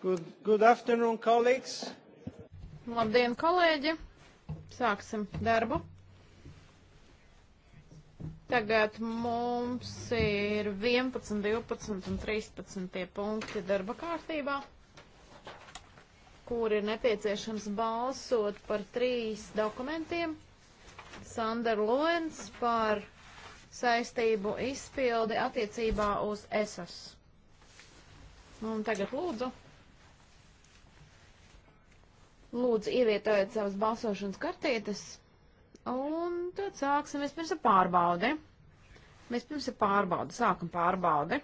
Good, good afternoon, colleagues. Labdien, kolēģi! Sāksim darbu. Tagad mums ir 11, 12 un 13 punkti darba kārtībā, kur ir nepieciešams balsot par trīs dokumentiem. Sandra Loens par saistību izpildi attiecībā uz ESAS. Nu, un tagad lūdzu. Lūdzu, ievietojiet savas balsošanas kartītes. Un tad sāksim vispirms ar pārbaudi. Mēs pirms ir pārbaudi, sākam pārbaudi.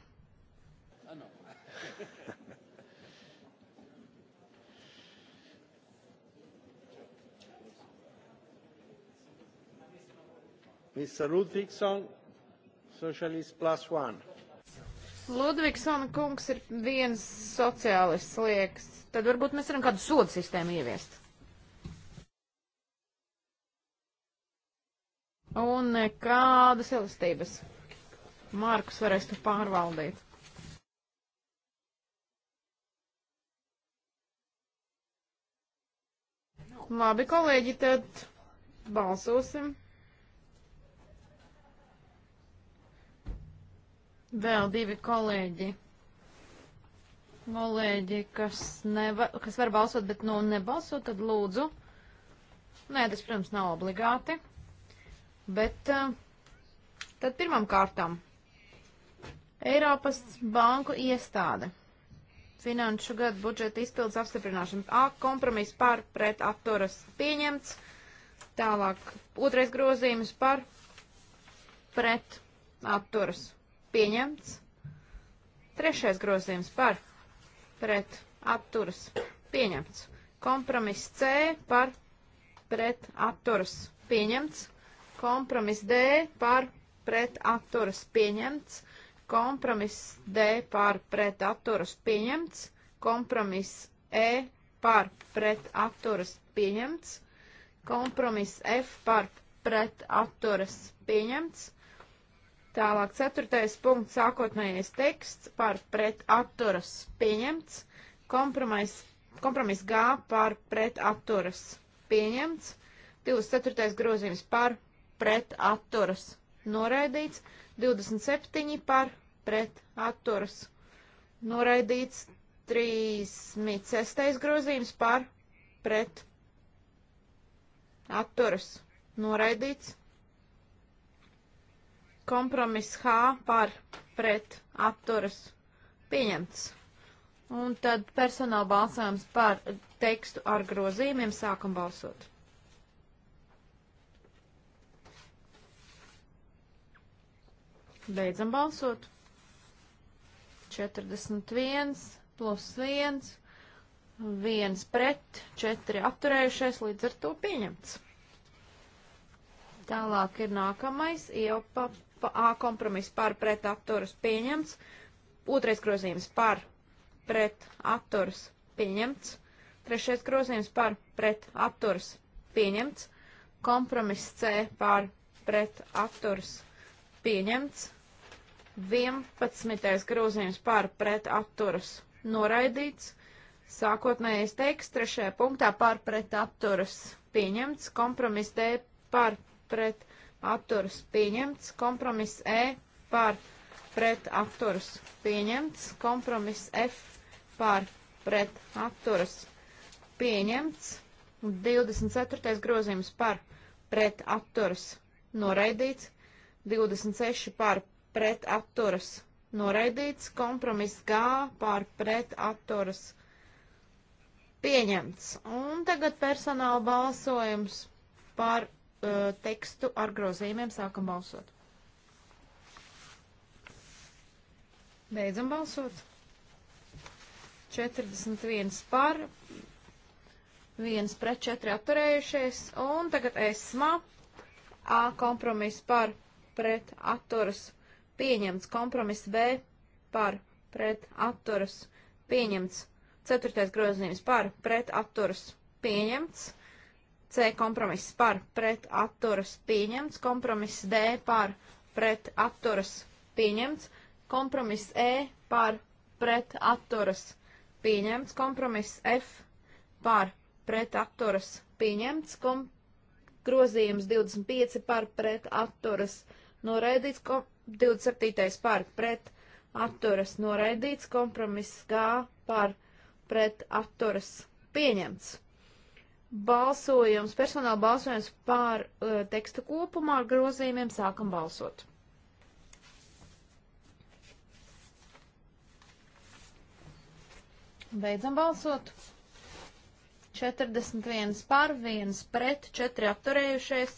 Mr. Ludvigson, Socialist Plus One. Ludvigsona kungs ir viens sociālists liekas. Tad varbūt mēs varam kādu sodu sistēmu ieviest. Un nekādas elastības. Mārkus varēs tu pārvaldīt. Labi, kolēģi, tad balsosim. Vēl divi kolēģi. Kolēģi, kas, neva, kas var balsot, bet nu nebalso, tad lūdzu. Nē, tas, protams, nav obligāti. Bet eh, tad pirmam kārtam Eiropas banku iestāde. Finanšu gadu budžeta izpildes apstiprināšana. A kompromis par pret apturas pieņemts. Tālāk otrais grozījums par pret apturas pieņemts pieņemts. Trešais grozījums par pret atturas pieņemts. Kompromiss C par pret atturas pieņemts. Kompromiss D par pret atturas pieņemts. Kompromiss D par pret atturas pieņemts. Kompromiss E par pret atturas pieņemts. Kompromiss F par pret atturas pieņemts. Tālāk, ceturtais punkts, sākotnējais teksts par pretaturas pieņemts, kompromis, kompromis G par pretaturas pieņemts, 24. grozījums par pretaturas noraidīts, 27 par pretaturas noraidīts, 36. grozījums par pretaturas noraidīts. Kompromiss H par pret apturas pieņemts. Un tad personāla balsojums par tekstu ar grozījumiem sākam balsot. Beidzam balsot. 41 plus 1, 1 pret, 4 atturējušies, līdz ar to pieņemts. Tālāk ir nākamais, iepa pa A kompromiss par pret atturas pieņemts. Otrais grozījums par pret atturas pieņemts. Trešais grozījums par pret atturas pieņemts. Kompromiss C par pret atturas pieņemts. 11. grozījums par pret atturas noraidīts. Sākotnējais teiks trešajā punktā par pret atturas pieņemts. Kompromiss D par pret atturas apturas pieņemts, kompromiss E par pret apturas pieņemts, kompromiss F par pret apturas pieņemts, 24. grozījums par pret apturas noraidīts, 26 par pret apturas noraidīts, kompromiss G par pret apturas pieņemts. Un tagad personāla balsojums par uh, tekstu ar grozījumiem. Sākam balsot. Beidzam balsot. 41 par, 1 pret 4 atturējušies. Un tagad esma A kompromiss par pret atturas pieņemts. Kompromiss B par pret atturas pieņemts. Ceturtais grozījums par pret atturas pieņemts. C kompromiss par pret atturas pieņemts, kompromiss D par pret atturas pieņemts, kompromiss E par pret atturas pieņemts, kompromiss F par pret atturas pieņemts, kom grozījums 25 par pret atturas noraidīts, kom 27. par pret atturas noraidīts, kompromiss G par pret atturas pieņemts balsojums, personāla balsojums pār uh, e, tekstu kopumā ar grozījumiem sākam balsot. Beidzam balsot. 41 par, 1 pret, 4 apturējušies.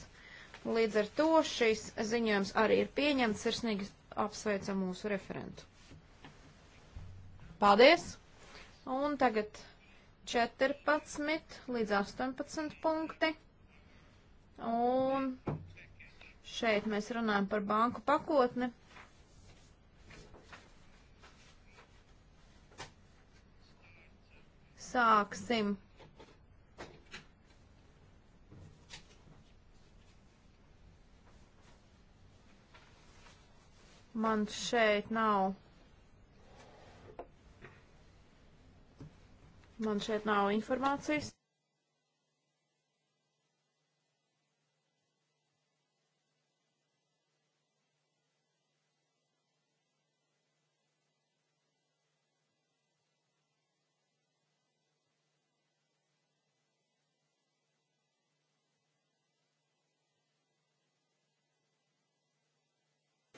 Līdz ar to šis ziņojums arī ir pieņemts. Sirsnīgi apsveicam mūsu referentu. Paldies! Un tagad 14 līdz 18 punkti. Un šeit mēs runājam par banku pakotni. Sāksim Man šeit nav Man šeit nav informācijas.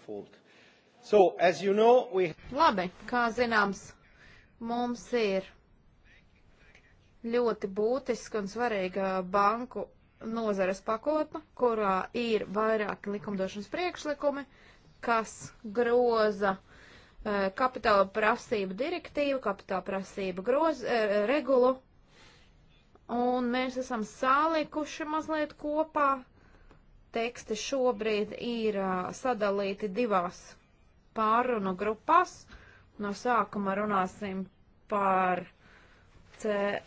fault. So, as you know, we... Labi, kā zināms, mums ir ļoti būtiska un svarīga banku nozares pakotne, kurā ir vairāki likumdošanas priekšlikumi, kas groza e, kapitāla prasību direktīvu, kapitāla prasību groz, e, regulu, un mēs esam salikuši mazliet kopā. Teksti šobrīd ir a, e, sadalīti divās pārunu grupās. No sākuma runāsim par E,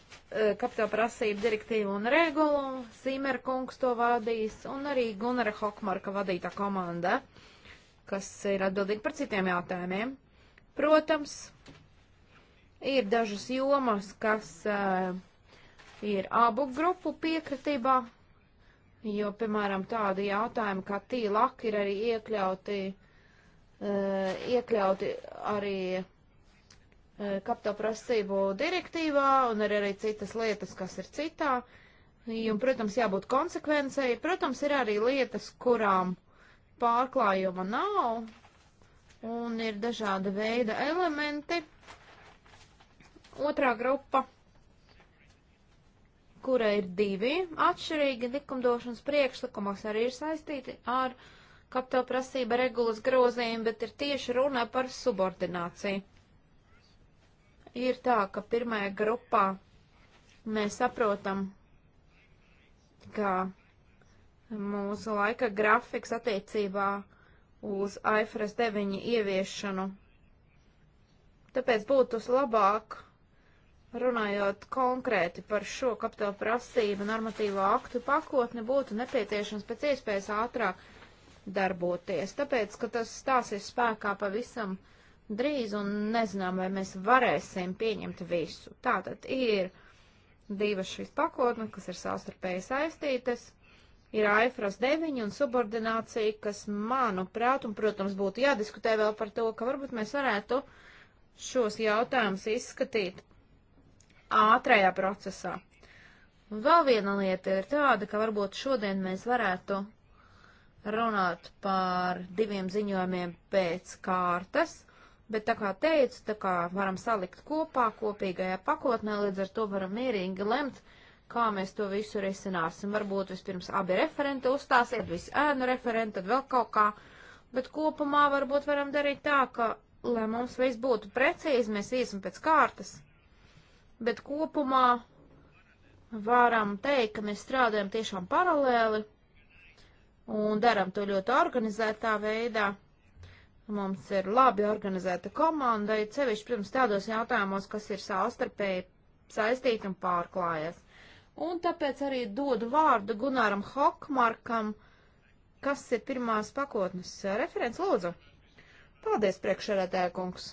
kapitāla prasību direktīvu un regulu. Zīmerkungs to vadīs un arī Gunara Hokmarka vadītā komanda, kas ir atbildīga par citiem jautājumiem. Protams, ir dažas jomas, kas uh, ir abu grupu piekritībā, jo, piemēram, tādi jautājumi kā tīlāk ir arī iekļauti, uh, iekļauti arī E, kapitāla prasību direktīvā un ir arī citas lietas, kas ir citā. Un, protams, jābūt konsekvencei. Protams, ir arī lietas, kurām pārklājuma nav un ir dažāda veida elementi. Otrā grupa, kura ir divi atšķirīgi likumdošanas priekšlikumos, arī ir saistīti ar kapitāla prasība regulas grozījumu, bet ir tieši runa par subordināciju ir tā, ka pirmajā grupā mēs saprotam, ka mūsu laika grafiks attiecībā uz IFRS 9 ieviešanu. Tāpēc būtu labāk, runājot konkrēti par šo kapitāla prasību normatīvo aktu pakotni, būtu nepieciešams pēc iespējas ātrāk darboties, tāpēc, ka tas stāsies spēkā pavisam uh, drīz un nezinām, vai mēs varēsim pieņemt visu. Tātad ir divas šīs pakotnes, kas ir savstarpēji saistītas. Ir AIFRAS 9 un subordinācija, kas, manuprāt, un, protams, būtu jādiskutē vēl par to, ka varbūt mēs varētu šos jautājumus izskatīt ātrajā procesā. Un vēl viena lieta ir tāda, ka varbūt šodien mēs varētu runāt par diviem ziņojumiem pēc kārtas, Bet tā kā teicu, tā kā varam salikt kopā, kopīgajā pakotnē, līdz ar to varam mierīgi lemt, kā mēs to visu risināsim. Varbūt vispirms abi referenti uzstāsiet, visi ēnu referenti, tad vēl kaut kā. Bet kopumā varbūt varam darīt tā, ka, lai mums viss būtu precīzi, mēs iesim pēc kārtas. Bet kopumā varam teikt, ka mēs strādājam tiešām paralēli un daram to ļoti organizētā veidā. Mums ir labi organizēta komanda, ir sevišķi, protams, tādos jautājumos, kas ir sāstarpēji saistīti un pārklājas. Un tāpēc arī dodu vārdu Gunāram Hokmarkam, kas ir pirmās pakotnes eh, referents, lūdzu. Paldies, priekšsēdētāja kungs.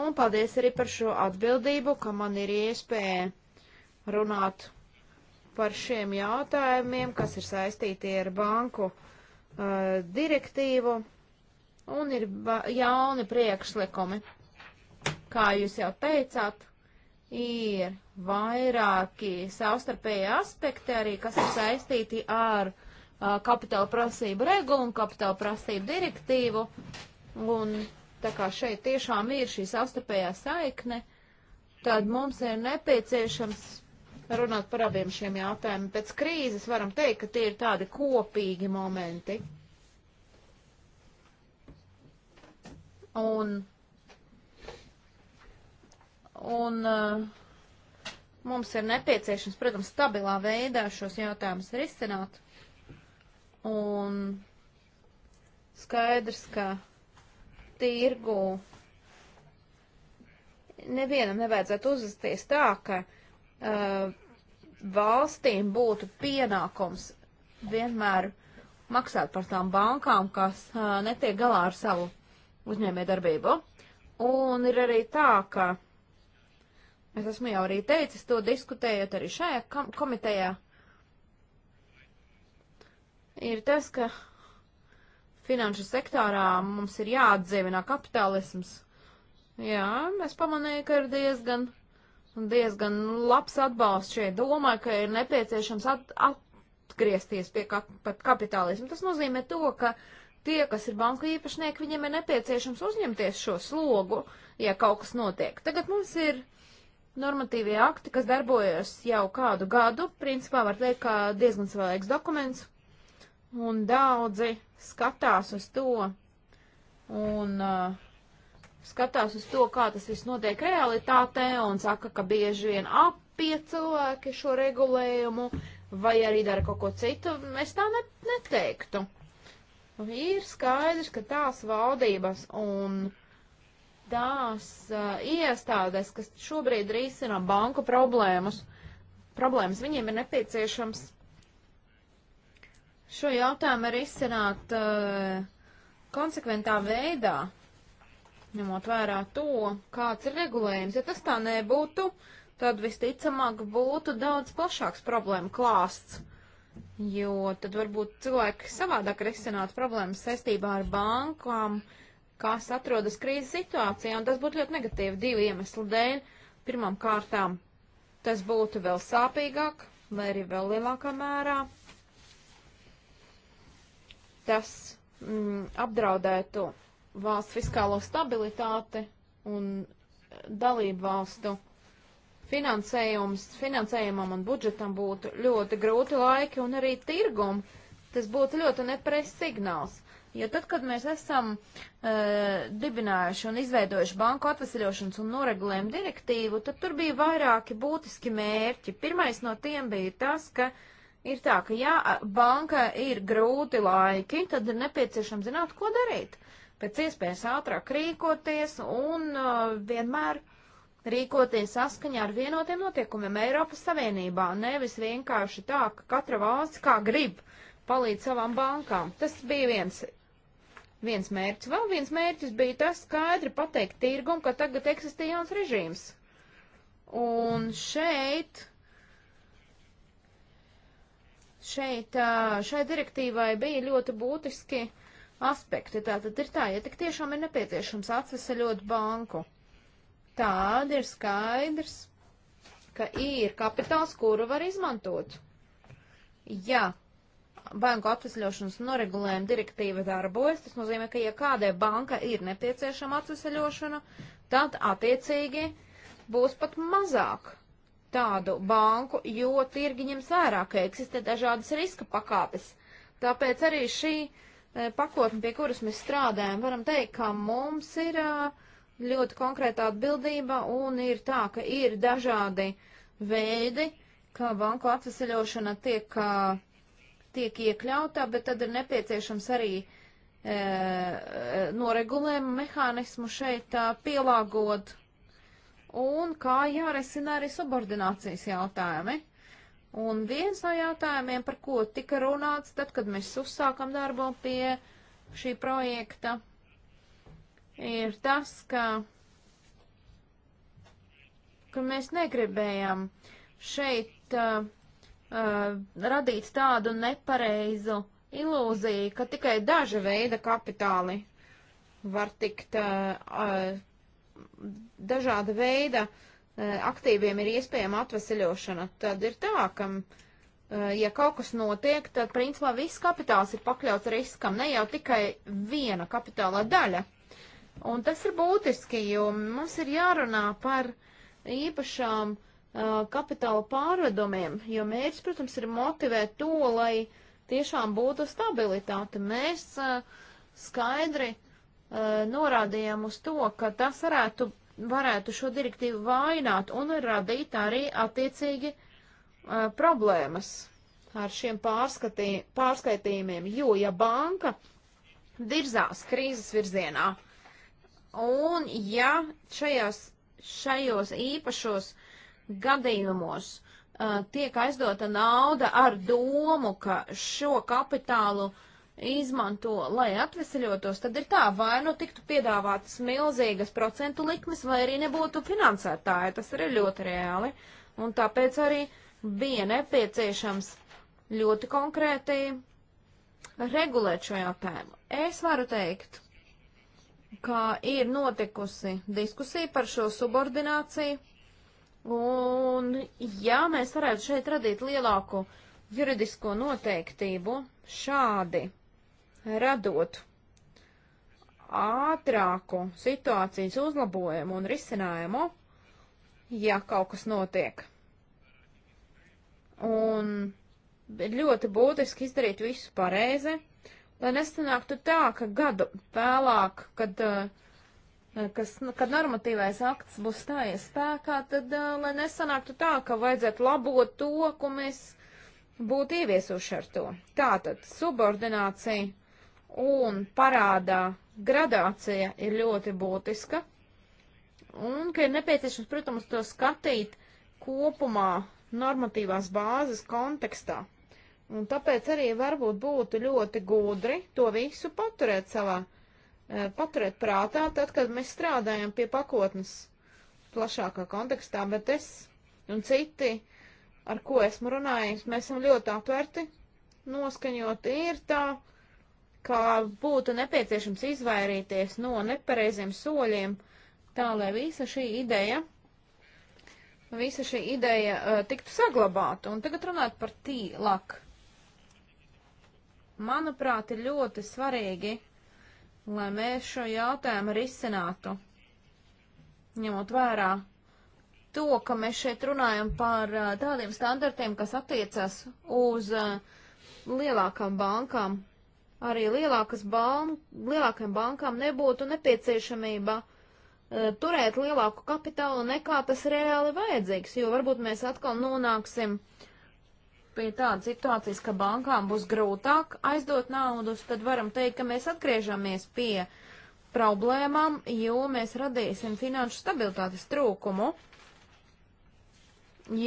Un paldies arī par šo atbildību, ka man ir iespēja runāt par šiem jautājumiem, kas ir saistīti ar banku uh, direktīvu un ir jauni priekšlikumi. Kā jūs jau teicāt, ir vairāki savstarpēji aspekti arī, kas ir saistīti ar uh, kapitāla prasību regulu un kapitāla prasību direktīvu. Un tā kā šeit tiešām ir šī savstarpējā saikne, tad mums ir nepieciešams runāt par abiem šiem jautājumiem. Pēc krīzes varam teikt, ka tie ir tādi kopīgi momenti. Un, un uh, mums ir nepieciešams, protams, stabilā veidā šos jautājumus risināt. Un skaidrs, ka tirgu nevienam nevajadzētu uzvesties tā, ka uh, valstīm būtu pienākums vienmēr maksāt par tām bankām, kas uh, netiek galā ar savu uzņēmē darbību. Un ir arī tā, ka es esmu jau arī teicis, to diskutējot arī šajā komitejā, ir tas, ka finanšu sektorā mums ir jāatdzīvinā kapitālisms. Jā, es pamanīju, ka ir diezgan diezgan labs atbalsts šeit domai, ka ir nepieciešams at, atgriezties pie kap, kapitālismu. Tas nozīmē to, ka tie, kas ir banka īpašnieki, viņiem ir nepieciešams uzņemties šo slogu, ja kaut kas notiek. Tagad mums ir normatīvie akti, kas darbojas jau kādu gadu. Principā var teikt, ka diezgan svailīgs dokuments, un daudzi skatās uz to. Un, uh, skatās uz to, kā tas viss notiek realitātē un saka, ka bieži vien apie cilvēki šo regulējumu vai arī dara kaut ko citu, es tā ne, neteiktu. Ir skaidrs, ka tās valdības un tās uh, iestādes, kas šobrīd risina banku problēmas, problēmas, viņiem ir nepieciešams šo jautājumu risināt uh, konsekventā veidā ņemot vērā to, kāds ir regulējums. Ja tas tā nebūtu, tad visticamāk būtu daudz plašāks problēmu klāsts, jo tad varbūt cilvēki savādāk risinātu problēmas saistībā ar bankām, kas atrodas krīzes situācijā, un tas būtu ļoti negatīvi divu iemeslu dēļ. Pirmām kārtām tas būtu vēl sāpīgāk, vai arī vēl lielākā mērā. Tas mm, apdraudētu valsts fiskālo stabilitāti un dalību valstu finansējums, finansējumam un budžetam būtu ļoti grūti laiki un arī tirgum. Tas būtu ļoti nepareizs signāls. Jo tad, kad mēs esam uh, dibinājuši un izveidojuši banku atvesaļošanas un noregulējumu direktīvu, tad tur bija vairāki būtiski mērķi. Pirmais no tiem bija tas, ka ir tā, ka ja banka ir grūti laiki, tad ir nepieciešams zināt, ko darīt. Uh, pēc iespējas ātrāk rīkoties un uh, vienmēr rīkoties saskaņā ar vienotiem notiekumiem Eiropas Savienībā, nevis vienkārši tā, ka katra valsts kā grib palīdz savām bankām. Tas bija viens, viens mērķis. Vēl viens mērķis bija tas skaidri pateikt tirgum, ka tagad eksistē jauns režīms. Un šeit šeit, uh, šai direktīvai bija ļoti būtiski aspekti. Tātad ir tā, ja tik tiešām ir nepieciešams atveseļot banku, tāda ir skaidrs, ka ir kapitāls, kuru var izmantot. Ja banku atvesaļošanas noregulējuma direktīva darbojas, tas nozīmē, ka ja kādai banka ir nepieciešama atvesaļošana, tad attiecīgi būs pat mazāk tādu banku, jo tirgi ņems vērā, ka eksistē dažādas riska pakāpes. Tāpēc arī šī uh, E, pakotni, pie kuras mēs strādājam, varam teikt, ka mums ir e, ļoti konkrēta atbildība un ir tā, ka ir dažādi veidi, kā banku atvesaļošana tiek, e, tiek iekļautā, bet tad ir nepieciešams arī e, noregulējuma mehānismu šeit tā, pielāgot un kā jārisina arī subordinācijas jautājumi. Un viens no jautājumiem, par ko tika runāts, tad, kad mēs uzsākam darbu pie šī projekta, ir tas, ka, ka mēs negribējam šeit uh, uh, radīt tādu nepareizu ilūziju, ka tikai daži veida kapitāli var tikt uh, uh, dažāda veida uh, E, aktīviem ir iespējama atveseļošana, tad ir tā, ka, e, ja kaut kas notiek, tad principā viss kapitāls ir pakļauts riskam, ne jau tikai viena kapitāla daļa. Un tas ir būtiski, jo mums ir jārunā par īpašām uh, kapitāla pārvedumiem, jo mērķis, protams, ir motivēt to, lai tiešām būtu stabilitāte. Mēs uh, skaidri uh, norādījām uz to, ka tas varētu varētu šo direktīvu vainot un radīt arī attiecīgi uh, problēmas ar šiem pārskatī, pārskaitījumiem, jo ja banka virzās krīzes virzienā un ja šajos, šajos īpašos gadījumos uh, tiek aizdota nauda ar domu, ka šo kapitālu uh, izmanto, lai atveseļotos, tad ir tā, vai nu tiktu piedāvātas milzīgas procentu likmes, vai arī nebūtu finansētāja. Tas arī ir ļoti reāli. Un tāpēc arī bija nepieciešams ļoti konkrēti regulēt šo jautājumu. Es varu teikt, ka ir notikusi diskusija par šo subordināciju, un ja mēs varētu šeit radīt lielāku juridisko noteiktību šādi radot ātrāku situācijas uzlabojumu un risinājumu, ja kaut kas notiek. Un ļoti būtiski izdarīt visu pareizi, lai nestanāktu tā, ka gadu vēlāk, kad, eh, kas, kad normatīvais akts būs stājies spēkā, tad eh, lai nesanāktu tā, ka vajadzētu labot to, ko mēs būtu ieviesuši ar to. Tātad subordinācija un parādā gradācija ir ļoti būtiska, un ka ir nepieciešams, protams, to skatīt kopumā normatīvās bāzes kontekstā. Un tāpēc arī varbūt būtu ļoti gudri to visu paturēt savā, e, paturēt prātā, tad, kad mēs strādājam pie pakotnes plašākā kontekstā, bet es un citi, ar ko esmu runājis, mēs esam ļoti atverti, noskaņoti ir tā, uh, ka būtu nepieciešams izvairīties no nepareiziem soļiem, tā lai visa šī ideja, visa šī ideja uh, tiktu saglabāta. Un tagad runāt par tīlāk. Manuprāt, ir ļoti svarīgi, lai mēs šo jautājumu risinātu, ņemot vērā to, ka mēs šeit runājam par uh, tādiem standartiem, kas attiecas uz uh, lielākām bankām arī lielākas ban lielākajām bankām nebūtu nepieciešamība uh, turēt lielāku kapitālu nekā tas reāli vajadzīgs, jo varbūt mēs atkal nonāksim pie tādas situācijas, ka bankām būs grūtāk aizdot naudus, tad varam teikt, ka mēs atgriežamies pie problēmām, jo mēs radīsim finanšu stabilitātes trūkumu,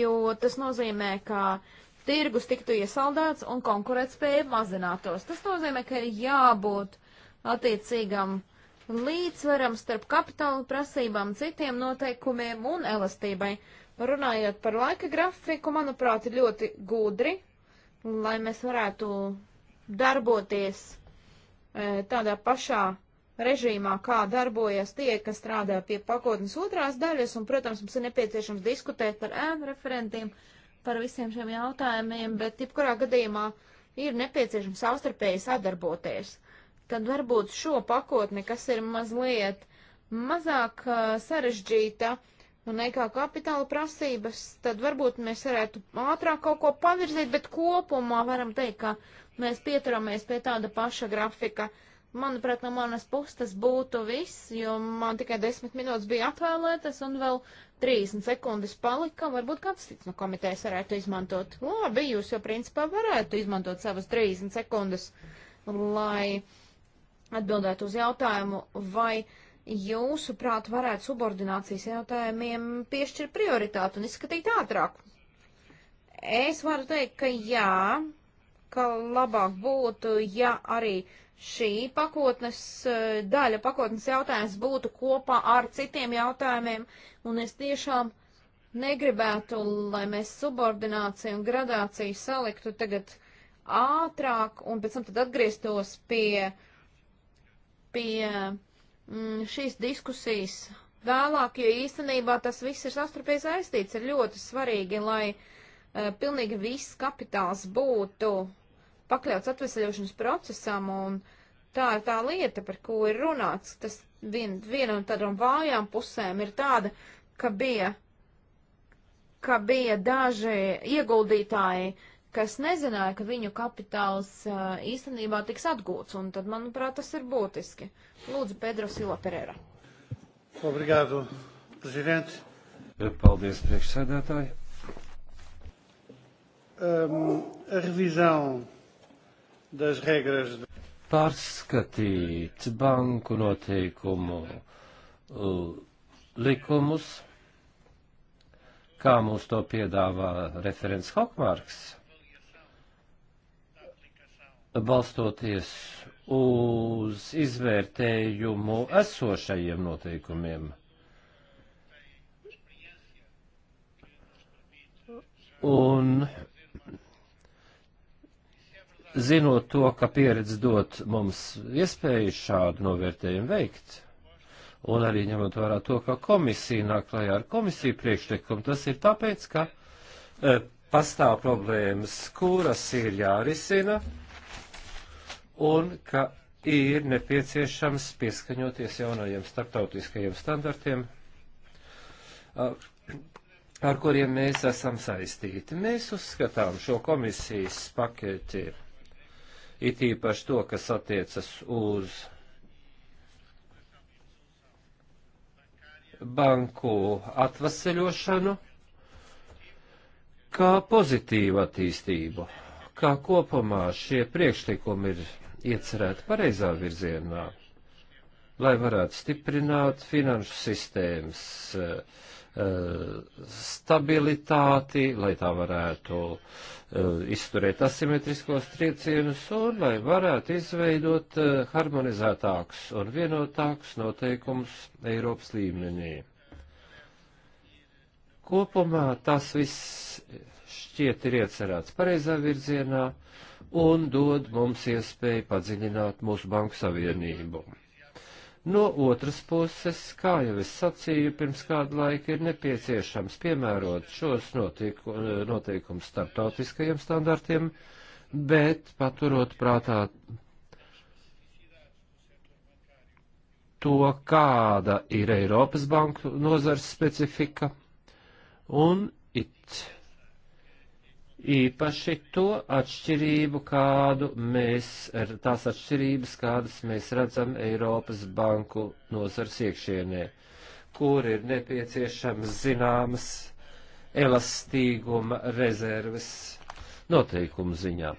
jo tas nozīmē, ka uh, tirgus tiktu iesaldēts un konkurētspēja mazinātos. Tas nozīmē, ka ir jābūt attiecīgam līdzsveram starp kapitāla prasībām, citiem noteikumiem un elastībai. Runājot par laika grafiku, manuprāt, ir ļoti gudri, lai mēs varētu darboties e, tādā pašā režīmā, kā darbojas tie, kas strādā pie pakotnes otrās daļas, un, protams, mums ir nepieciešams diskutēt ar ēnu referentiem, uh, par visiem šiem jautājumiem, bet jebkurā gadījumā ir nepieciešams savstarpēji sadarboties. Tad varbūt šo pakotni, kas ir mazliet mazāk uh, sarežģīta nekā kapitāla prasības, tad varbūt mēs varētu ātrāk kaut ko pavirzīt, bet kopumā varam teikt, ka mēs pieturamies pie tāda paša grafika. Uh, Manuprāt, no manas puses tas būtu viss, jo man tikai desmit minūtes bija atvēlētas un vēl 30 sekundes palika. Varbūt kāds cits no komitejas varētu izmantot. Labi, jūs jau principā varētu izmantot savas 30 sekundes, lai atbildētu uz jautājumu, vai jūsuprāt varētu subordinācijas jautājumiem piešķirt prioritātu un izskatīt ātrāk. Es varu teikt, ka jā, ka labāk būtu, ja arī šī pakotnes eh, daļa, pakotnes jautājums būtu kopā ar citiem jautājumiem, un es tiešām negribētu, lai mēs subordināciju un gradāciju saliktu tagad ātrāk, un pēc tam tad atgrieztos pie, pie mm, šīs diskusijas vēlāk, jo īstenībā tas viss ir sastarpēji saistīts, ir ļoti svarīgi, lai uh, pilnīgi viss kapitāls būtu uh, pakļauts atvesaļošanas procesam, un tā ir tā lieta, par ko ir runāts. Tas vien, viena no tādām vājām pusēm ir tāda, ka bija, ka bija daži ieguldītāji, kas nezināja, ka viņu kapitāls uh, īstenībā tiks atgūts, un tad, manuprāt, tas ir būtiski. Lūdzu, Pedro Sila Pereira. Obrigado, prezidents. Paldies, priekšsēdētāji. Um, a revisão pārskatīt banku noteikumu uh, likumus, kā mums to piedāvā referents Hokmārks, balstoties uz izvērtējumu esošajiem noteikumiem. Un zinot to, ka pieredze dot mums iespēju šādu novērtējumu veikt, un arī ņemot vērā to, ka komisija nāk klajā ar komisiju priekšlikumu, tas ir tāpēc, ka e, pastāv problēmas, kuras ir jārisina, un ka ir nepieciešams pieskaņoties jaunajiem starptautiskajiem standartiem, ar kuriem mēs esam saistīti. Mēs uzskatām šo komisijas paketi it īpaši to, kas attiecas uz banku atvaseļošanu, kā pozitīvu attīstību, kā kopumā šie priekšlikumi ir iecerēti pareizā virzienā, lai varētu stiprināt finanšu sistēmas uh, Eh, stabilitāti, lai tā varētu eh, izturēt asimetriskos triecienus un lai varētu izveidot eh, harmonizētāks un vienotāks noteikums Eiropas līmenī. Kopumā tas viss šķiet ir iecerēts pareizā virzienā un dod mums iespēju padziļināt mūsu banku savienību. No otras puses, kā jau es sacīju, pirms kādu laiku ir nepieciešams piemērot šos notiku, noteikumus starptautiskajiem standartiem, bet paturot prātā to, kāda ir Eiropas banku nozars specifika un it īpaši to atšķirību, kādu mēs, tās atšķirības, kādas mēs redzam Eiropas banku nozars iekšienē, kur ir nepieciešams zināmas elastīguma rezerves noteikumu ziņā.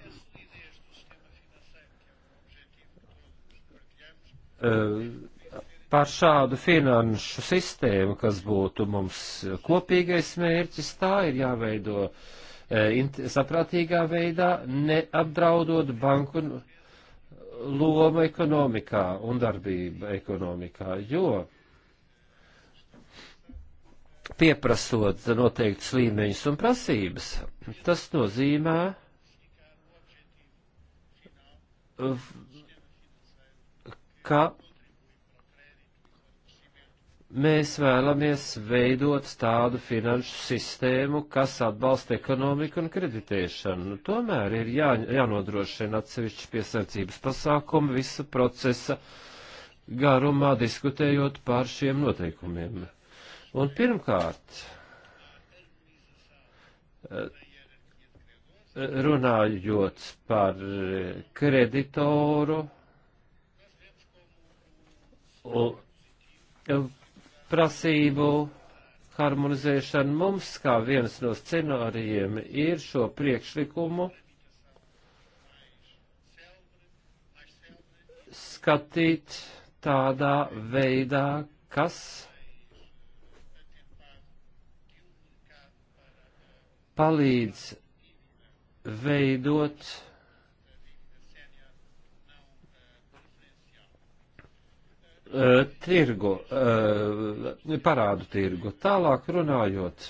Par šādu finanšu sistēmu, kas būtu mums kopīgais mērķis, tā ir jāveido uh, E, saprātīgā veidā, neapdraudot banku lomu ekonomikā un darbību ekonomikā, jo pieprasot noteiktus līmeņus un prasības, tas nozīmē ka Mēs vēlamies veidot tādu finanšu sistēmu, kas atbalsta ekonomiku un kreditēšanu. Tomēr ir jā, jānodrošina atsevišķi piesardzības pasākumi visa procesa garumā, diskutējot par šiem noteikumiem. Un pirmkārt, runājot par kreditoru, prasību harmonizēšana mums, kā viens no scenārijiem, ir šo priekšlikumu skatīt tādā veidā, kas palīdz veidot uh, tirgu, uh, parādu tirgu. Tālāk runājot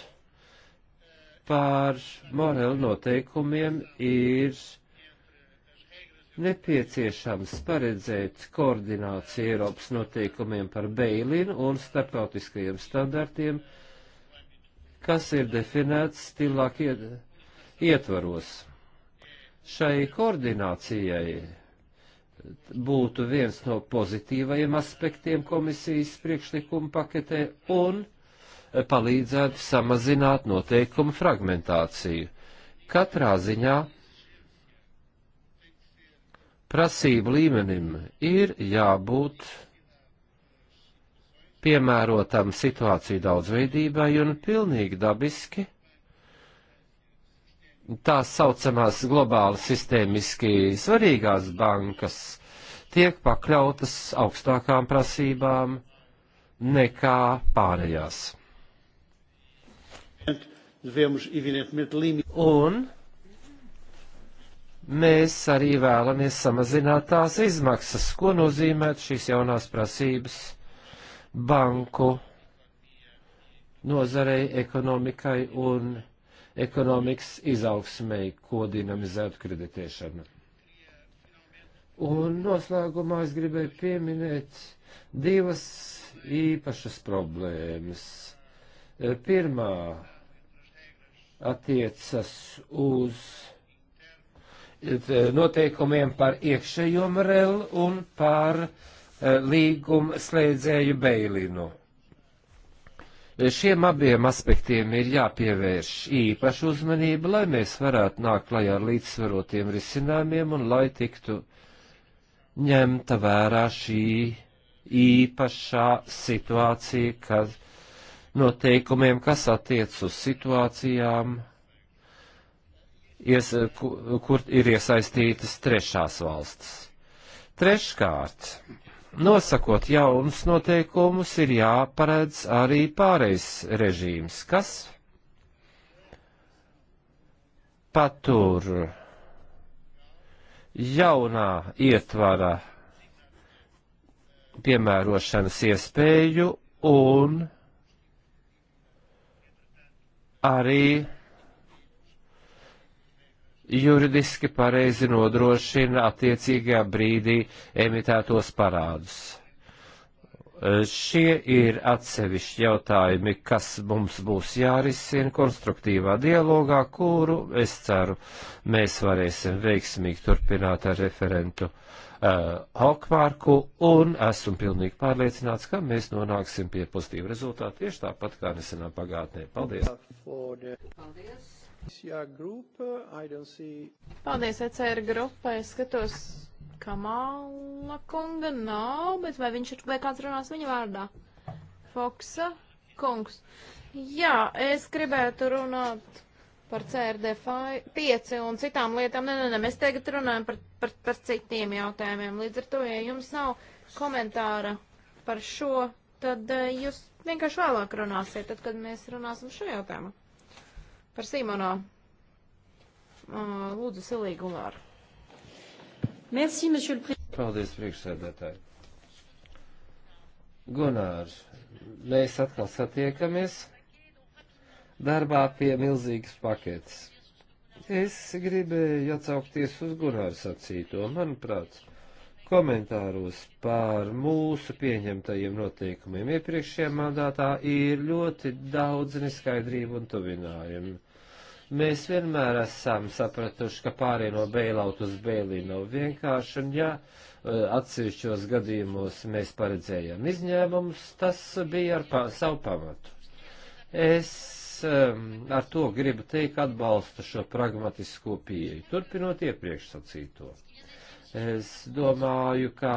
par morelu noteikumiem ir nepieciešams paredzēt koordināciju Eiropas noteikumiem par beilinu un starptautiskajiem standartiem, kas ir definēts stilāk ietvaros. Šai koordinācijai būtu viens no pozitīvajiem aspektiem komisijas priekšlikuma paketē un palīdzētu samazināt noteikumu fragmentāciju. Katrā ziņā prasību līmenim ir jābūt piemērotam situāciju daudzveidībai un pilnīgi dabiski tās saucamās globāli sistēmiski svarīgās bankas tiek pakļautas augstākām prasībām nekā pārējās. Un mēs arī vēlamies samazināt tās izmaksas, ko nozīmē šīs jaunās prasības banku nozarei, ekonomikai un ekonomikai ekonomikas izaugsmei, ko dinamizētu kreditēšana. Un noslēgumā es gribēju pieminēt divas īpašas problēmas. Pirmā attiecas uz noteikumiem par iekšējo MRL un par eh, līguma slēdzēju beilinu. Šiem abiem aspektiem ir jāpievērš īpaša uzmanība, lai mēs varētu nākt klajā ar līdzsvarotiem risinājumiem un lai tiktu ņemta vērā šī īpašā situācija, kad noteikumiem, kas attiec uz situācijām, ies, kur, kur ir iesaistītas trešās valsts. Treškārt, nosakot jaunus noteikumus, ir jāparedz arī pārejas režīms, kas patur jaunā ietvara piemērošanas iespēju un arī juridiski pareizi nodrošina attiecīgajā brīdī emitētos parādus. E, šie ir atsevišķi jautājumi, kas mums būs jārisina konstruktīvā dialogā, kuru, es ceru, mēs varēsim veiksmīgi turpināt ar referentu uh, Hokmārku, un esmu pilnīgi pārliecināts, ka mēs nonāksim pie pozitīva rezultāta tieši tāpat kā nesenā pagātnē. Paldies! Paldies! Paldies, ECR grupai. Es skatos, Kamala kunga nav, bet vai viņš ir, vai kāds runās viņa vārdā? Foksa kungs. Jā, es gribētu runāt par CRD 5 un citām lietām. Nē, nē, nē, mēs tagad runājam par, par, par citiem jautājumiem. Līdz ar to, ja jums nav komentāra par šo, tad eh, jūs vienkārši vēlāk runāsiet, tad, kad mēs runāsim šo jautājumu. Par Sīmonā. Uh, lūdzu, Silīgi Gulāra. Merci, monsieur le président. Paldies, priekšsēdētāji. Gunārs, mēs atkal satiekamies darbā pie milzīgas paketes. Es gribēju atsaukties uz Gunārs sacīto, manuprāt, komentāros par mūsu pieņemtajiem noteikumiem iepriekšējā mandātā ir ļoti daudz neskaidrību un tuvinājumu. Mēs vienmēr esam sapratuši, ka pārī no beilaut uz beilī nav vienkārši, un ja eh, atsevišķos gadījumos mēs paredzējām izņēmumus, tas bija ar pa savu pamatu. Es um, ar to gribu teikt atbalstu šo pragmatisko pieeju, turpinot iepriekš sacīto. Es domāju, ka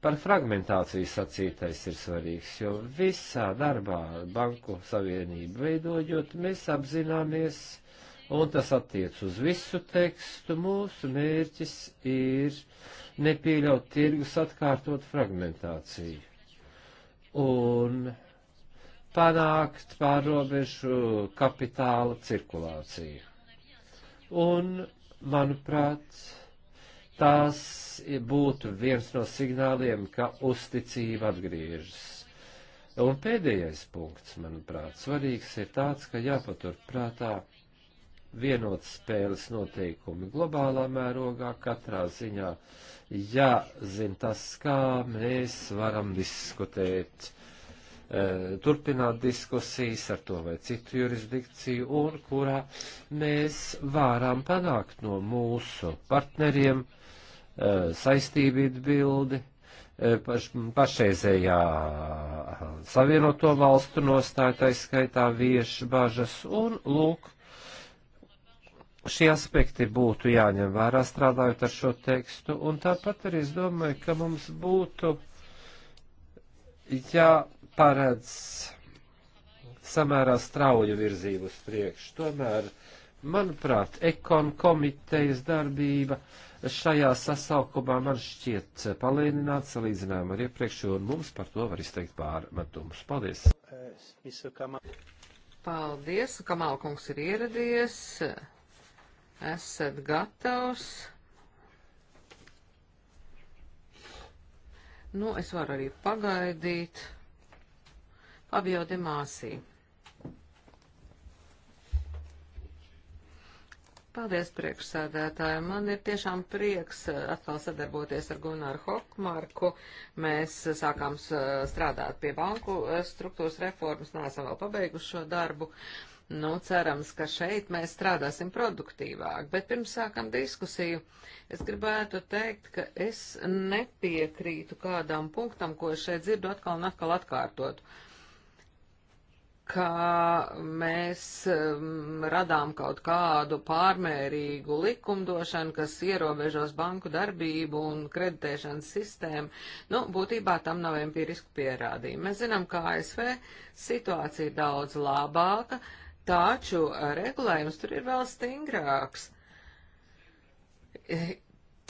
Par fragmentāciju sacītais ir svarīgs, jo visā darbā banku savienību veidojot, mēs apzināmies, un tas attiec uz visu tekstu, mūsu mērķis ir nepieļaut tirgus atkārtot fragmentāciju. Un panākt pārrobežu kapitāla cirkulāciju. Un, manuprāt, tas būtu viens no signāliem, ka uzticība atgriežas. Un pēdējais punkts, manuprāt, svarīgs ir tāds, ka jāpatur prātā vienot spēles noteikumi globālā mērogā, katrā ziņā jāzina tas, kā mēs varam diskutēt, e, turpināt diskusijas ar to vai citu jurisdikciju, un kurā mēs varam panākt no mūsu partneriem, uh, Uh, saistību bildi, uh, paš, pašreizējā uh, savienoto valstu nostāja, tā skaitā viešu bažas, un lūk, šie aspekti būtu jāņem vērā strādājot ar šo tekstu, un tāpat arī es domāju, ka mums būtu jāparedz samērā strauju virzību uz priekšu. Tomēr, manuprāt, ekon komitejas darbība uh, šajā sasaukumā man šķiet palēnināts salīdzinājumā ar iepriekšējo, un mums par to var izteikt pārmetumus. Paldies! Paldies, Kamalkungs ir ieradies. Esat gatavs. Nu, es varu arī pagaidīt. Fabio de Māsī. Paldies, priekšsēdētāji. Man ir tiešām prieks eh, atkal sadarboties ar Gunāru Hokmarku. Mēs eh, sākām eh, strādāt pie banku struktūras reformas, neesam nu, vēl pabeiguši šo darbu. Nu, cerams, ka šeit mēs strādāsim produktīvāk, bet pirms sākam diskusiju, es gribētu teikt, ka es nepiekrītu kādām punktam, ko šeit dzirdu atkal un atkal atkārtot. Uh, ka mēs um, radām kaut kādu pārmērīgu likumdošanu, kas ierobežos banku darbību un kreditēšanas sistēmu, nu, būtībā tam nav empirisku pierādījumu. Mēs zinām, ka ASV situācija daudz labāka, taču regulējums tur ir vēl stingrāks.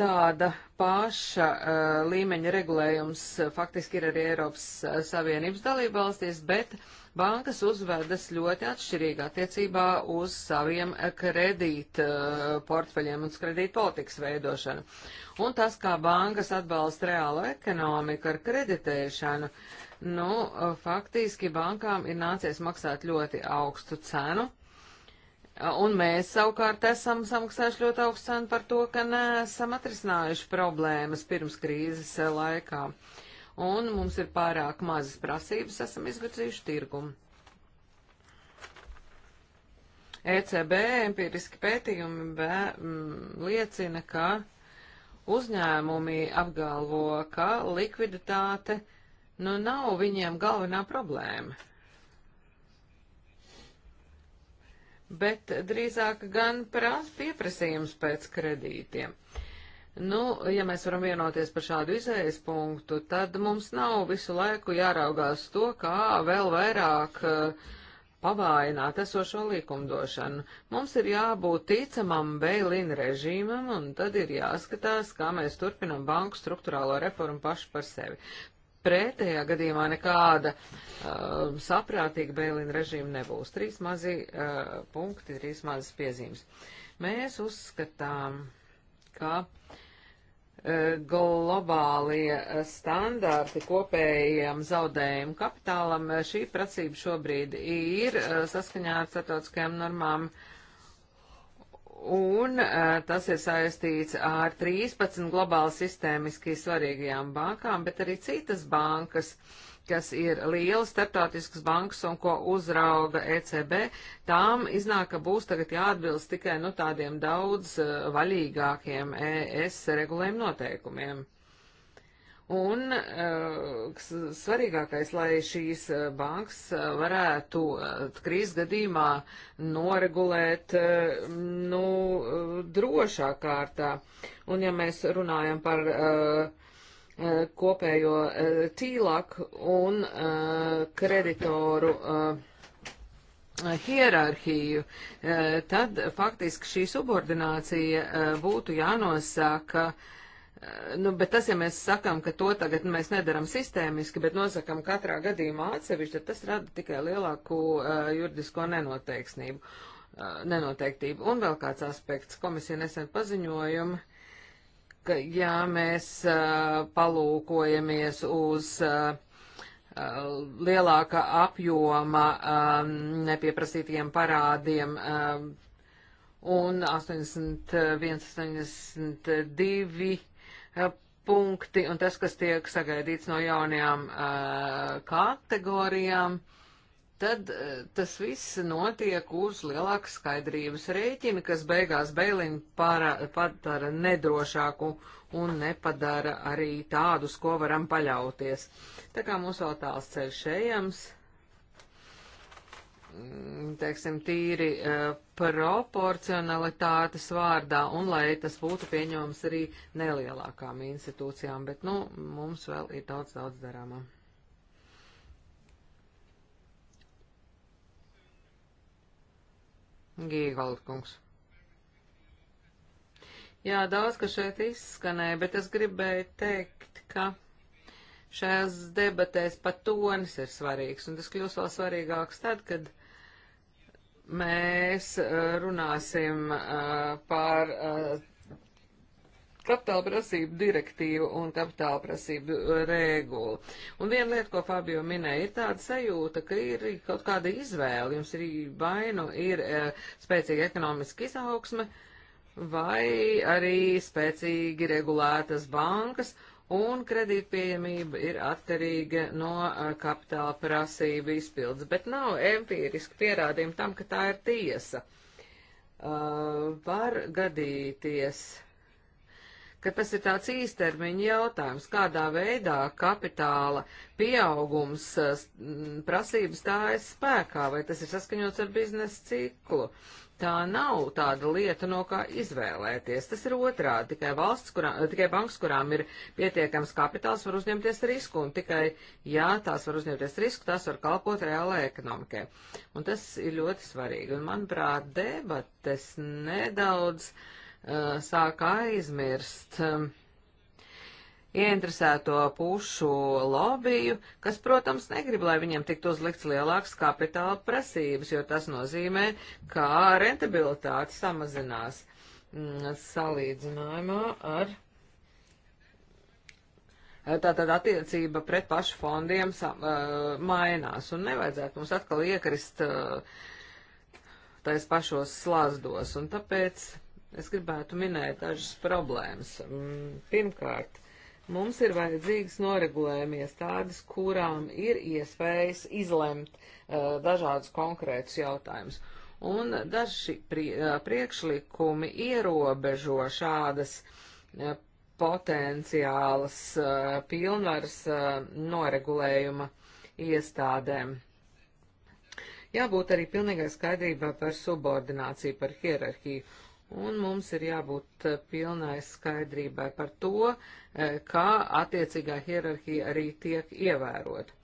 Tāda paša uh, līmeņa regulējums faktiski ir arī Eiropas uh, Savienības dalībvalstīs, bet uh, bankas uzvedas ļoti atšķirīgi attiecībā uz saviem kredīt eh, portfeļiem un kredīt politikas veidošanu. Un tas, kā bankas atbalsta reālo ekonomiku ar kreditēšanu, nu, eh, faktiski bankām ir nācies maksāt ļoti augstu cenu. Un mēs savukārt esam samaksājuši ļoti augstu cenu par to, ka neesam atrisinājuši problēmas pirms krīzes eh, laikā. Uh, un mums ir pārāk mazas prasības, esam izvirzījuši tirgumu. ECB empiriski pētījumi bē, m, mm, liecina, ka uzņēmumi apgalvo, ka likviditāte nu nav viņiem galvenā problēma. Bet drīzāk gan prāt pieprasījums pēc kredītiem. Uh, Nu, ja mēs varam vienoties par šādu izējas punktu, tad mums nav visu laiku jāraugās to, kā vēl vairāk uh, pavājināt esošo likumdošanu. Mums ir jābūt ticamam bailīnu režīmam, un tad ir jāskatās, kā mēs turpinam banku struktūrālo reformu pašu par sevi. Pretējā gadījumā nekāda uh, saprātīga bailīna režīma nebūs. Trīs mazi uh, punkti, trīs mazas piezīmes. Mēs uzskatām ka e, globālie standarti kopējiem zaudējumu kapitālam. E, šī prasība šobrīd ir e, saskaņā ar starptautiskajām normām, un tas ir saistīts ar 13 globāli sistēmiski svarīgajām bankām, bet arī citas bankas. Uh, kas ir lielas starptautiskas bankas un ko uzrauga ECB, tām iznāk, ka būs tagad jāatbilst tikai nu, tādiem daudz eh, vaļīgākiem ES regulējumu noteikumiem. Un eh, svarīgākais, lai šīs eh, bankas varētu krīzes gadījumā noregulēt nu, drošā kārtā. Un ja mēs runājam par uh, Eh, kopējo eh, tīlāku un eh, kreditoru hierarhiju, tad faktiski šī subordinācija būtu jānosaka. Nu, bet tas, ja mēs sakam, ka to tagad mēs nedaram sistēmiski, bet nosakam katrā gadījumā atsevišķi, tad tas rada tikai lielāku uh, juridisko nenoteiksnību, uh, nenoteiktību. Un vēl kāds aspekts, komisija nesen paziņojuma ka ja mēs uh, palūkojamies uz uh, lielāka apjoma um, nepieprasītiem parādiem um, un 81, 82 uh, punkti un tas, kas tiek sagaidīts no jaunajām kategorijām. Uh, tad e, tas viss notiek uz lielākas skaidrības rēķina, kas beigās Beilinu padara nedrošāku un nepadara arī tādus, ko varam paļauties. Tā kā mums vēl tāls ceļš ejams, mm, teiksim, tīri uh, proporcionalitātes vārdā, un lai tas būtu pieņemams arī nelielākām institūcijām, bet, nu, mums vēl ir daudz, daudz darāmā. Gīgaldkungs. Jā, daudz, kas šeit izskanēja, bet es gribēju teikt, ka šajās debatēs pat tonis ir svarīgs, un tas kļūs vēl svarīgāks tad, kad mēs eh, runāsim eh, par eh, kapitāla prasību direktīvu un kapitāla prasību uh, regulu. Un viena lieta, ko Fabio minēja, ir tāda sajūta, ka ir kaut kāda izvēle. Jums ir vainu, ir e, spēcīga ekonomiska izaugsme vai arī spēcīgi regulētas bankas. Un kredīt pieejamība ir atkarīga no uh, kapitāla prasību izpildes, bet nav empīriski pierādījumi tam, ka tā ir tiesa. Uh, var gadīties, uh, ka tas ir tāds īstermiņa jautājums, kādā veidā kapitāla pieaugums eh, prasības tā ir spēkā, vai tas ir saskaņots ar biznesa ciklu. Tā nav tāda lieta, no kā izvēlēties. Tas ir otrādi. Tikai, valsts, kurā, tikai bankas, kurām ir pietiekams kapitāls, var uzņemties risku, un tikai, ja tās var uzņemties risku, tās var kalpot reālajai ekonomikai. Un tas ir ļoti svarīgi. Un, manuprāt, debates nedaudz uh, Uh, sāka aizmirst um, ieinteresēto pušu lobiju, kas, protams, negrib, lai viņiem tiktu uzlikts lielāks kapitāla prasības, jo tas nozīmē, ka rentabilitāte samazinās mm, salīdzinājumā ar. Tātad attiecība pret pašu fondiem sam, uh, mainās un nevajadzētu mums atkal iekrist uh, tais pašos slazdos. Un tāpēc uh, Es gribētu minēt dažas problēmas. Mm, pirmkārt, mums ir vajadzīgas noregulējuma iestādes, kurām ir iespējas izlemt uh, dažādus konkrētus jautājumus. Un daži prie, eh, priekšlikumi ierobežo šādas uh, potenciālas uh, pilnvaras noregulējuma iestādēm. Jābūt arī pilnīgai skaidrībā par subordināciju, par hierarhiju un mums ir jābūt eh, pilnai skaidrībai par to, eh, kā attiecīgā hierarhija arī tiek ievērota.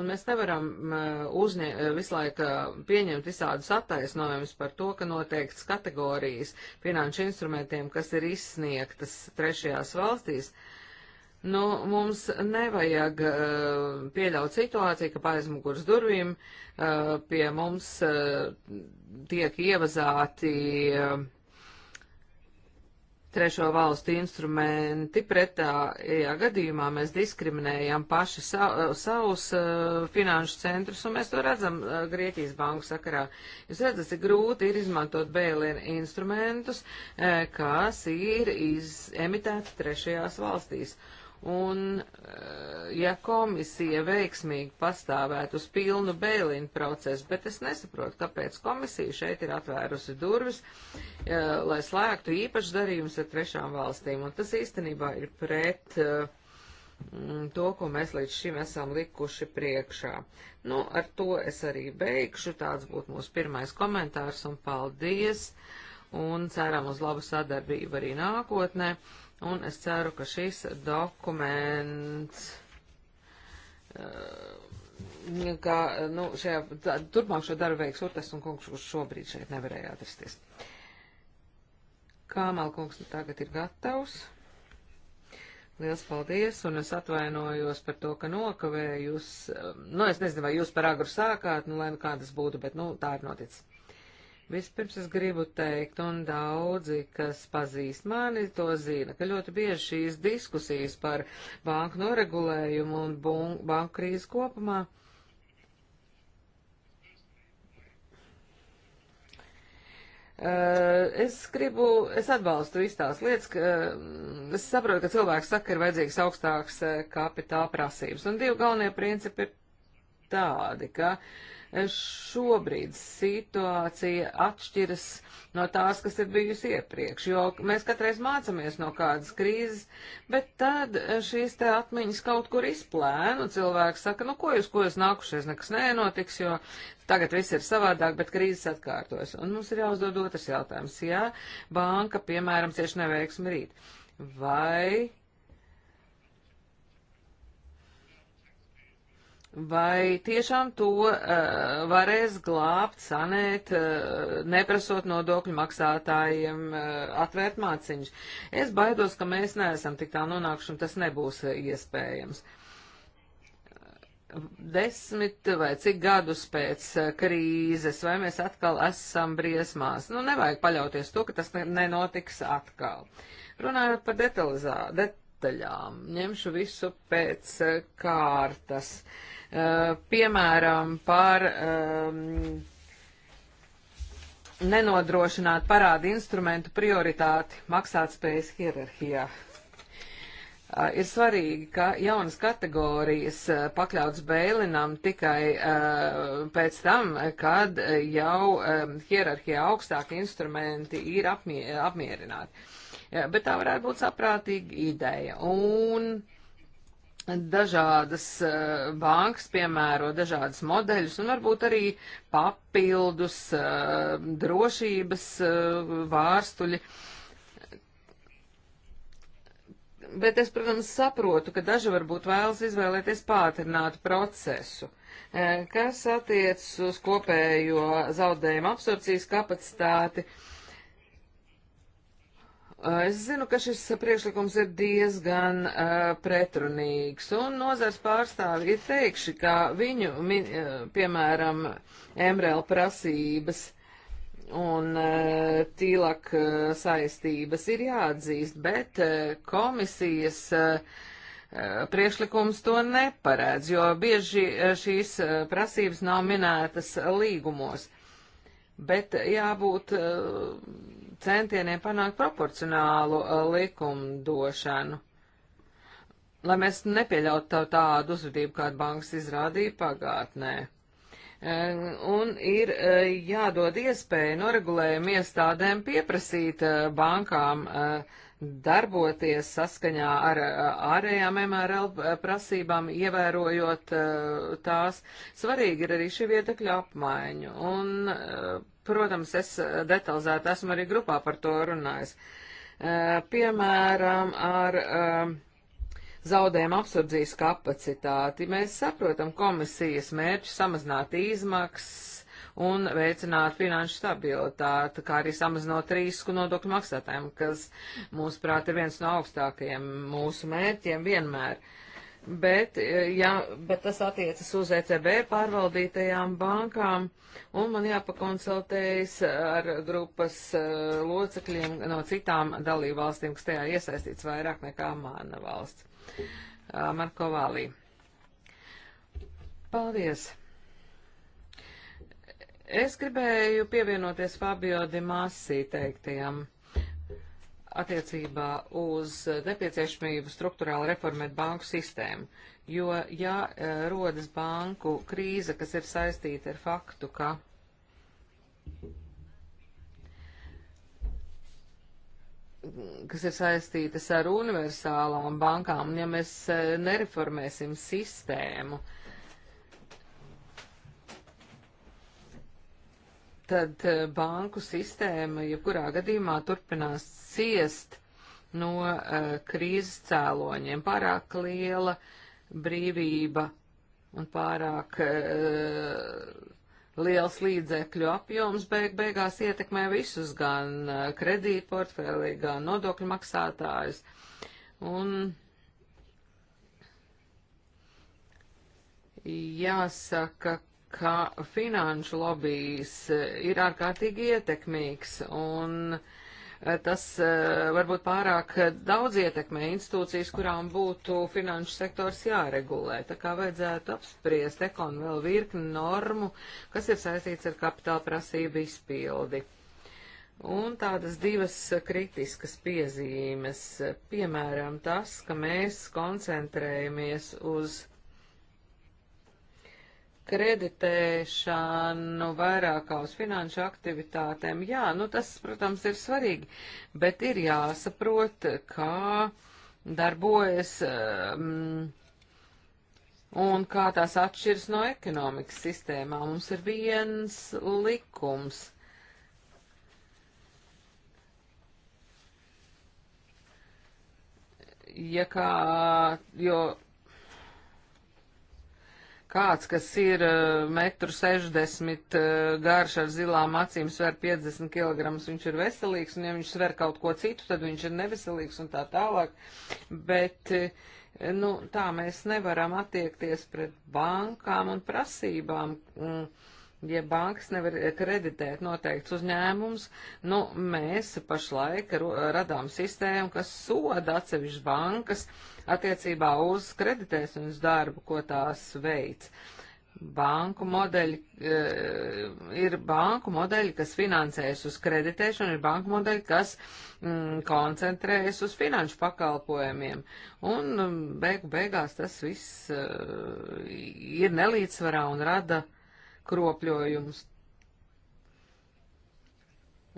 Un mēs nevaram eh, uzņē, visu laiku pieņemt visādus attaisnojumus par to, ka noteikts kategorijas finanšu instrumentiem, kas ir izsniegtas trešajās valstīs, nu, mums nevajag pieļaut situāciju, ka paizmugurs durvīm pie mums tiek ievazāti trešo valstu instrumenti, pretējā gadījumā mēs diskriminējam paši sa savus uh, finanšu centrus, un mēs to redzam uh, Grieķijas banku sakarā. Jūs redzat, cik grūti ir izmantot BLN instrumentus, uh, kas ir emitēti trešajās valstīs. Uh, Un, eh, ja komisija veiksmīgi pastāvētu uz pilnu bēlīnu procesu, bet es nesaprotu, kāpēc komisija šeit ir atvērusi durvis, ja, eh, lai slēgtu īpašs darījums ar trešām valstīm. Un tas īstenībā ir pret uh, to, ko mēs līdz šim esam likuši priekšā. Nu, ar to es arī beigšu. Tāds būtu mūsu pirmais komentārs un paldies. Un ceram uz labu sadarbību arī nākotnē un es ceru, ka šis dokuments, eh, ka, nu, šajā, turpmāk šo darbu veiks Urtes un kungs, kurš šobrīd šeit nevarēja atrasties. Kāmal kungs nu tagad ir gatavs. Liels paldies, un es atvainojos par to, ka nokavēju jūs, eh, nu, es nezinu, vai jūs par agru sākāt, nu, lai nu kādas būtu, bet, nu, tā ir noticis. Vispirms es gribu teikt, un daudzi, kas pazīst mani, to zina, ka ļoti bieži šīs diskusijas par banku noregulējumu un banku krīzi kopumā eh, Es gribu, es atbalstu visu tās lietas, ka mm, es saprotu, ka cilvēks saka, ir vajadzīgs augstāks eh, kapitāla prasības. Un divi galvenie principi ir tādi, ka uh, šobrīd situācija atšķiras no tās, kas ir bijusi iepriekš, jo mēs katreiz mācāmies no kādas krīzes, bet tad eh, šīs te atmiņas kaut kur izplēna, un cilvēks saka, nu ko jūs, ko jūs nākušies, nekas nenotiks, jo tagad viss ir savādāk, bet krīzes atkārtojas. Un mums ir jāuzdod otrs jautājums, ja banka, piemēram, cieši neveiksmi rīt, vai Vai tiešām to uh, varēs glābt, sanēt, uh, neprasot nodokļu maksātājiem uh, atvērt māciņš? Es baidos, ka mēs neesam tik tā nonākuši un tas nebūs uh, iespējams. Desmit vai cik gadus pēc uh, krīzes, vai mēs atkal esam briesmās? Nu, nevajag paļauties to, ka tas nenotiks atkal. Runājot par detalizā, detaļām, ņemšu visu pēc uh, kārtas. Uh, Eh, piemēram, par um, nenodrošināt parādu instrumentu prioritāti maksātspējas hierarhijā. Uh, ir svarīgi, ka jaunas kategorijas uh, pakļauts bēlinam tikai uh, pēc tam, kad jau ehm, hierarhijā augstāki instrumenti ir apmier apmierināti. Bet tā varētu būt saprātīga ideja. Un dažādas uh, bankas piemēro dažādas modeļus un varbūt arī papildus uh, drošības uh, vārstuļi. Bet es, protams, saprotu, ka daži varbūt vēlas izvēlēties pātrinātu procesu, kas attiec uz kopējo zaudējumu absorpcijas kapacitāti. Uh, Es zinu, ka šis priekšlikums ir diezgan uh, pretrunīgs, un nozars pārstāvji ir teikši, ka viņu, min, uh, piemēram, MRL prasības un uh, eh, tīlāk uh, saistības ir jāatzīst, bet uh, komisijas uh, priekšlikums to neparēdz, jo bieži šīs uh, prasības nav minētas līgumos. Bet jābūt. Uh, centieniem panākt proporcionālu uh, likumdošanu, lai mēs nepieļautu tādu uzvedību, kādu bankas izrādīja pagātnē. Um, un ir uh, jādod iespēja noregulējuma iestādēm pieprasīt uh, bankām darboties saskaņā ar ārējām MRL prasībām, ievērojot tās. Svarīgi ir arī šī vietekļa apmaiņa. Un Protams, es eh, detalizēti esmu arī grupā par to runājis. Eh, piemēram, ar eh, zaudējumu absurdzijas kapacitāti. Mēs saprotam komisijas mērķu samazināt izmaksas un veicināt finanšu stabilitāti, kā arī samazinot risku nodokļu maksātājiem, kas, mūsuprāt, ir viens no augstākajiem mūsu mērķiem vienmēr. Uh, bet, e, ja, bet tas attiecas uz ECB pārvaldītajām bankām, un man jāpakonsultējas ar grupas uh, locekļiem no citām dalībvalstīm, kas tajā iesaistīts vairāk nekā mana valsts. Uh, Marko Vālī. Paldies! Es gribēju pievienoties Fabio Dimasī teiktajam attiecībā uz nepieciešamību struktūrāli reformēt banku sistēmu, jo, ja e, rodas banku krīze, kas ir saistīta ar faktu, ka kas ir saistītas ar universālām bankām, un ja mēs e, nereformēsim sistēmu, uh, tad eh, banku sistēma jebkurā gadījumā turpinās ciest no uh, krīzes cēloņiem. Pārāk liela brīvība un pārāk uh, liels līdzekļu apjoms beig beigās ietekmē visus, gan uh, kredītportfeli, gan nodokļu maksātājus. Un jāsaka, ka finanšu lobijs eh, ir ārkārtīgi ietekmīgs un eh, tas eh, varbūt pārāk daudz ietekmē institūcijas, kurām būtu finanšu sektors jāregulē. Tā kā vajadzētu apspriest ekonu vēl virkni normu, kas ir saistīts ar kapitāla prasību izpildi. Un tādas divas kritiskas piezīmes, piemēram, tas, ka mēs koncentrējamies uz kreditēšanu vairāk kā uz finanšu aktivitātēm. Jā, nu tas, protams, ir svarīgi, bet ir jāsaprot, kā darbojas um, un kā tās atšķiras no ekonomikas sistēmā. Mums ir viens likums. Ja kā, jo kāds, kas ir eh, metru 60 eh, garš ar zilām acīm, sver 50 kg, viņš ir veselīgs, un ja viņš sver kaut ko citu, tad viņš ir neveselīgs un tā tālāk. Bet, eh, nu, tā mēs nevaram attiekties pret bankām un prasībām. Mm ja bankas nevar kreditēt noteikts uzņēmums, nu, mēs pašlaik radām sistēmu, kas soda atsevišķas bankas attiecībā uz kreditēšanas darbu, ko tās veids. Banku modeļi e, ir banku modeļi, kas finansējas uz kreditēšanu, ir banku modeļi, kas mm, koncentrējas uz finanšu pakalpojumiem. Un mm, beigu beigās tas viss e, ir nelīdzsvarā un rada uh, kropļojumus.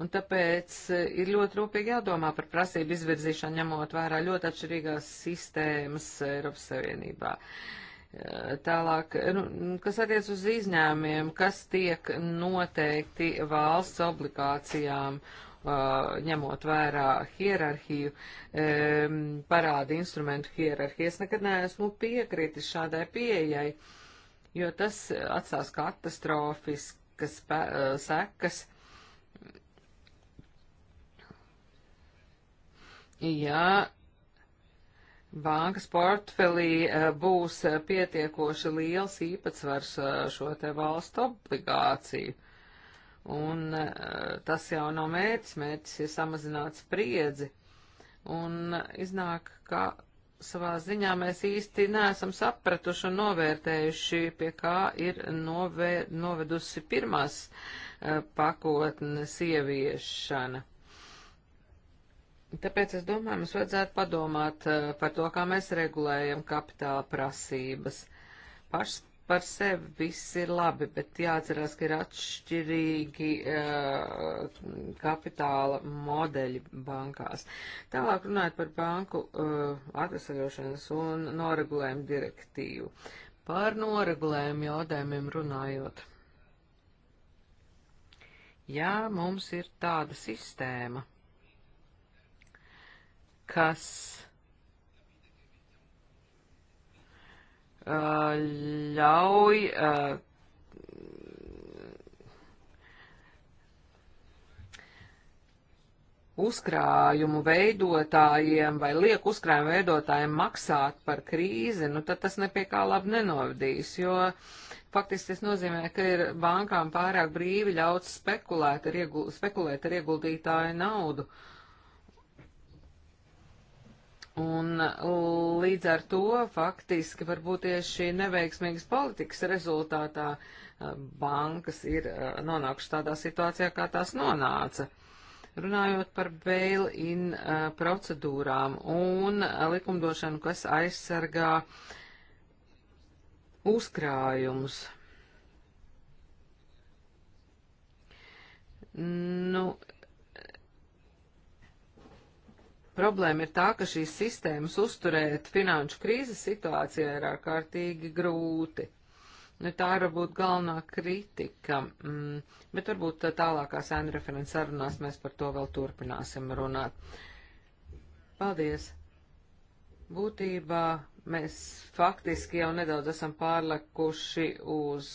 Un tāpēc e, ir ļoti rūpīgi jādomā par prasību izvirzīšanu, ņemot vērā ļoti atšķirīgās sistēmas Eiropas Savienībā. E, Tālāk, e, nu, kas attiec uz izņēmiem, kas tiek noteikti valsts obligācijām, ņemot vērā hierarhiju, parāda instrumentu hierarhiju. Es nekad neesmu piekritis šādai pieejai. Nu, jo tas atstās katastrofiskas eh, sekas. Ja bankas portfelī eh, būs eh, pietiekoši liels īpatsvars šo te valstu obligāciju. Un tas jau nav mērķis, mērķis ir samazināt spriedzi. Un iznāk, ka savā ziņā mēs īsti neesam sapratuši un novērtējuši, pie kā ir nove, novedusi pirmās uh, pakotnes ieviešana. Tāpēc es domāju, mums vajadzētu padomāt uh, par to, kā mēs regulējam kapitāla prasības. Pašs par sevi viss ir labi, bet jāatcerās, ka ir atšķirīgi uh, kapitāla modeļi bankās. Tālāk runājot par banku uh, eh, atvesaļošanas un noregulējumu direktīvu. Par noregulējumu jautājumiem runājot. Jā, mums ir tāda sistēma, kas Uh, ļauj uh, uzkrājumu veidotājiem vai liek uzkrājumu veidotājiem maksāt par krīzi, nu tad tas nepie kā labi nenovadīs, jo faktiski tas nozīmē, ka ir bankām pārāk brīvi ļauts spekulēt ar, iegul spekulēt ar ieguldītāju naudu. Uh, Un uh, līdz ar to faktiski varbūt tieši šī neveiksmīgas politikas rezultātā uh, bankas ir uh, nonākušas tādā situācijā, kā tās nonāca. Runājot par bail-in procedūrām un likumdošanu, kas aizsargā uzkrājumus. Nu, Problēma ir tā, ka šīs sistēmas uzturēt finanšu krīzes situācijā ir ārkārtīgi grūti. Nu, tā ir varbūt galvenā kritika, mm, bet varbūt tālākā sēna referents sarunās mēs par to vēl turpināsim runāt. Paldies! Būtībā mēs faktiski jau nedaudz esam pārlekuši uz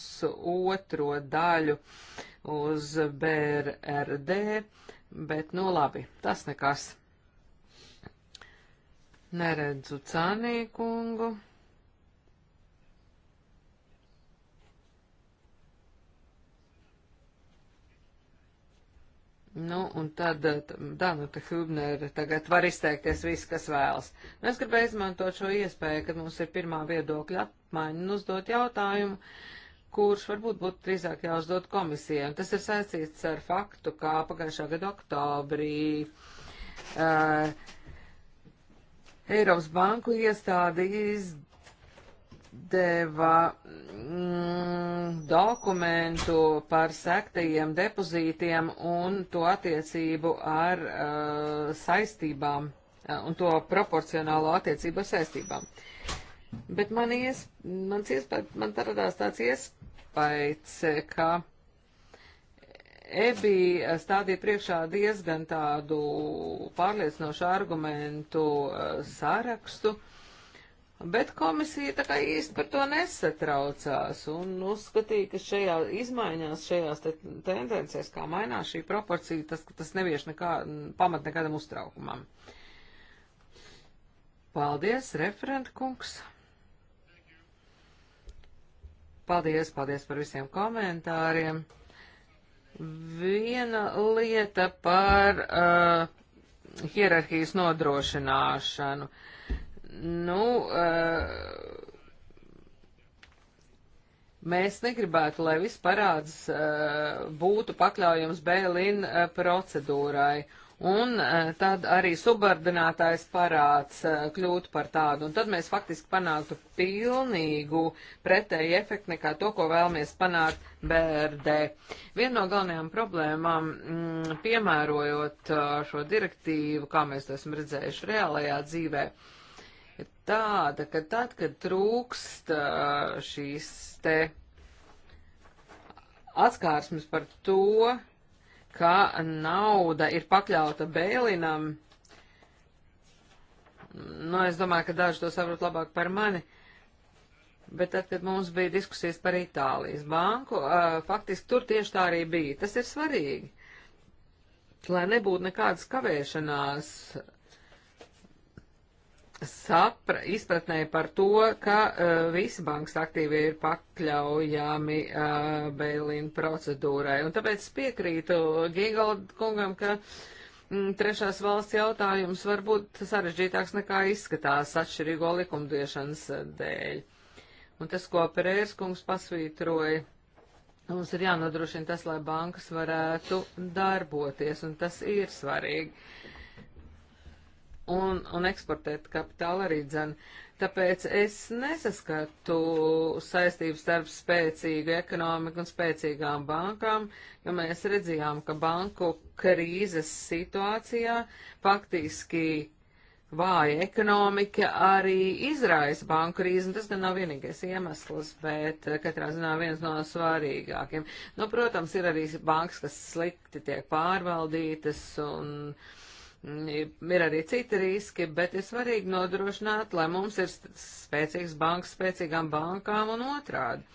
otro daļu, uz BRD, bet nu labi, tas nekas. Neredzu cānīkungu. Nu, un tad eh, Danuta Hubnere tagad var izteikties viss, kas vēlas. Nu, es gribēju izmantot šo iespēju, kad mums ir pirmā viedokļa apmaiņa un uzdot jautājumu, kurš varbūt būtu drīzāk jāuzdod komisijai. Un tas ir saistīts ar faktu, kā pagājušā gada oktobrī. Uh, Eiropas banku iestāde izdeva mm, dokumentu par sektajiem depozītiem un to attiecību ar uh, saistībām uh, un to proporcionālo attiecību ar saistībām. Bet man, ies, mans iespēj, man radās tāds iespējas, ka EBI stādīja priekšā diezgan tādu pārliecinošu argumentu eh, sarakstu, bet komisija tā kā īsti par to nesatraucās un uzskatīja, ka šajā izmaiņās, šajās te tendencēs, kā mainās šī proporcija, tas, tas nevieš nekā, pamat nekādam uztraukumam. Paldies, referentkungs! Paldies, paldies par visiem komentāriem! Viena lieta par uh, hierarhijas nodrošināšanu. Nu, uh, mēs negribētu, lai viss parāds uh, būtu pakļaujams Bēlina uh, procedūrai. Uh, un e, tad arī subordinātais parāds e, kļūtu par tādu, un tad mēs faktiski panāktu pilnīgu pretēju efektu nekā to, ko vēlamies panākt BRD. Viena no galvenajām problēmām, m, mm, piemērojot e, šo direktīvu, kā mēs to esam redzējuši reālajā dzīvē, ir tāda, ka tad, kad trūkst šīs te atskārsmes par to, ka nauda ir pakļauta bēlinam. Nu, es domāju, ka daži to saprot labāk par mani. Bet tad, kad mums bija diskusijas par Itālijas banku, uh, faktiski tur tieši tā arī bija. Tas ir svarīgi, lai nebūtu nekādas kavēšanās sapra, izpratnē par to, ka uh, visi bankas aktīvi ir pakļaujami uh, eh, Bēlīna procedūrai. Un tāpēc piekrītu Gīgalda kungam, ka mm, trešās valsts jautājums var būt sarežģītāks nekā izskatās atšķirīgo likumdiešanas eh, dēļ. Un tas, ko Pereiras kungs pasvītroja, mums ir jānodrošina tas, lai bankas varētu darboties, un tas ir svarīgi. Uh, un, un eksportēt kapitālu arī dzen. Tāpēc es nesaskatu saistību starp spēcīgu ekonomiku un spēcīgām bankām, jo mēs redzējām, ka banku krīzes situācijā faktiski vāja ekonomika arī izraisa banku krīzi, un tas gan nav vienīgais iemesls, bet eh, katrā ziņā viens no svarīgākiem. Nu, protams, ir arī bankas, kas slikti tiek pārvaldītas, un uh, Mm, ir arī citi riski, bet ir svarīgi nodrošināt, lai mums ir spēcīgs banks, spēcīgām bankām un otrādi.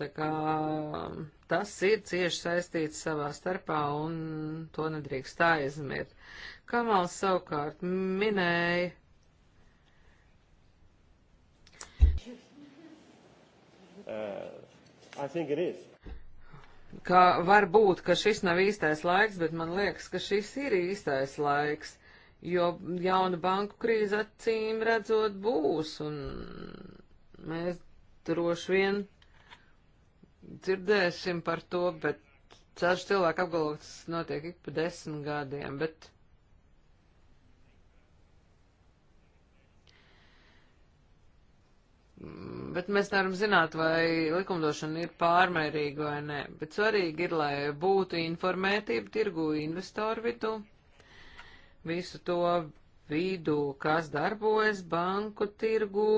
Tā kā um, tas ir cieši saistīts savā starpā un to nedrīkst tā aizmirst. Kamals savukārt minēja. Uh, I think it is ka var būt, ka šis nav īstais laiks, bet man liekas, ka šis ir īstais laiks, jo jauna banku krīze acīm redzot būs, un mēs droši vien dzirdēsim par to, bet ceļš cilvēku apgalvots notiek ik pa desmit gadiem, bet Bet mēs nevaram zināt, vai likumdošana ir pārmērīga vai nē. Bet svarīgi ir, lai būtu informētība tirgu investoru vidū, visu to vidū, kas darbojas banku tirgu,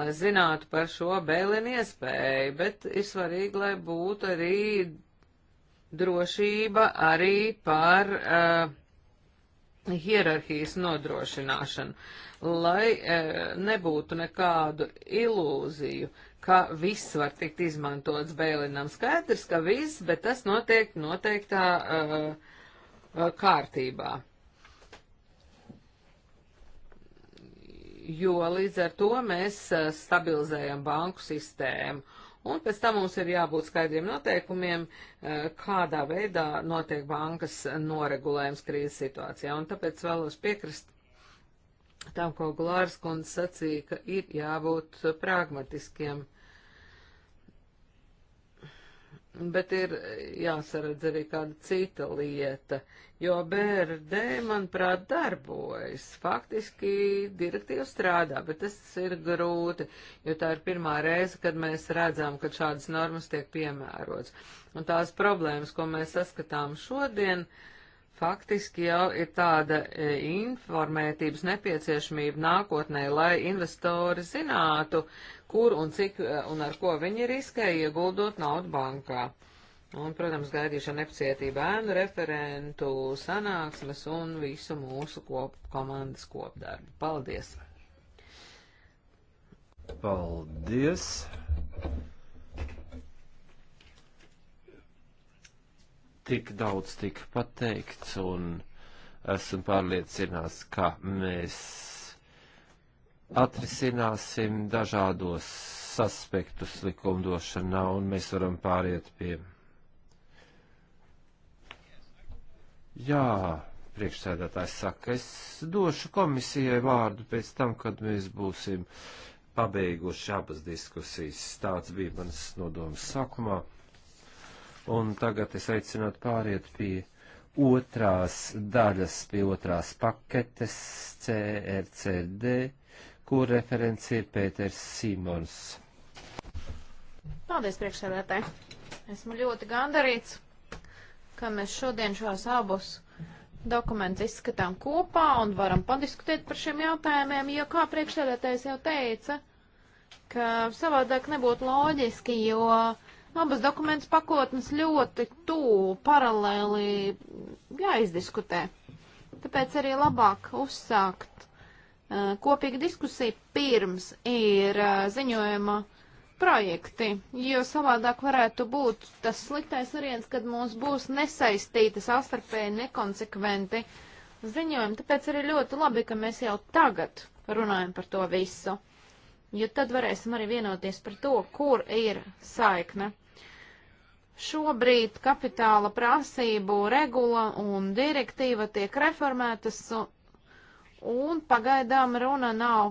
lai zinātu par šo bēlinu iespēju. Bet ir svarīgi, lai būtu arī drošība arī par. Uh, hierarhijas nodrošināšanu, lai e, nebūtu nekādu ilūziju, ka viss var tikt izmantots bēlinam. Skaidrs, ka viss, bet tas notiek noteiktā e, kārtībā. Jo līdz ar to mēs e, stabilizējam banku sistēmu Un pēc tam mums ir jābūt skaidriem noteikumiem, eh, kādā veidā notiek bankas noregulējums krīzes situācijā. Un tāpēc vēlos piekrist tam, ko Glārs kundze sacīja, ka ir jābūt pragmatiskiem Bet ir jāsaredz arī kāda cita lieta, jo BRD, manuprāt, darbojas. Faktiski direktīva strādā, bet tas ir grūti, jo tā ir pirmā reize, kad mēs redzam, ka šādas normas tiek piemērots. Un tās problēmas, ko mēs saskatām šodien, faktiski jau ir tāda e, informētības nepieciešamība nākotnē, lai investori zinātu, uh, kur un cik eh, un ar ko viņi riskē ieguldot naudu bankā. Un, protams, gaidīšu nepacietību ēnu referentu sanāksmes un visu mūsu kop, komandas kopdarbu. Paldies! Paldies! Tik daudz tika pateikts un esmu pārliecināts, ka mēs atrisināsim dažādos aspektus likumdošanā, un mēs varam pāriet pie. Jā, priekšsēdētājs saka, es došu komisijai vārdu pēc tam, kad mēs būsim pabeiguši abas diskusijas. Tāds bija mans nodoms sākumā. Un tagad es aicinātu pāriet pie otrās daļas, pie otrās paketes CRCD kur referents ir Pēters Simons. Paldies, priekšsēdētāji. Esmu ļoti gandarīts, ka mēs šodien šos abus dokumentus izskatām kopā un varam padiskutēt par šiem jautājumiem, jo, kā priekšsēdētājs jau teica, ka savādāk nebūtu loģiski, jo abas dokumentus pakotnes ļoti tūlu paralēli jāizdiskutē. Tāpēc arī labāk uzsākt Uh, kopīga diskusija pirms ir uh, ziņojuma projekti, jo savādāk varētu būt tas sliktais variants, kad mums būs nesaistīti savstarpēji nekonsekventi ziņojumi. Tāpēc arī ļoti labi, ka mēs jau tagad runājam par to visu, jo tad varēsim arī vienoties par to, kur ir saikne. Šobrīd kapitāla prasību regula un direktīva tiek reformētas, un Un pagaidām runa nav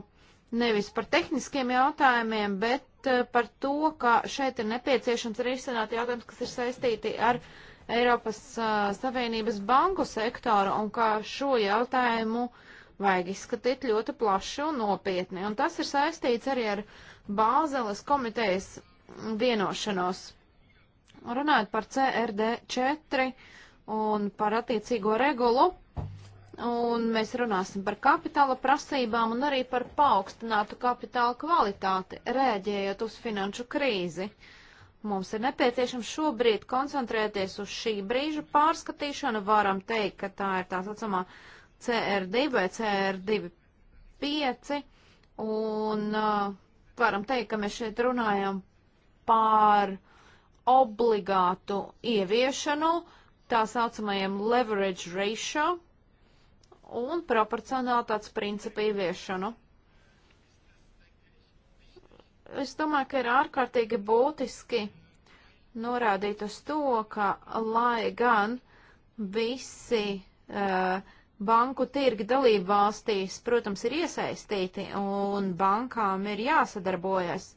nevis par tehniskiem jautājumiem, bet eh, par to, ka šeit ir nepieciešams risināt jautājumus, kas ir saistīti ar Eiropas uh, Savienības banku sektoru un kā šo jautājumu vajag izskatīt ļoti plaši un nopietni. Un tas ir saistīts arī ar Bāzeles komitejas vienošanos. Runājot par CRD 4 un par attiecīgo regulu, uh, un mēs runāsim par kapitāla prasībām un arī par paaugstinātu kapitāla kvalitāti, rēģējot uz finanšu krīzi. Mums ir nepieciešams šobrīd koncentrēties uz šī brīža pārskatīšanu. Varam teikt, ka tā ir tā saucamā CR2 vai CR25, un uh, varam teikt, ka mēs šeit runājam par obligātu ieviešanu tā saucamajiem leverage ratio, un proporcionālitātes principu ieviešanu. Es domāju, ka ir ārkārtīgi būtiski norādīt uz to, ka lai gan visi uh, banku tirgi dalību valstīs, protams, ir iesaistīti un bankām ir jāsadarbojas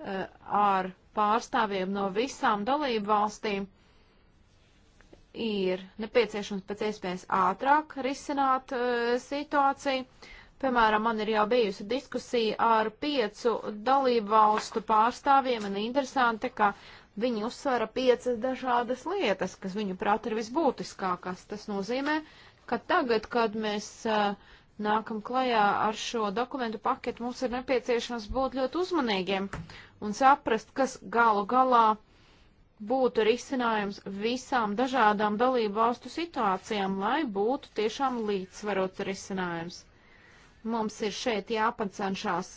uh, ar pārstāvjiem no visām dalību valstīm, uh, ir nepieciešams pēc iespējas ātrāk risināt uh, situāciju. Piemēram, man ir jau bijusi diskusija ar piecu dalību valstu pārstāvjiem, un interesanti, ka viņi uzsvera piecas dažādas lietas, kas viņu prāt ir visbūtiskākās. Tas nozīmē, ka tagad, kad mēs uh, nākam klajā ar šo dokumentu paketu, mums ir nepieciešams būt ļoti uzmanīgiem un saprast, kas galu galā būtu risinājums visām dažādām dalību valstu situācijām, lai būtu tiešām līdzsvarots risinājums. Mums ir šeit jāpacenšās.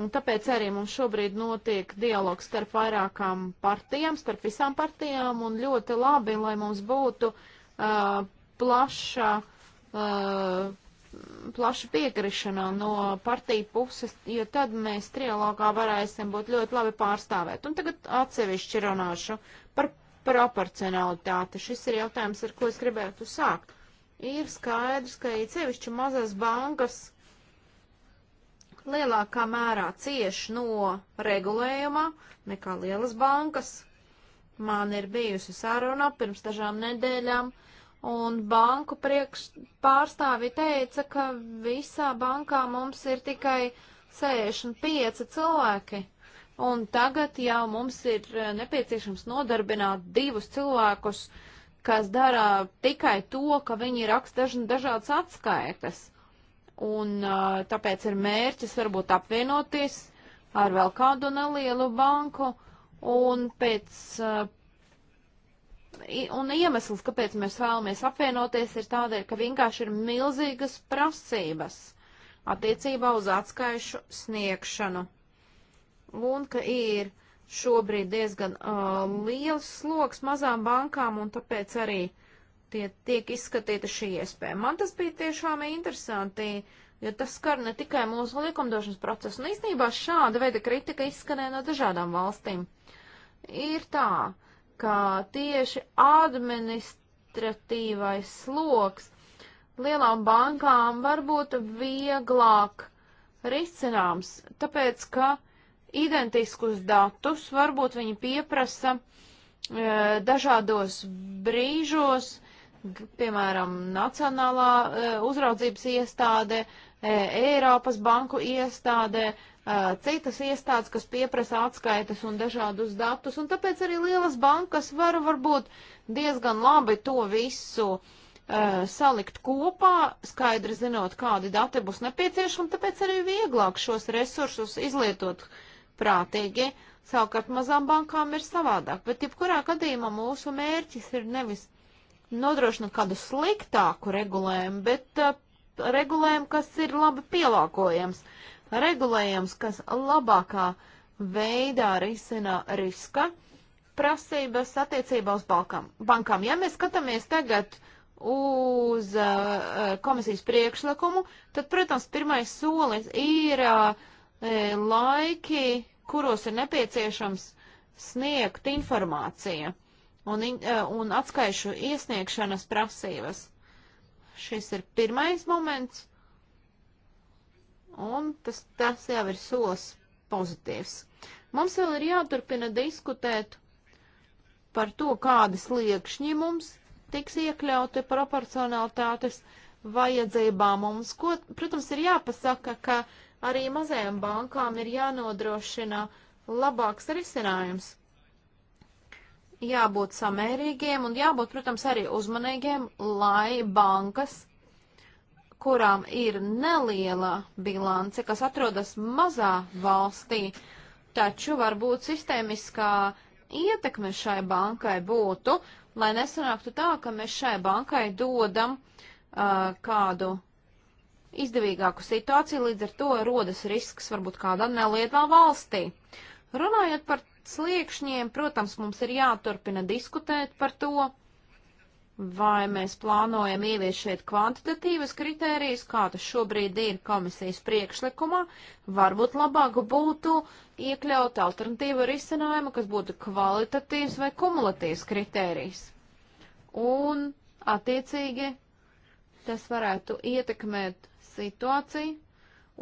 Un tāpēc arī mums šobrīd notiek dialogs starp vairākām partijām, starp visām partijām, un ļoti labi, lai mums būtu uh, plaša uh, plaša piekrišana no partiju puses, jo tad mēs trialogā varēsim būt ļoti labi pārstāvēt. Un tagad atsevišķi runāšu par proporcionalitāti. Šis ir jautājums, ar ko es gribētu sākt. Ir skaidrs, ka ir sevišķi mazas bankas lielākā mērā cieši no regulējuma nekā lielas bankas. Man ir bijusi saruna pirms dažām nedēļām. Uh, Un banku priekš pārstāvi teica, ka visā bankā mums ir tikai 65 cilvēki. Un tagad jau mums ir eh, nepieciešams nodarbināt divus cilvēkus, kas dara tikai to, ka viņi raksta dažādas atskaitas. Un eh, tāpēc ir mērķis varbūt apvienoties ar vēl kādu nelielu banku un pēc eh, un iemesls, kāpēc mēs vēlamies apvienoties, ir tādēļ, ka vienkārši ir milzīgas prasības attiecībā uz atskaišu sniegšanu. Un ka ir šobrīd diezgan uh, liels sloks mazām bankām, un tāpēc arī tie, tiek izskatīta šī iespēja. Man tas bija tiešām interesanti, jo tas skar ne tikai mūsu likumdošanas procesu, un īstenībā šāda veida kritika izskanē no dažādām valstīm. Ir tā, uh, ka tieši administratīvais sloks lielām bankām var būt vieglāk risināms, tāpēc ka identiskus datus varbūt viņi pieprasa e, dažādos brīžos, piemēram, Nacionālā e, uzraudzības iestādē, e, Eiropas banku iestādē, uh, citas iestādes, kas pieprasa atskaites un dažādus datus, un tāpēc arī lielas bankas var varbūt diezgan labi to visu uh, salikt kopā, skaidri zinot, kādi dati būs nepieciešami, tāpēc arī vieglāk šos resursus izlietot prātīgi. Savukārt mazām bankām ir savādāk, bet jebkurā gadījumā mūsu mērķis ir nevis nodrošināt kādu sliktāku regulējumu, bet uh, regulējumu, kas ir labi pielāgojams regulējums, kas labākā veidā risina riska prasības attiecībā uz balkam, bankām. Ja mēs skatāmies tagad uz uh, komisijas priekšlikumu, tad, protams, pirmais solis ir uh, laiki, kuros ir nepieciešams sniegt informāciju un, uh, un atskaišu iesniegšanas prasības. Šis ir pirmais moments. Un tas, tas jau ir solis pozitīvs. Mums vēl ir jāturpina diskutēt par to, kādas liekšņi mums tiks iekļauti proporcionalitātes vajadzībā mums. Ko, protams, ir jāpasaka, ka arī mazajām bankām ir jānodrošina labāks risinājums. Jābūt samērīgiem un jābūt, protams, arī uzmanīgiem, lai bankas kurām ir neliela bilance, kas atrodas mazā valstī, taču varbūt sistēmiskā ietekme šai bankai būtu, lai nesanāktu tā, ka mēs šai bankai dodam uh, kādu izdevīgāku situāciju, līdz ar to rodas risks varbūt kādā nelielā valstī. Runājot par sliekšņiem, protams, mums ir jāturpina diskutēt par to, Vai mēs plānojam ievies šeit kvantitatīvas kritērijas, kā tas šobrīd ir komisijas priekšlikumā? Varbūt labāk būtu iekļaut alternatīvu risinājumu, kas būtu kvalitatīvs vai kumulatīvs kritērijs. Un, attiecīgi, tas varētu ietekmēt situāciju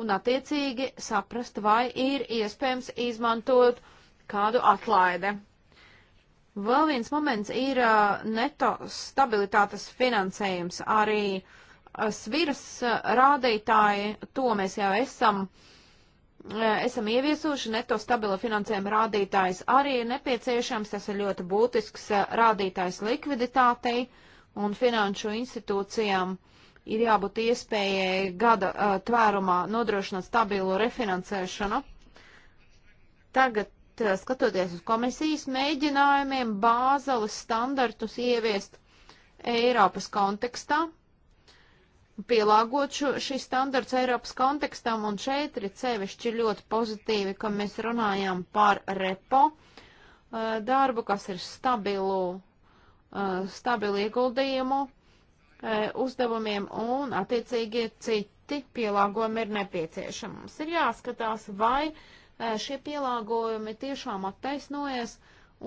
un, attiecīgi, saprast, vai ir iespējams izmantot kādu atlaidi. Vēl viens moments ir neto stabilitātes finansējums. Arī sviras rādītāji, to mēs jau esam, esam ieviesuši, neto stabila finansējuma rādītājs arī ir nepieciešams, tas ir ļoti būtisks rādītājs likviditātei un finanšu institūcijām ir jābūt iespējai gada tvērumā nodrošināt stabilu refinansēšanu. Tagad bet eh, skatoties uz komisijas mēģinājumiem bāzeles standartus ieviest Eiropas kontekstā, pielāgot šo, šis standarts Eiropas kontekstam, un šeit ir sevišķi ļoti pozitīvi, ka mēs runājam par repo eh, darbu, kas ir stabilu, eh, stabilu ieguldījumu uzdevumiem, un attiecīgi citi pielāgojumi ir nepieciešams. Ir jāskatās, vai uh, šie pielāgojumi tiešām attaisnojas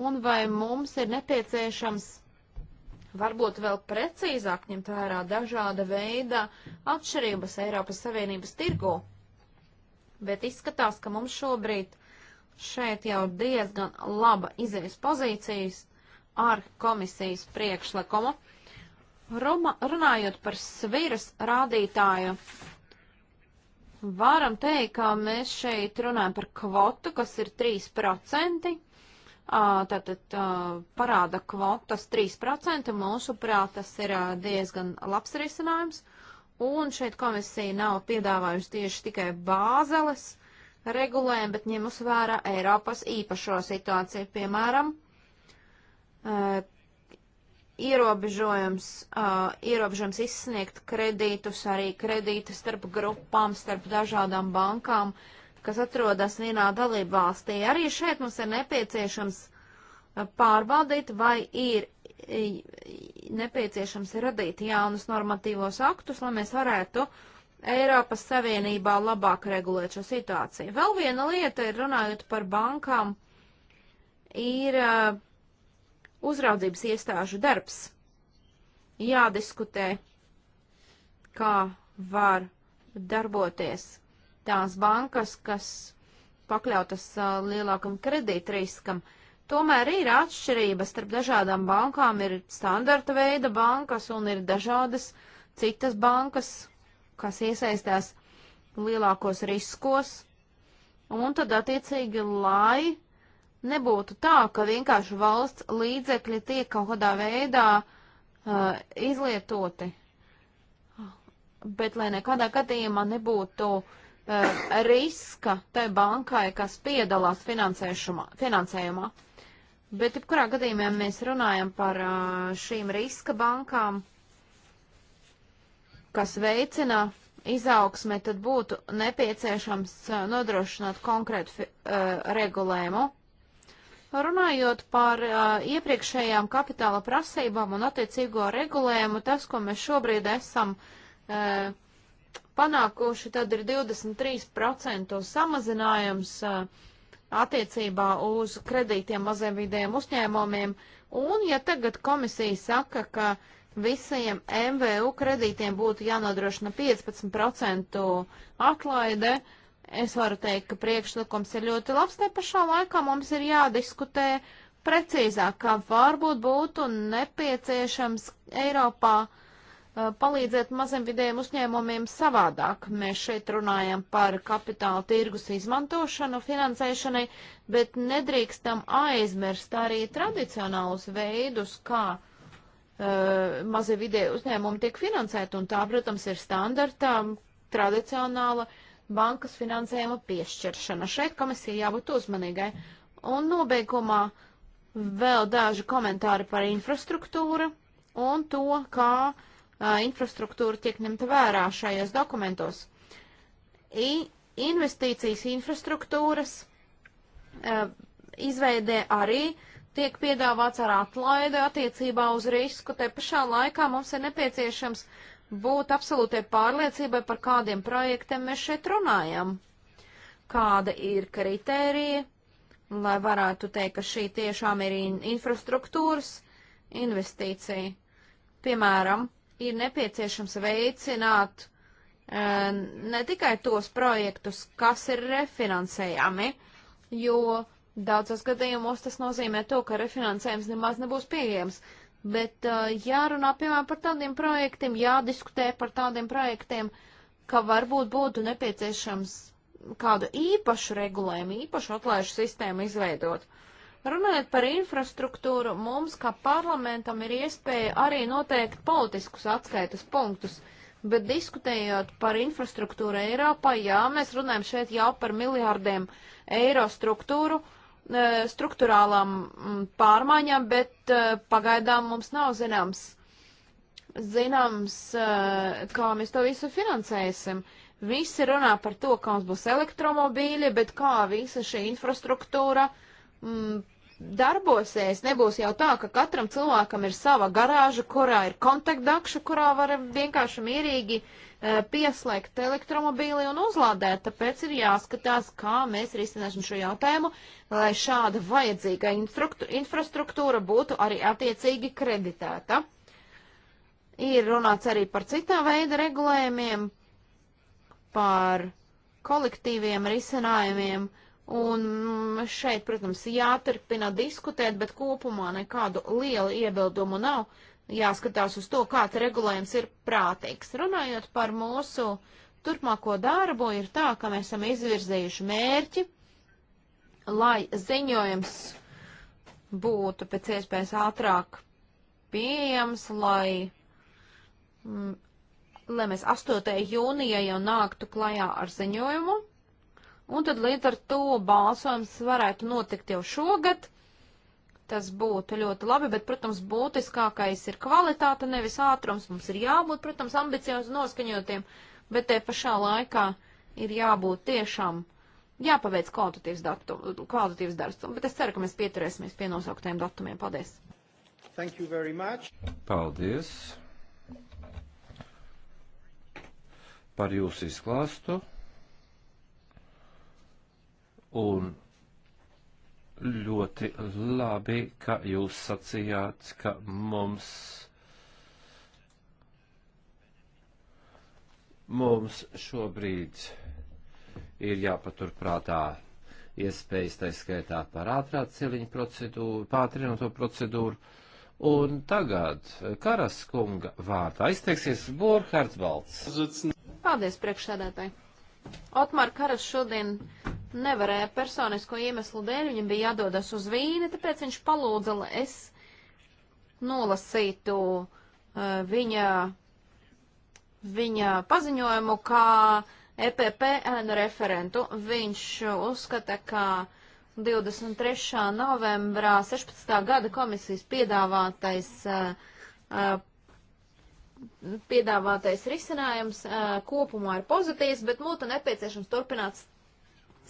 un vai mums ir nepieciešams varbūt vēl precīzāk ņemt vērā dažāda veida atšķirības Eiropas Savienības tirgu. Bet izskatās, ka mums šobrīd šeit jau ir diezgan laba izējas pozīcijas ar komisijas priekšlikumu. Roma, runājot par sviras rādītāju, varam teikt, ka mēs šeit runājam par kvotu, kas ir 3%. Tātad parāda kvotas 3%, mūsuprāt, tas ir diezgan labs risinājums. Un šeit komisija nav piedāvājusi tieši tikai bāzeles regulējumu, bet ņemus vērā Eiropas īpašo situāciju, piemēram, ierobežojums, uh, ierobežojums izsniegt kredītus arī kredīti starp grupām, starp dažādām bankām, kas atrodas vienā dalību valstī. Arī šeit mums ir nepieciešams uh, pārbaudīt, vai ir nepieciešams radīt jaunus normatīvos aktus, lai mēs varētu Eiropas Savienībā labāk regulēt šo situāciju. Vēl viena lieta ir runājot par bankām, ir uh, uzraudzības iestāžu darbs. Jādiskutē, kā var darboties tās bankas, kas pakļautas uh, lielākam kredītriskam. Tomēr ir atšķirības starp dažādām bankām. Ir standarta veida bankas un ir dažādas citas bankas, kas iesaistās lielākos riskos. Un tad attiecīgi, lai nebūtu tā, ka vienkārši valsts līdzekļi tiek kaut kādā veidā uh, izlietoti, bet lai nekādā gadījumā nebūtu uh, riska tai bankai, kas piedalās finansējumā. Bet, jebkurā gadījumā, mēs runājam par uh, šīm riska bankām, kas veicina izaugsmē, tad būtu nepieciešams uh, nodrošināt konkrētu uh, regulējumu. Runājot par uh, iepriekšējām kapitāla prasībām un attiecīgo regulējumu, tas, ko mēs šobrīd esam uh, panākuši, tad ir 23% samazinājums uh, attiecībā uz kredītiem maziem vidējiem uzņēmumiem. Un ja tagad komisija saka, ka visiem MVU kredītiem būtu jānodrošina 15% atlaide, uh, Es varu teikt, ka priekšlikums ir ļoti labs, te pašā laikā mums ir jādiskutē precīzāk, kā varbūt būtu nepieciešams Eiropā uh, palīdzēt maziem vidējiem uzņēmumiem savādāk. Mēs šeit runājam par kapitāla tirgus izmantošanu, finansēšanai, bet nedrīkstam aizmirst arī tradicionālus veidus, kā uh, mazie vidēji uzņēmumi tiek finansēti, un tā, protams, ir standartā tradicionāla uh, bankas finansējuma piešķiršana. Šeit komisija jābūt uzmanīgai. Un nobeigumā vēl daži komentāri par infrastruktūru un to, kā a, infrastruktūra tiek ņemta vērā šajos dokumentos. I, investīcijas infrastruktūras a, izveidē arī tiek piedāvāts ar atlaidi attiecībā uz risku. Te pašā laikā mums ir nepieciešams uh, būt absolūtai pārliecībai, par kādiem projektiem mēs šeit runājam, kāda ir kritērija, lai varētu teikt, ka šī tiešām ir infrastruktūras investīcija. Piemēram, ir nepieciešams veicināt e, ne tikai tos projektus, kas ir refinansējami, jo daudzos gadījumos tas nozīmē to, ka refinansējums nemaz nebūs pieejams bet uh, jārunā piemēram par tādiem projektiem, jādiskutē par tādiem projektiem, ka varbūt būtu nepieciešams kādu īpašu regulējumu, īpašu atlaižu sistēmu izveidot. Runājot par infrastruktūru, mums kā parlamentam ir iespēja arī noteikt politiskus atskaitas punktus, bet diskutējot par infrastruktūru Eiropā, jā, mēs runājam šeit jau par miljārdiem eiro struktūru, uh, Eh, struktūrālām mm, pārmaiņām, bet eh, pagaidām mums nav zināms, zināms, eh, kā mēs to visu finansēsim. Visi runā par to, ka mums būs elektromobīļi, bet kā visa šī infrastruktūra m, mm, darbosies, nebūs jau tā, ka katram cilvēkam ir sava garāža, kurā ir kontaktdakša, kurā var vienkārši mierīgi uh, Eh, pieslēgt elektromobīli un uzlādēt, tāpēc ir jāskatās, kā mēs risināsim šo jautājumu, lai šāda vajadzīga infrastruktūra būtu arī attiecīgi kreditēta. Ir runāts arī par citā veida regulējumiem, par kolektīviem risinājumiem, un šeit, protams, jāturpina diskutēt, bet kopumā nekādu lielu iebildumu nav jāskatās uz to, kāds regulējums ir prātīgs. Runājot par mūsu turpmāko darbu, ir tā, ka mēs esam izvirzējuši mērķi, lai ziņojums būtu pēc iespējas ātrāk pieejams, lai, m, mm, lai mēs 8. jūnijā jau nāktu klajā ar ziņojumu, un tad līdz ar to balsojums varētu notikt jau šogad Tas būtu ļoti labi, bet, protams, būtiskākais ir kvalitāte, nevis ātrums. Mums ir jābūt, protams, ambiciozi noskaņotiem, bet te pašā laikā ir jābūt tiešām jāpaveic kvalitatīvs, datu, kvalitatīvs darbs. Bet es ceru, ka mēs pieturēsimies pie nosauktiem datumiem. Paldies! Thank you very much. Paldies par jūsu izklāstu. Un ļoti labi, ka jūs sacījāt, ka mums, mums šobrīd ir jāpaturprātā iespējas, tā skaitā par ātrā celiņa procedūru, pātrināto procedūru. Un tagad Karas kunga vārdā izteiksies Borhards Valts. Paldies, priekšsēdētāji. Otmar Karas šodien nevarēja personisko iemeslu dēļ, viņam bija jādodas uz vīni, tāpēc viņš palūdza, lai es nolasītu uh, viņa, viņa paziņojumu kā EPP ēnu referentu. Viņš uzskata, ka 23. novembrā 16. gada komisijas piedāvātais uh, uh, piedāvātais risinājums uh, kopumā ir pozitīvs, bet mūtu nu, nepieciešams turpināt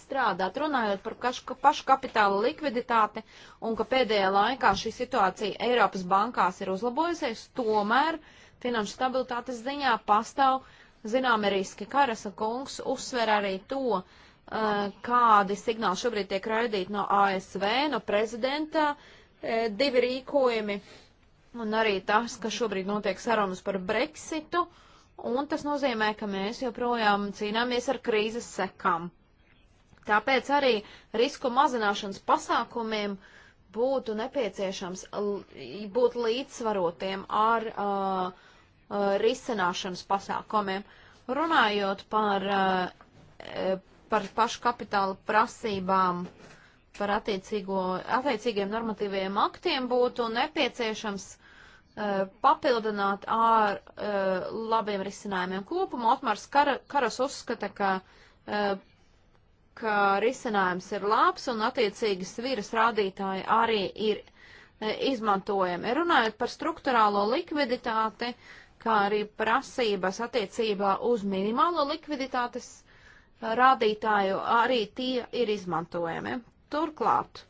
strādāt. Runājot par kašu, pašu kapitāla likviditāti un ka pēdējā laikā šī situācija Eiropas bankās ir uzlabojusies, tomēr finanšu stabilitātes ziņā pastāv zināmi riski. Karasa kungs uzsver arī to, eh, kādi signāli šobrīd tiek raidīti no ASV, no prezidenta, eh, divi rīkojumi un arī tas, ka šobrīd notiek sarunas par Brexitu, un tas nozīmē, ka mēs joprojām cīnāmies ar krīzes sekām. Tāpēc arī risku mazināšanas pasākumiem būtu nepieciešams būt līdzsvarotiem ar uh, uh, risināšanas pasākumiem. Runājot par, uh, par pašu kapitāla prasībām, par attiecīgiem normatīviem aktiem būtu nepieciešams papildināt ar labiem risinājumiem. Kopumā Otmārs Kara, Karas uzskata, ka ka risinājums ir labs un attiecīgi sviras rādītāji arī ir e, izmantojami. Runājot par struktūrālo likviditāti, kā arī prasības attiecībā uz minimālo likviditātes e, rādītāju, arī tie ir izmantojami. Turklāt,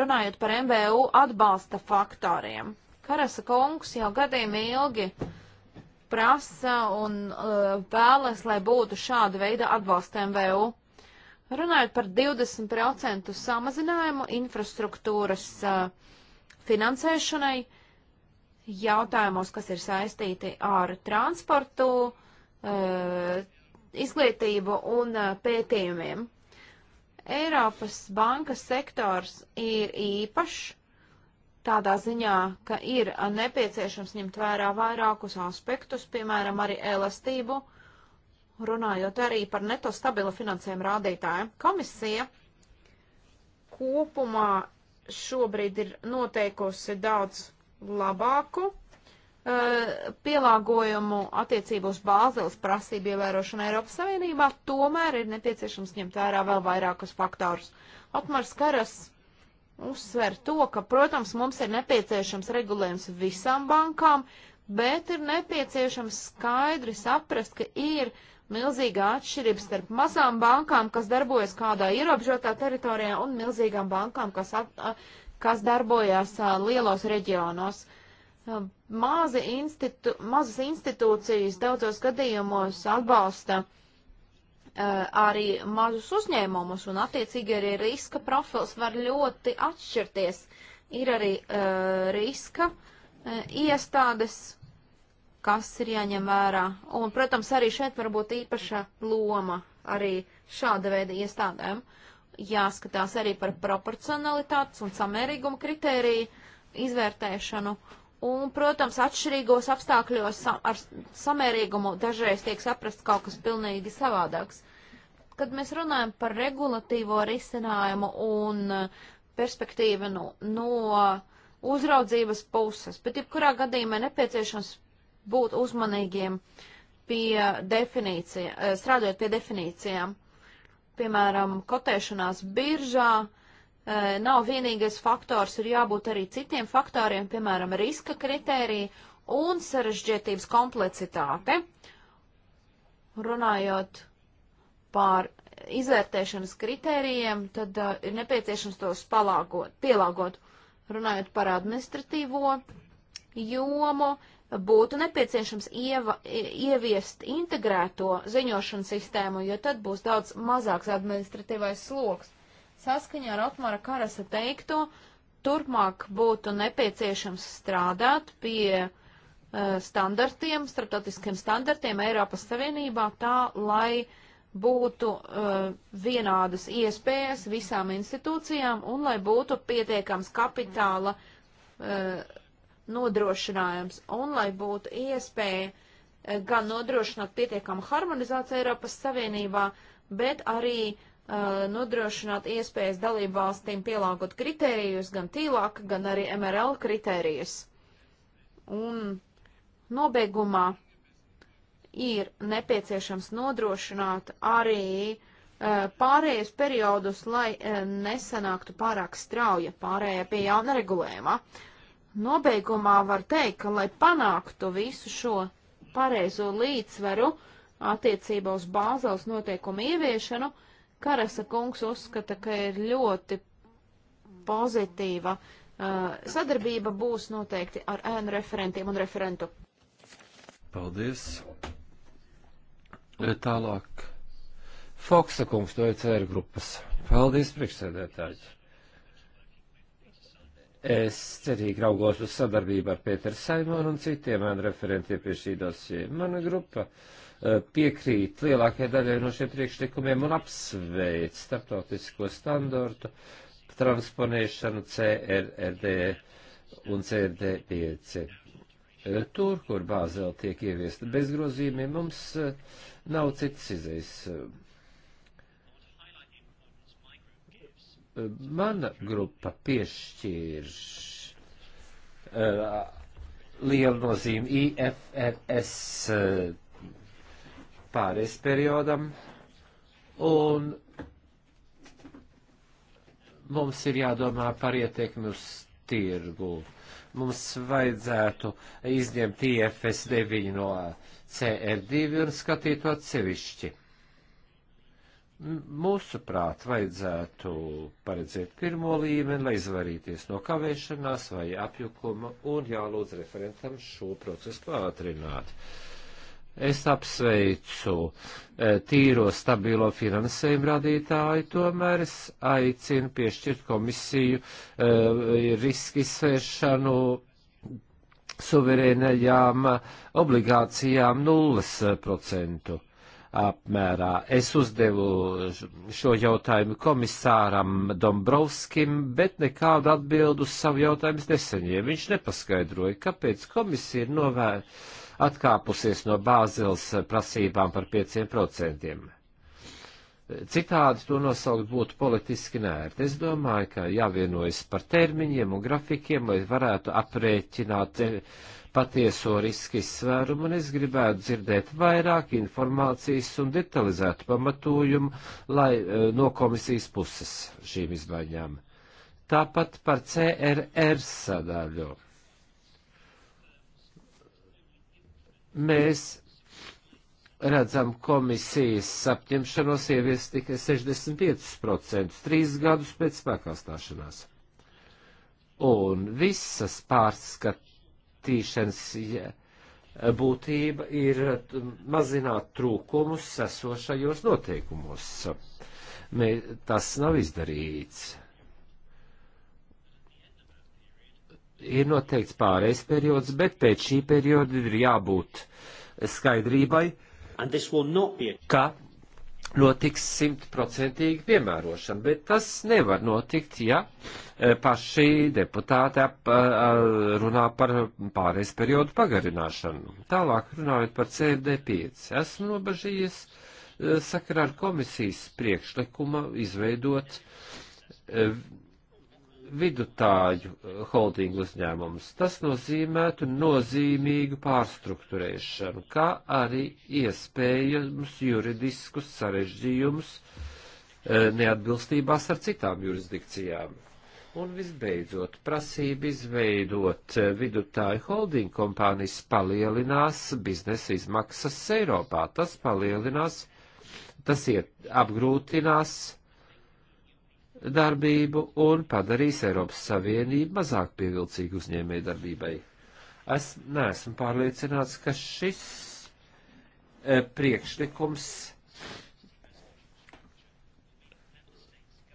runājot par MBU atbalsta faktoriem, Karasa kungs jau gadiem ilgi prasa un uh, vēlas, lai būtu šāda veida atbalsta MVU Runājot par 20% samazinājumu infrastruktūras uh, finansēšanai, jautājumos, kas ir saistīti ar transportu, uh, izglītību un uh, pētījumiem. Eiropas bankas sektors ir īpašs tādā ziņā, ka ir nepieciešams ņemt vērā vairākus aspektus, piemēram, arī elastību, uh, runājot arī par neto stabila finansējuma rādītājiem. Komisija kopumā šobrīd ir noteikusi daudz labāku uh, pielāgojumu attiecību uz bāzeles prasību ievērošanu Eiropas Savienībā, tomēr ir nepieciešams ņemt vērā vēl vairākus faktorus. Otmars Karas uzsver to, ka, protams, mums ir nepieciešams regulējums visām bankām, bet ir nepieciešams skaidri saprast, ka ir milzīga atšķirība starp mazām bankām, kas darbojas kādā ierobežotā teritorijā, un milzīgām bankām, kas, at, kas darbojas a, lielos reģionos. A, mazi institu, mazas institūcijas daudzos gadījumos atbalsta a, arī mazus uzņēmumus, un attiecīgi arī riska profils var ļoti atšķirties. Ir arī riska iestādes, kas ir jāņem vērā. Un, protams, arī šeit var būt īpaša loma arī šāda veida iestādēm. Jāskatās arī par proporcionalitātes un samērīguma kritēriju izvērtēšanu. Un, protams, atšķirīgos apstākļos ar samērīgumu dažreiz tiek saprast kaut kas pilnīgi savādāks. Kad mēs runājam par regulatīvo risinājumu un eh, perspektīvu no, nu, no uzraudzības puses, bet jebkurā gadījumā nepieciešams būt uzmanīgiem pie definīcija, eh, strādājot pie definīcijām. Piemēram, kotēšanās biržā eh, nav vienīgais faktors, ir jābūt arī citiem faktoriem, piemēram, riska kritērija un sarežģietības komplicitāte. Runājot par izvērtēšanas kritērijiem, tad uh, ir nepieciešams tos palāgot, pielāgot. Runājot par administratīvo jomu, būtu nepieciešams ieva, ieviest integrēto ziņošanu sistēmu, jo tad būs daudz mazāks administratīvais sloks. Saskaņā ar Otmara Karasa teikto, turpmāk būtu nepieciešams strādāt pie uh, standartiem, starptautiskiem standartiem Eiropas Savienībā tā, lai būtu uh, vienādas iespējas visām institūcijām un lai būtu pietiekams kapitāla uh, nodrošinājums un lai būtu iespēja eh, gan nodrošināt pietiekamu harmonizāciju Eiropas Savienībā, bet arī uh, nodrošināt iespējas dalību valstīm pielāgot kritērijus, gan tīlāk, gan arī MRL kritērijus. Un nobeigumā ir nepieciešams nodrošināt arī uh, pārējais periodus, lai uh, nesanāktu pārāk strauja pārējā pie jauna regulējuma. Uh, Nobeigumā var teikt, ka, lai panāktu visu šo pareizo līdzsvaru attiecībā uz bāzels noteikumu ieviešanu, Karasa kungs uzskata, ka ir ļoti pozitīva uh, sadarbība būs noteikti ar ēnu referentiem un referentu. Paldies. E, tālāk. Foksa kungs no ECR grupas. Paldies, priekšsēdētāji. Es cerīgi raugos uz sadarbību ar Pēteru Saimonu un citiem man referentiem pie šī dosie. Mana grupa eh, piekrīt lielākajai daļai no šiem priekšlikumiem un apsveic starptautisko standortu transponēšanu CRRD un CRD5. Eh, tur, kur Bāzela tiek ieviesta bez grozījumiem, mums eh, nav citas izējas Mana grupa piešķīr uh, eh, lielu nozīmi IFRS uh, eh, pārējais periodam, un mums ir jādomā par ietekmi uz tirgu. Mums vajadzētu izņemt IFS 9 no CR2 un skatīt to atsevišķi. Mūsuprāt, vajadzētu paredzēt pirmo līmeni, lai izvarīties no kavēšanās vai apjukuma un jālūdz referentam šo procesu pātrināt. Es apsveicu e, tīro stabilo finansējumu radītāju, tomēr es aicinu piešķirt komisiju e, riski svēršanu suverēnajām obligācijām 0% apmērā. Es uzdevu šo jautājumu komisāram Dombrovskim, bet nekādu atbildu uz savu jautājumu neseņēmu. Viņš nepaskaidroja, kāpēc komisija ir novēr atkāpusies no Bāzeles prasībām par 5%. Citādi to nosaukt būtu politiski nērti. Es domāju, ka jāvienojas par termiņiem un grafikiem, lai varētu aprēķināt eh, patieso riska izsvērumu, un es gribētu dzirdēt vairāk informācijas un detalizētu pamatojumu lai, eh, no komisijas puses šīm izmaiņām. Tāpat par CRR sadaļu. Mēs redzam komisijas apņemšanos ieviest tikai 65% trīs gadus pēc spēkā stāšanās. Un visas pārskatīšanas ja, būtība ir mazināt trūkumus esošajos noteikumos. Mē, tas nav izdarīts. Ir noteikts pārējais periods, bet pēc šī perioda ir jābūt skaidrībai, uh, ka notiks simtprocentīgi piemērošana, bet tas nevar notikt, ja e, paši deputāti ap, runā par pārējais periodu pagarināšanu. Tālāk runājot par CFD5, esmu nobažījies e, sakarā ar komisijas priekšlikuma izveidot e, vidutāju eh, holdingu uzņēmumus. Tas nozīmētu nozīmīgu pārstruktūrēšanu, kā arī iespējams juridiskus sarežģījumus eh, neatbilstībās ar citām jurisdikcijām. Un visbeidzot, prasība izveidot eh, vidutāju holdingu kompānijas palielinās biznesa izmaksas Eiropā. Tas palielinās, tas iet, apgrūtinās darbību un padarīs Eiropas Savienību mazāk pievilcīgu uzņēmēju darbībai. Es neesmu pārliecināts, ka šis e, priekšlikums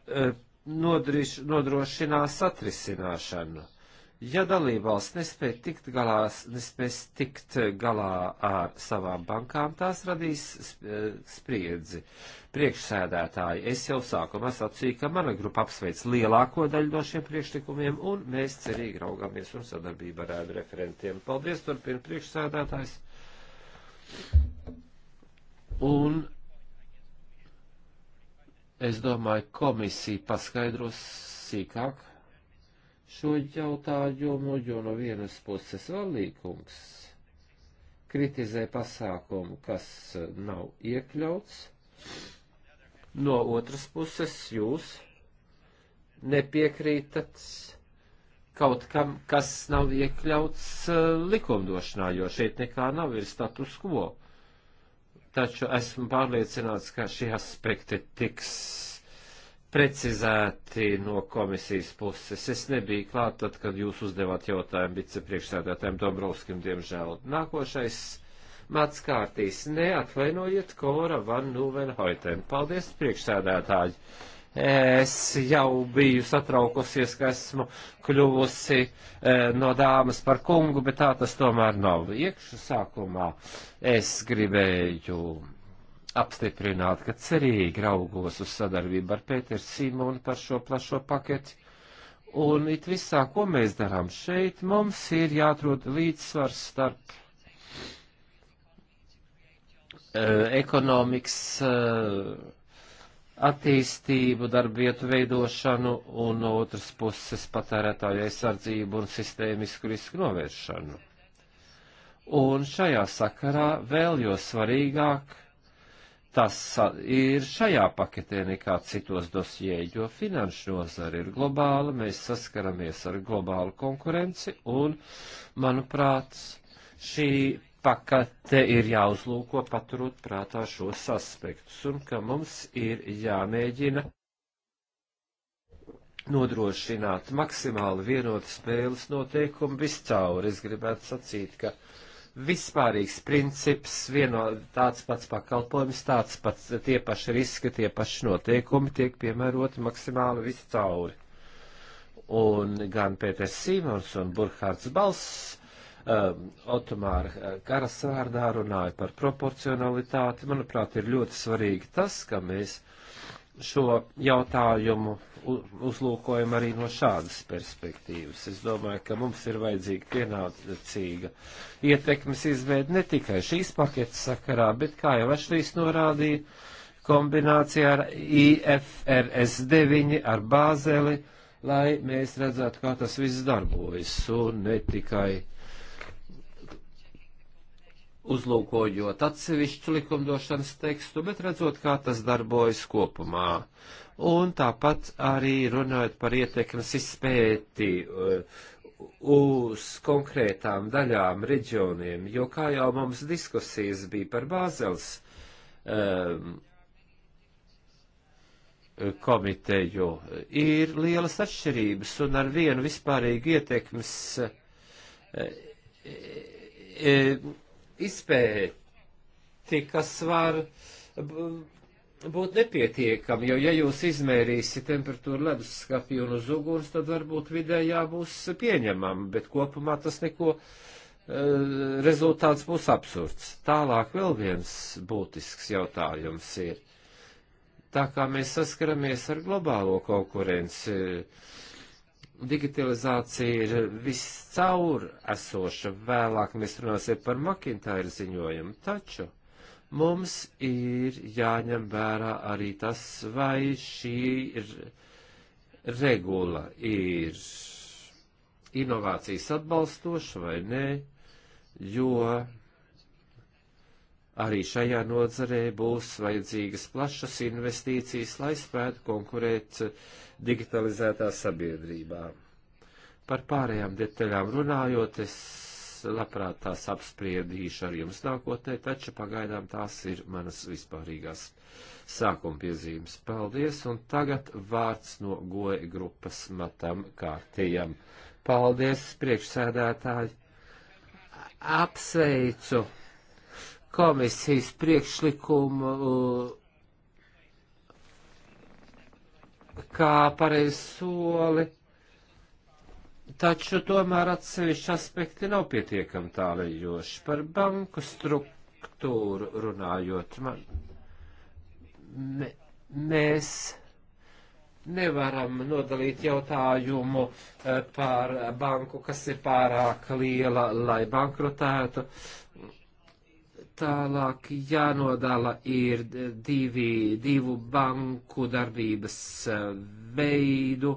e, nodriš, nodrošinās atrisināšanu. Ja dalībvalsts nespēj tikt galā, nespēs tikt galā ar savām bankām, tās radīs e, spriedzi. Priekšsēdētāji, es jau sākumā sacīju, ka mana grupa apsveic lielāko daļu no šiem priekšlikumiem, un mēs cerīgi raugāmies un sadarbību ar ēnu referentiem. Paldies, turpina priekšsēdētājs. Un es domāju, komisija paskaidros sīkāk šo jautājumu, jo no vienas puses valdīkums kritizē pasākumu, kas nav iekļauts, no otras puses jūs nepiekrītat kaut kam, kas nav iekļauts eh, likumdošanā, jo šeit nekā nav, ir status quo. Taču esmu pārliecināts, ka šie aspekti tiks precizēti no komisijas puses. Es nebiju klāt tad, kad jūs uzdevāt jautājumu vicepriekšsēdētājiem Dombrovskim, diemžēl. Nākošais mats kārtīs. Neatvainojiet, Kora van Nuvenhoiten. Paldies, priekšsēdētāji. Es jau biju satraukusies, ka esmu kļuvusi e, no dāmas par kungu, bet tā tas tomēr nav. Iekšu sākumā es gribēju apstiprināt, ka cerīgi raugos uz sadarbību ar Pēteru Simonu par šo plašo paketi. Un it visā, ko mēs darām šeit, mums ir jāatrod līdzsvars starp uh, ekonomikas uh, attīstību, darbvietu veidošanu un no otras puses patērētāju aizsardzību un sistēmisku risku novēršanu. Un šajā sakarā vēl jo svarīgāk tas ir šajā paketē nekā citos dosijē, jo finanšu nozara ir globāla, mēs saskaramies ar globālu konkurenci un, manuprāt, šī pakate ir jāuzlūko paturot prātā šos aspektus un ka mums ir jāmēģina nodrošināt maksimāli vienotas spēles noteikumu viscaur. Es gribētu sacīt, ka vispārīgs princips, vieno tāds pats pakalpojums, tāds pats tie paši riski, tie paši noteikumi tiek piemēroti maksimāli visu cauri. Un gan Pēters Simons un Burkhards Balss um, Otomāra uh, Karas vārdā runāja par proporcionalitāti. Manuprāt, ir ļoti svarīgi tas, ka mēs uh, šo jautājumu uzlūkojam arī no šādas perspektīvas. Es domāju, ka mums ir vajadzīga pienācīga ietekmes izveida ne tikai šīs paketes sakarā, bet, kā jau Ašlīs norādīja, kombinācijā ar IFRS 9, ar bāzeli, lai mēs redzētu, kā tas viss darbojas, un ne tikai uzlūkojot atsevišķu likumdošanas tekstu, bet redzot, kā tas darbojas kopumā. Un tāpat arī runājot par ietekmes izpēti uh, uz konkrētām daļām, reģioniem, jo kā jau mums diskusijas bija par Bāzels um, komiteju, ir lielas atšķirības un ar vienu vispārīgu ietekmes uh, e, e, izpēti, kas var būt nepietiekami, jo ja jūs izmērīsiet temperatūru leduskapī un uz uguns, tad varbūt vidējā būs pieņemama, bet kopumā tas neko, e, rezultāts būs absurds. Tālāk vēl viens būtisks jautājums ir. Tā kā mēs saskaramies ar globālo konkurenci, uh, digitalizācija ir viscaur esoša. Vēlāk mēs runāsim par Makintāju ziņojumu, taču mums ir jāņem vērā arī tas, vai šī ir regula ir inovācijas atbalstoša vai nē, jo Arī šajā nodzarē būs vajadzīgas plašas investīcijas, lai spētu konkurēt digitalizētā sabiedrībā. Par pārējām detaļām runājot, es labprāt tās apspriedīšu ar jums nākotnē, taču pagaidām tās ir manas vispārīgās sākuma piezīmes. Paldies, un tagad vārds no goja grupas matam kārtījam. Paldies, priekšsēdētāji! Apsveicu! komisijas priekšlikumu, kā pareizi soli, taču tomēr atsevišķi aspekti nav pietiekami tālajoši. Par banku struktūru runājot, man, me, mēs nevaram nodalīt jautājumu eh, par banku, kas ir pārāk liela, lai bankrotētu. Uh, Tālāk jānodala ir divi, divu banku darbības eh, veidu,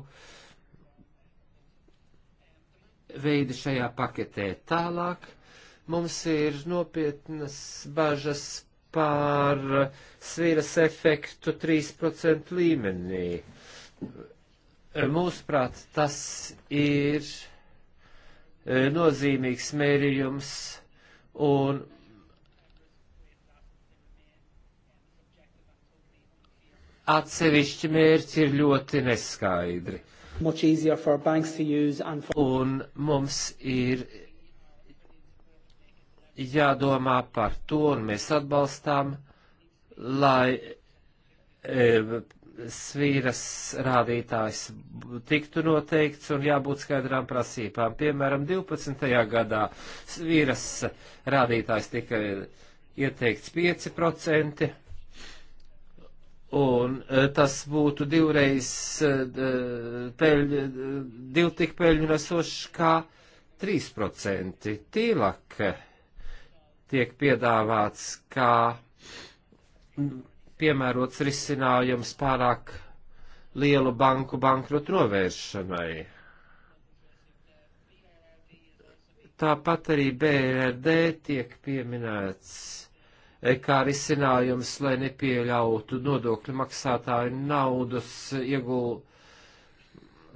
veidi šajā paketē. Tālāk mums ir nopietnas bažas par sviras efektu 3% līmenī. Eh, mūsuprāt, tas ir eh, nozīmīgs mērījums un atsevišķi mērķi ir ļoti neskaidri. For... Un mums ir jādomā par to, un mēs atbalstām, lai e, svīras rādītājs tiktu noteikts un jābūt skaidrām prasībām. Piemēram, 12. gadā svīras rādītājs tika ieteikts 5%, un eh, tas būtu divreiz eh, peļ, divu tik peļņu nesošs kā 3%. Tīlāk eh, tiek piedāvāts kā piemērots risinājums pārāk lielu banku bankrotu novēršanai. Tāpat arī BRD tiek pieminēts E, kā risinājums, lai nepieļautu nodokļu maksātāju naudas iegul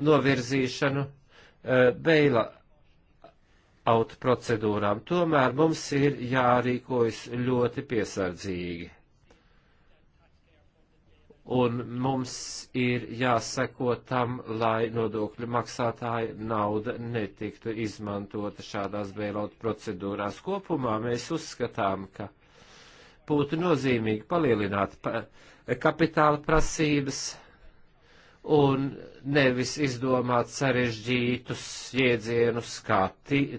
novirzīšanu e, beila autu procedūrām. Tomēr mums ir jārīkojas ļoti piesardzīgi. Un mums ir jāseko tam, lai nodokļu maksātāja nauda netiktu izmantota šādās beilaut procedūrās. Kopumā mēs uzskatām, ka būtu nozīmīgi palielināt kapitāla prasības un nevis izdomāt sarežģītus jēdzienus kā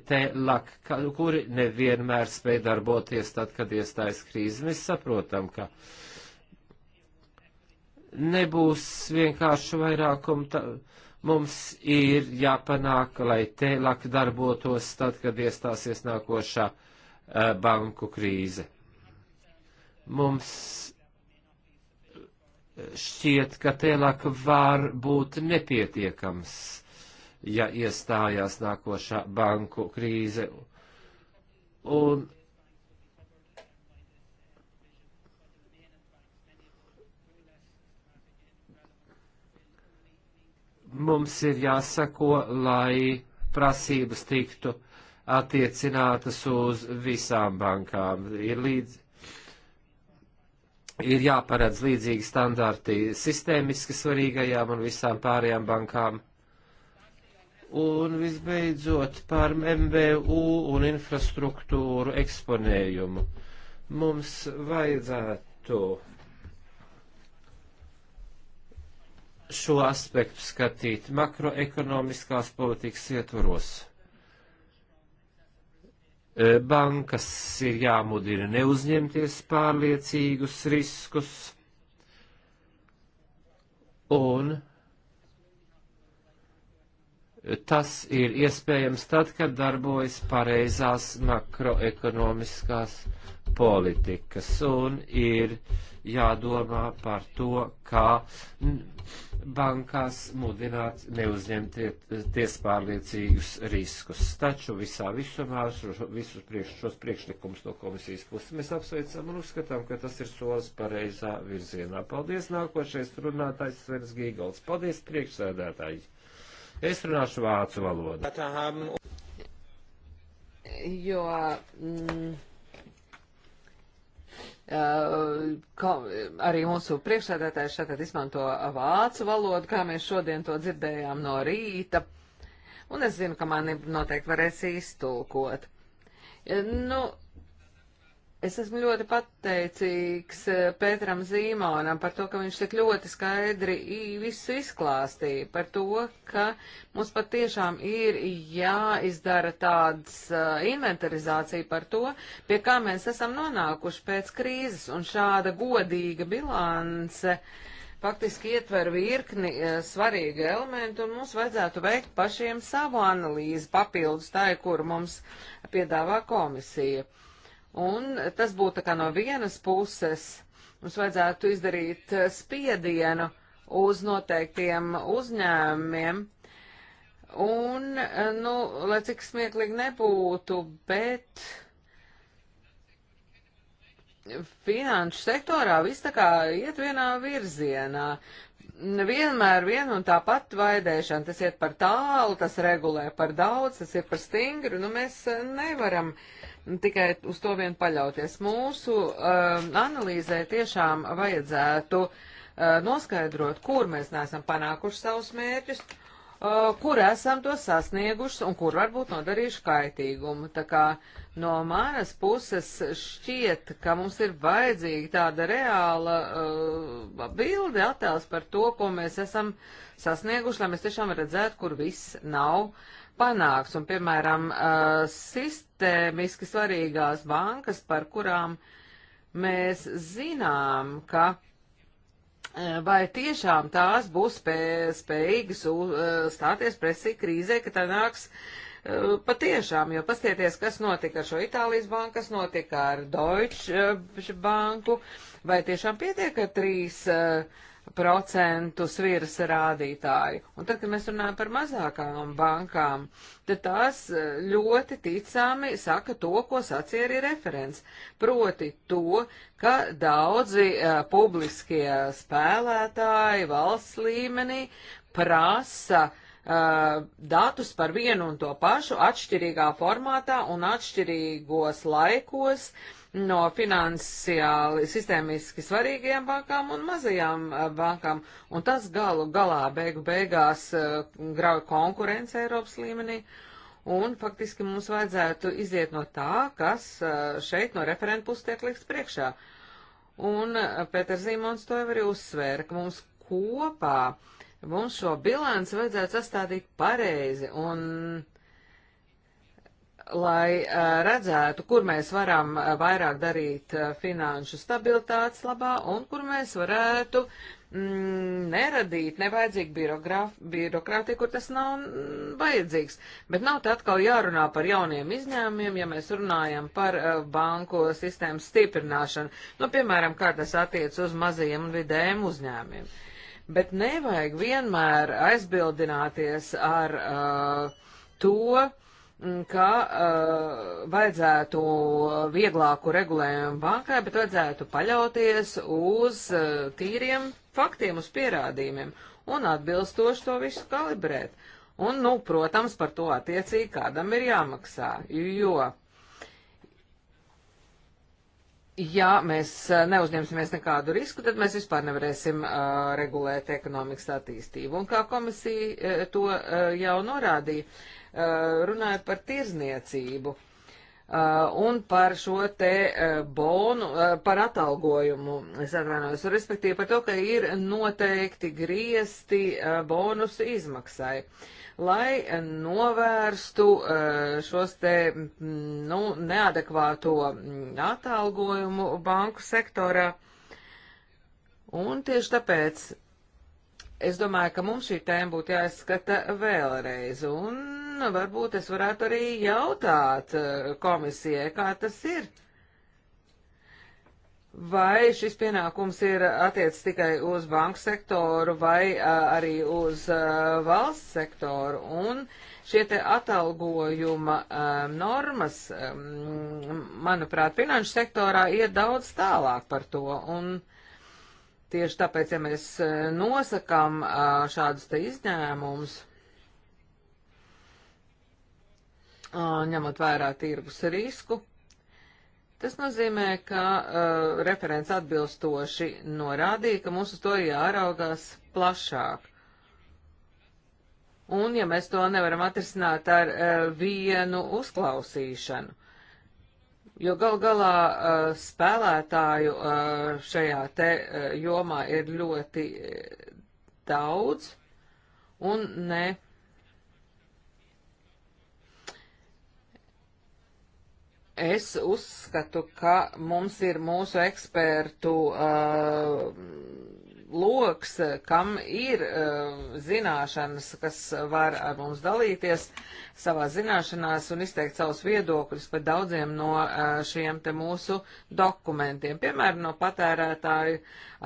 telak, kuri nevienmēr spēj darboties tad, kad iestājas krīze. Mēs saprotam, ka nebūs vienkārši vairākuma. Mums ir jāpanāk, lai telak darbotos tad, kad iestāsies nākošā uh, banku krīze. Mums šķiet, ka tēlāk var būt nepietiekams, ja iestājās nākošā banku krīze. Un mums ir jāsako, lai prasības tiktu attiecinātas uz visām bankām. Ir līdz, ir jāparedz līdzīgi standarti sistēmiski svarīgajām un visām pārējām bankām. Un visbeidzot par MBU un infrastruktūru eksponējumu. Mums vajadzētu šo aspektu skatīt makroekonomiskās politikas ietvaros. E, bankas ir jāmudina neuzņemties pārliecīgus riskus un tas ir iespējams tad, kad darbojas pareizās makroekonomiskās politikas un ir uh, jādomā par to, kā bankās mudināt neuzņemties eh, pārliecīgus riskus. Taču visā visumā visus priekš, šos priekšlikumus no komisijas puses mēs apsveicam un uzskatām, ka tas ir solis pareizā virzienā. Paldies, nākošais runātājs Svens Gīgolds. Paldies, priekšsēdētāji. Es runāšu vācu valodu. Jo. Mm, Eh, arī mūsu priekšsēdētājs šeit izmanto vācu valodu, kā mēs šodien to dzirdējām no rīta, un es zinu, ka mani noteikti varēs iztulkot. Eh, nu, Es esmu ļoti pateicīgs eh, Pēteram Zīmonam par to, ka viņš tik ļoti skaidri visu izklāstīja, par to, ka mums patiešām ir jāizdara tāds eh, inventarizācija par to, pie kā mēs esam nonākuši pēc krīzes, un šāda godīga bilance faktiski ietver virkni eh, svarīgu elementu, un mums vajadzētu veikt pašiem savu analīzi papildus tai, kur mums piedāvā komisija. Un tas būtu kā no vienas puses mums vajadzētu izdarīt eh, spiedienu uz noteiktiem uzņēmumiem. Un, eh, nu, lai cik smieklīgi nebūtu, bet finanšu sektorā viss tā kā iet vienā virzienā vienmēr viena un tā pati vaidēšana. Tas iet par tālu, tas regulē par daudz, tas ir par stingru. Nu, mēs eh, nevaram Nu, tikai uz to vien paļauties. Mūsu um, analīzē tiešām vajadzētu uh, noskaidrot, kur mēs neesam panākuši savus mērķus, uh, kur esam to sasnieguši un kur varbūt nodarījuši kaitīgumu. Tā kā no manas puses šķiet, ka mums ir vajadzīga tāda reāla uh, bilde attēls par to, ko mēs esam sasnieguši, lai mēs tiešām redzētu, kur viss nav. Uh, panāks. Un, piemēram, sistēmiski svarīgās bankas, par kurām mēs zinām, ka vai tiešām tās būs spē, spējīgas stāties presī krīzē, ka tā nāks patiešām, jo pastieties, kas notika ar šo Itālijas banku, kas notika ar Deutsche Banku, vai tiešām pietiek ar trīs uh, procentu sviras rādītāju. Un tad, kad mēs runājam par mazākām bankām, tad tās e, ļoti ticami saka to, ko sacīja arī referents. Proti to, ka daudzi uh, publiskie spēlētāji valsts līmenī prasa uh, datus par vienu un to pašu atšķirīgā formātā un atšķirīgos laikos. Uh, no finansiāli sistēmiski svarīgajām bankām un mazajām eh, bankām, un tas galu galā beigu beigās eh, grauj konkurence Eiropas līmenī. Un faktiski mums vajadzētu iziet no tā, kas eh, šeit no referenta puses tiek liks priekšā. Un Pēters Zīmons to jau arī uzsvēra, ka mums kopā mums šo bilanci vajadzētu sastādīt pareizi un lai redzētu, kur mēs varam vairāk darīt finanšu stabilitātes labā un kur mēs varētu mm, neradīt nevajadzīgu birokrātiju, kur tas nav mm, vajadzīgs. Bet nav te atkal jārunā par jauniem izņēmumiem, ja mēs runājam par uh, banku sistēmas stiprināšanu. Nu, piemēram, kā tas attiec uz mazajiem un vidējiem uzņēmumiem. Bet nevajag vienmēr aizbildināties ar uh, to, ka uh, vajadzētu vieglāku regulējumu bankai, bet vajadzētu paļauties uz uh, tīriem faktiem, uz pierādījumiem un atbilstoši to visu kalibrēt. Un, nu, protams, par to attiecīgi kādam ir jāmaksā, jo ja mēs eh, neuzņemsimies nekādu risku, tad mēs vispār nevarēsim uh, regulēt ekonomikas attīstību. Un kā komisija uh, to uh, jau norādīja, uh, runājot par tirzniecību uh, un par šo te uh, bonu, uh, par atalgojumu, es atvainojos, respektīvi par to, ka ir noteikti griesti uh, bonusu izmaksai. Uh, lai novērstu eh, šos te mm, nu, neadekvāto mm, atalgojumu banku sektorā. Un tieši tāpēc es domāju, ka mums šī tēma būtu jāizskata vēlreiz. Un varbūt es varētu arī jautāt eh, komisijai, kā tas ir. Uh, Vai šis pienākums ir attiec tikai uz banku sektoru vai a, arī uz a, valsts sektoru? Un šie te atalgojuma a, normas, a, manuprāt, finanšu sektorā iet daudz tālāk par to. Un tieši tāpēc, ja mēs nosakam a, šādus te izņēmumus, a, ņemot vērā tirgus risku, Tas nozīmē, ka uh, referents atbilstoši norādīja, ka mums uz to jāraugās plašāk. Un ja mēs to nevaram atrisināt ar uh, vienu uzklausīšanu, jo gal galā uh, spēlētāju uh, šajā te uh, jomā ir ļoti uh, daudz un ne Es uzskatu, ka mums ir mūsu ekspertu uh, loks, kam ir uh, zināšanas, kas var ar mums dalīties savā zināšanās un izteikt savus viedokļus par daudziem no uh, šiem te mūsu dokumentiem. Piemēram, no patērētāju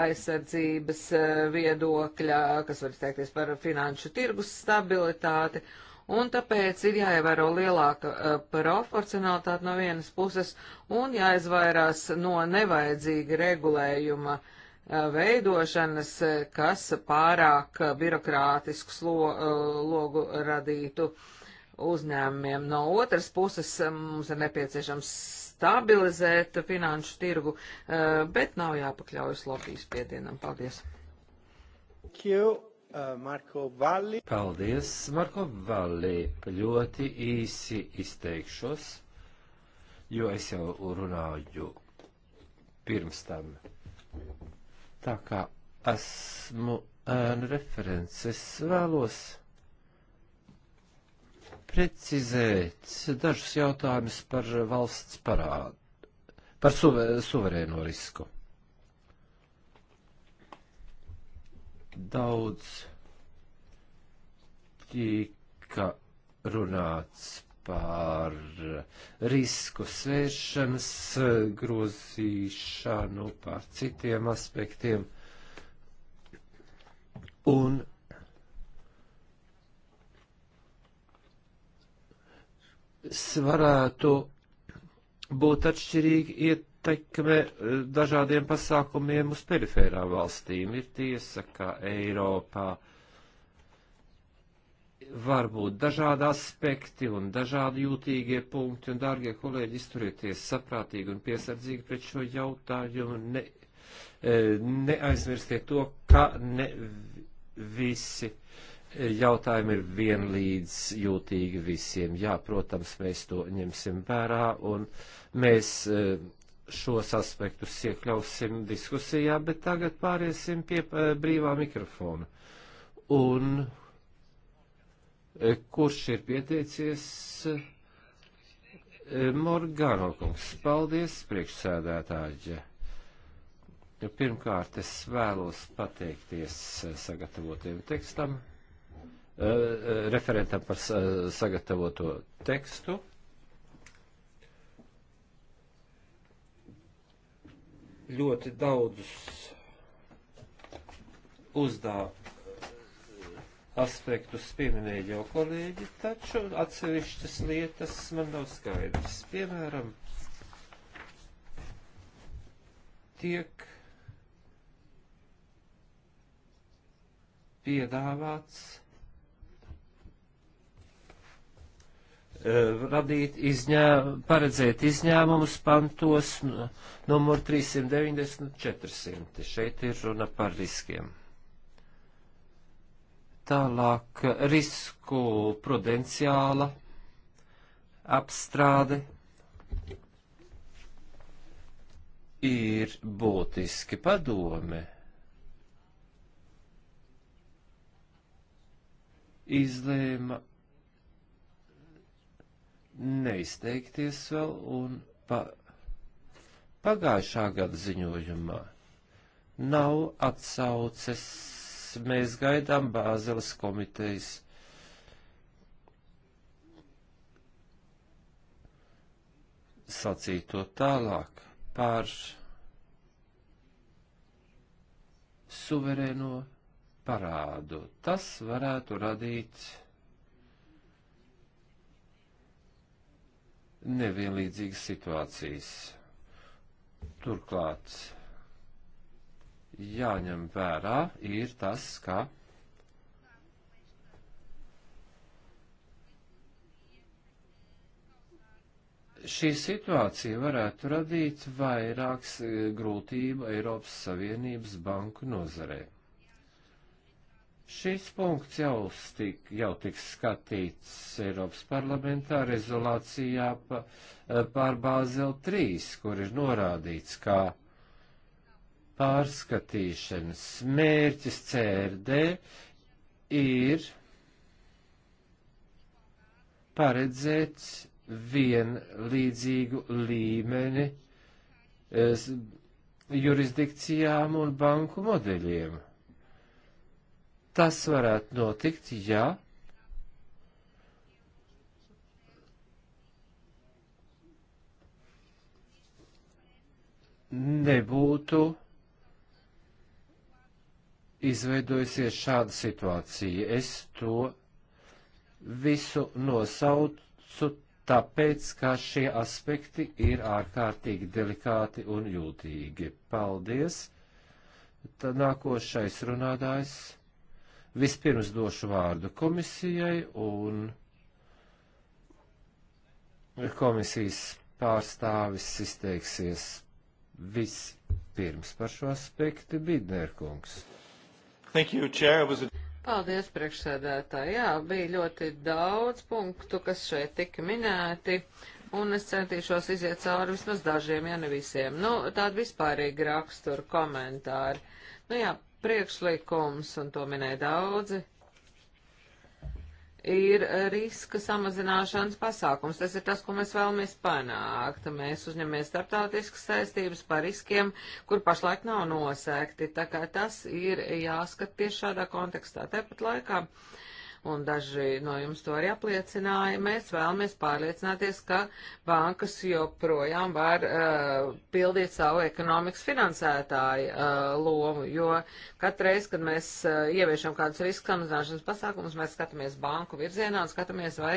aizsardzības uh, viedokļa, kas var izteikties par finanšu tirgus stabilitāti un tāpēc ir jāievēro lielāka uh, proporcionalitāte no vienas puses un jāizvairās no nevajadzīga regulējuma uh, veidošanas, eh, kas pārāk uh, birokrātisku slo, logu radītu uzņēmumiem. No otras puses mums ir nepieciešams stabilizēt finanšu tirgu, bet nav jāpakļaujas lobijas piedienam. Paldies! Thank you. Uh, Marko Valli. Paldies, Marko Valli. Ļoti īsi izteikšos, jo es jau runāju pirms tam. Tā kā esmu ēnu referents, es vēlos precizēt dažus jautājumus par valsts parādu, par suverēno risku. Daudz tika runāts par risku svēršanas grozīšanu, par citiem aspektiem. Un varētu būt atšķirīgi iet ietekme eh, dažādiem pasākumiem uz perifērām valstīm. Ir tiesa, ka Eiropā var būt dažādi aspekti un dažādi jūtīgie punkti, un, dārgie kolēģi, izturieties saprātīgi un piesardzīgi pret šo jautājumu. Ne, eh, neaizmirstiet to, ka ne visi eh, jautājumi ir vienlīdz jūtīgi visiem. Jā, protams, mēs to ņemsim vērā un mēs šos aspektus iekļausim diskusijā, bet tagad pāriesim pie eh, brīvā mikrofona. Un eh, kurš ir pieteicies? Eh, Morgano kungs, paldies priekšsēdētāji. Pirmkārt, es vēlos pateikties sagatavotiem tekstam, referentam par sagatavoto tekstu. ļoti daudzus uzdā aspektus pieminēja jau kolēģi, taču atsevišķas lietas man nav skaidrs. Piemēram, tiek piedāvāts Eh, radīt izņē, paredzēt izņēmumus pantos numur 390-400. Šeit ir runa par riskiem. Tālāk risku prudenciāla apstrāde ir būtiski padome. Izlēma neizteikties vēl, un pa, pagājušā gada ziņojumā nav atsauces. Mēs gaidām Bāzeles komitejas sacīto tālāk par suverēno parādu. Tas varētu radīt nevienlīdzīgas situācijas. Turklāt jāņem vērā ir tas, ka šī situācija varētu radīt vairākas eh, grūtību Eiropas Savienības banku nozarei. Šis punkts jau, stik, jau tiks skatīts Eiropas parlamentā rezolācijā pa, pār Bāzel 3, kur ir norādīts, kā pārskatīšanas mērķis CRD ir paredzēt vienlīdzīgu līmeni eh, jurisdikcijām un banku modeļiem. Tas varētu notikt, ja nebūtu izveidojusies šāda situācija. Es to visu nosaucu tāpēc, ka šie aspekti ir ārkārtīgi delikāti un jūtīgi. Paldies! Tad nākošais runātājs Vispirms došu vārdu komisijai un komisijas pārstāvis izteiksies vispirms par šo aspektu Bidnerkungs. Thank you, Chair. It was a... Paldies, priekšsēdētāji. Jā, bija ļoti daudz punktu, kas šeit tika minēti, un es centīšos iziet cauri vismaz dažiem, ja ne visiem. Nu, tādi vispārīgi rakstura komentāri. Nu jā, priekšlikums, un to minēja daudzi, ir riska samazināšanas pasākums. Tas ir tas, ko mēs vēlamies panākt. Mēs uzņemamies starptautiskas saistības par riskiem, kur pašlaik nav nosēgti. Tā kā tas ir jāskat tieši šādā kontekstā. Tāpat laikā. Uh, un daži no jums to arī apliecināja, mēs vēlamies pārliecināties, ka bankas joprojām var uh, pildīt savu ekonomikas finansētāju uh, lomu, jo katreiz, kad mēs uh, ieviešam kādus riska samazināšanas pasākumus, mēs skatāmies banku virzienā un skatāmies, vai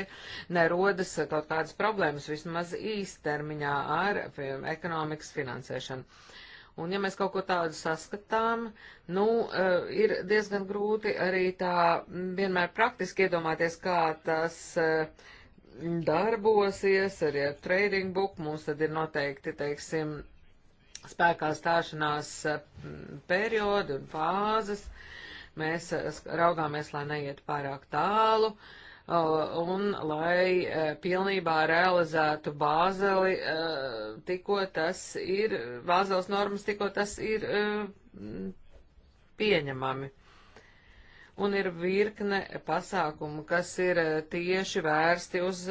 nerodas kaut kādas problēmas vismaz īstermiņā ar piemēram, ekonomikas finansēšanu. Uh, Un ja mēs kaut ko tādu saskatām, nu, e, ir diezgan grūti arī tā vienmēr praktiski iedomāties, kā tas e, darbosies arī ar trading book. Mums tad ir noteikti, teiksim, spēkā stāšanās e, periodi un fāzes. Mēs raugāmies, lai neiet pārāk tālu. Uh, Uh, un lai uh, pilnībā realizētu bāzeli, uh, tikko tas ir, bāzels normas, tikko tas ir pieņemami. Un ir virkne pasākumu, kas ir tieši vērsti uz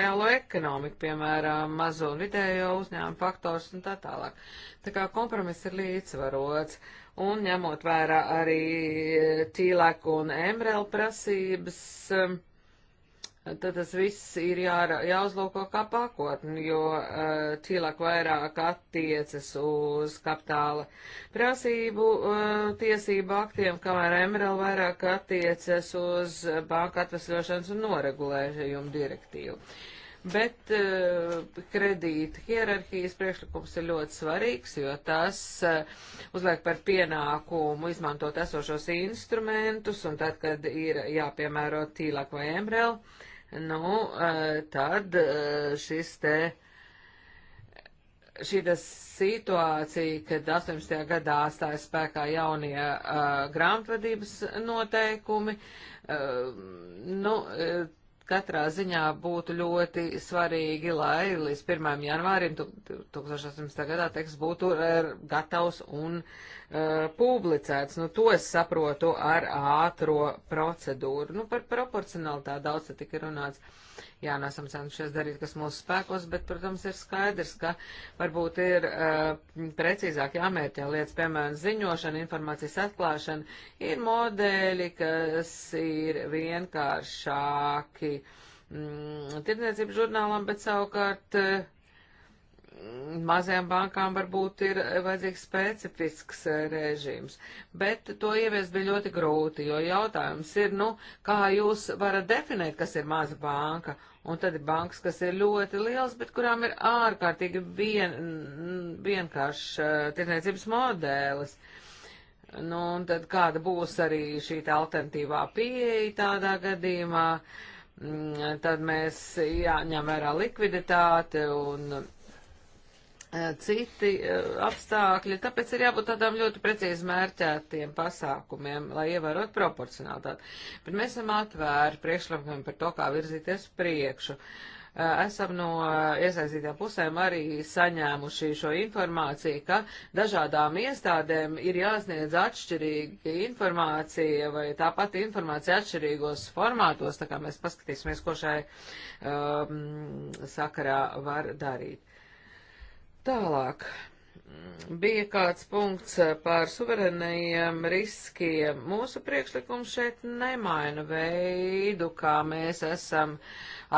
reālo ekonomiku, piemēram, mazo un vidējo uzņēmumu faktors un tā tālāk. Tā kā kompromiss ir līdzsvarots un ņemot vērā arī tīlēku e un emrelu prasības. Um, tad tas viss ir jā, jāuzlūko kā pakotni, jo uh, eh, tīlāk vairāk attiecas uz kapitāla prasību uh, tiesību aktiem, kamēr MRL vairāk attiecas uz banka atvesļošanas un noregulējumu direktīvu. Bet uh, kredīta hierarhijas priekšlikums ir ļoti svarīgs, jo tas uh, uzliek par pienākumu izmantot esošos instrumentus, un tad, kad ir jāpiemēro tīlāk vai embrēlu, uh, nu, eh, tad eh, šis te, šī situācija, kad 18. gadā stāja spēkā jaunie uh, grāmatvedības noteikumi, uh, nu, katrā ziņā būtu ļoti svarīgi, lai līdz 1. janvārim 2018. gadā teksts būtu e, gatavs un uh, publicēts. Nu, to es saprotu ar ātro procedūru. Nu, par proporcionalitāti daudz te tika runāts. Jā, nesam nu, cenšies darīt, kas mūsu spēkos, bet, protams, ir skaidrs, ka varbūt ir uh, precīzāk jāmērķē lietas, piemēram, ziņošana, informācijas atklāšana. Ir modeļi, kas ir vienkāršāki mm, tirdzniecības žurnālam, bet savukārt. Uh, mazajām bankām varbūt ir vajadzīgs specifisks režīms, bet to ieviest bija ļoti grūti, jo jautājums ir, nu, kā jūs varat definēt, kas ir maza banka Un tad ir bankas, kas ir ļoti liels, bet kurām ir ārkārtīgi vien, vienkāršs uh, eh, tirniecības modelis. Nu, un tad kāda būs arī šī alternatīvā pieeja tādā gadījumā, mm, tad mēs jāņem vērā likviditāte un Eh, citi eh, apstākļi, tāpēc ir jābūt tādām ļoti precīzi mērķētiem pasākumiem, lai ievērot proporcionālitāti. Bet mēs esam atvēri priekšlikumiem par to, kā virzīties priekšu. Eh, esam no iesaistītām pusēm arī saņēmuši šo informāciju, ka dažādām iestādēm ir jāsniedz atšķirīga informācija vai tā pati informācija atšķirīgos formātos, tā kā mēs paskatīsimies, ko šai um, sakarā var darīt. Tālāk bija kāds punkts par suverenajiem riskiem. Mūsu priekšlikums šeit nemaina veidu, kā mēs esam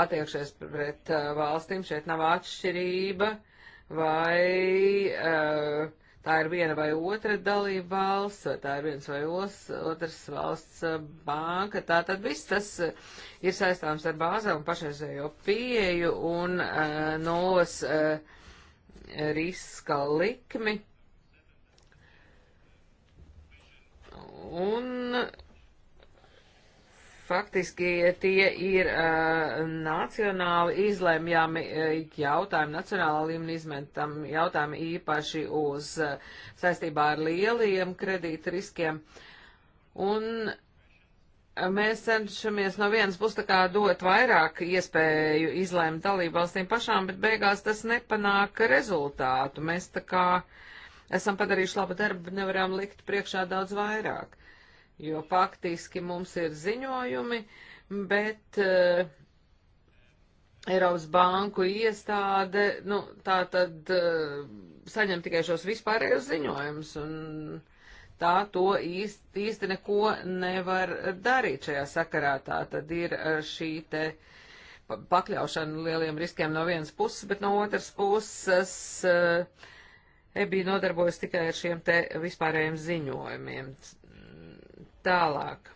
attiekšies pret uh, valstīm. Šeit nav atšķirība vai uh, tā ir viena vai otra dalība valsts, vai tā ir viens vai os, otrs valsts uh, banka. Tā tad viss tas ir saistāms ar bāzēm un pašreizējo pieeju un nos. Uh, riska likmi. Un faktiski tie ir uh, nacionāli izlemjami uh, jautājumi, nacionālā līmenī izmentam jautājumi īpaši uz uh, saistībā ar lieliem kredīta riskiem. Un Mēs cenšamies no vienas puses tā kā dot vairāk iespēju izlēmt dalību valstīm pašām, bet beigās tas nepanāk rezultātu. Mēs tā kā esam padarījuši labu darbu, bet nevaram likt priekšā daudz vairāk. Jo faktiski mums ir ziņojumi, bet uh, Eiropas banku iestāde, nu, tā tad uh, saņem tikai šos vispārējos ziņojumus un tā to īsti, īsti neko nevar darīt šajā sakarā. Tā tad ir eh, šī te pakļaušana lieliem riskiem no vienas puses, bet no otras puses eh, EBI nodarbojas tikai ar šiem te vispārējiem ziņojumiem. Tālāk.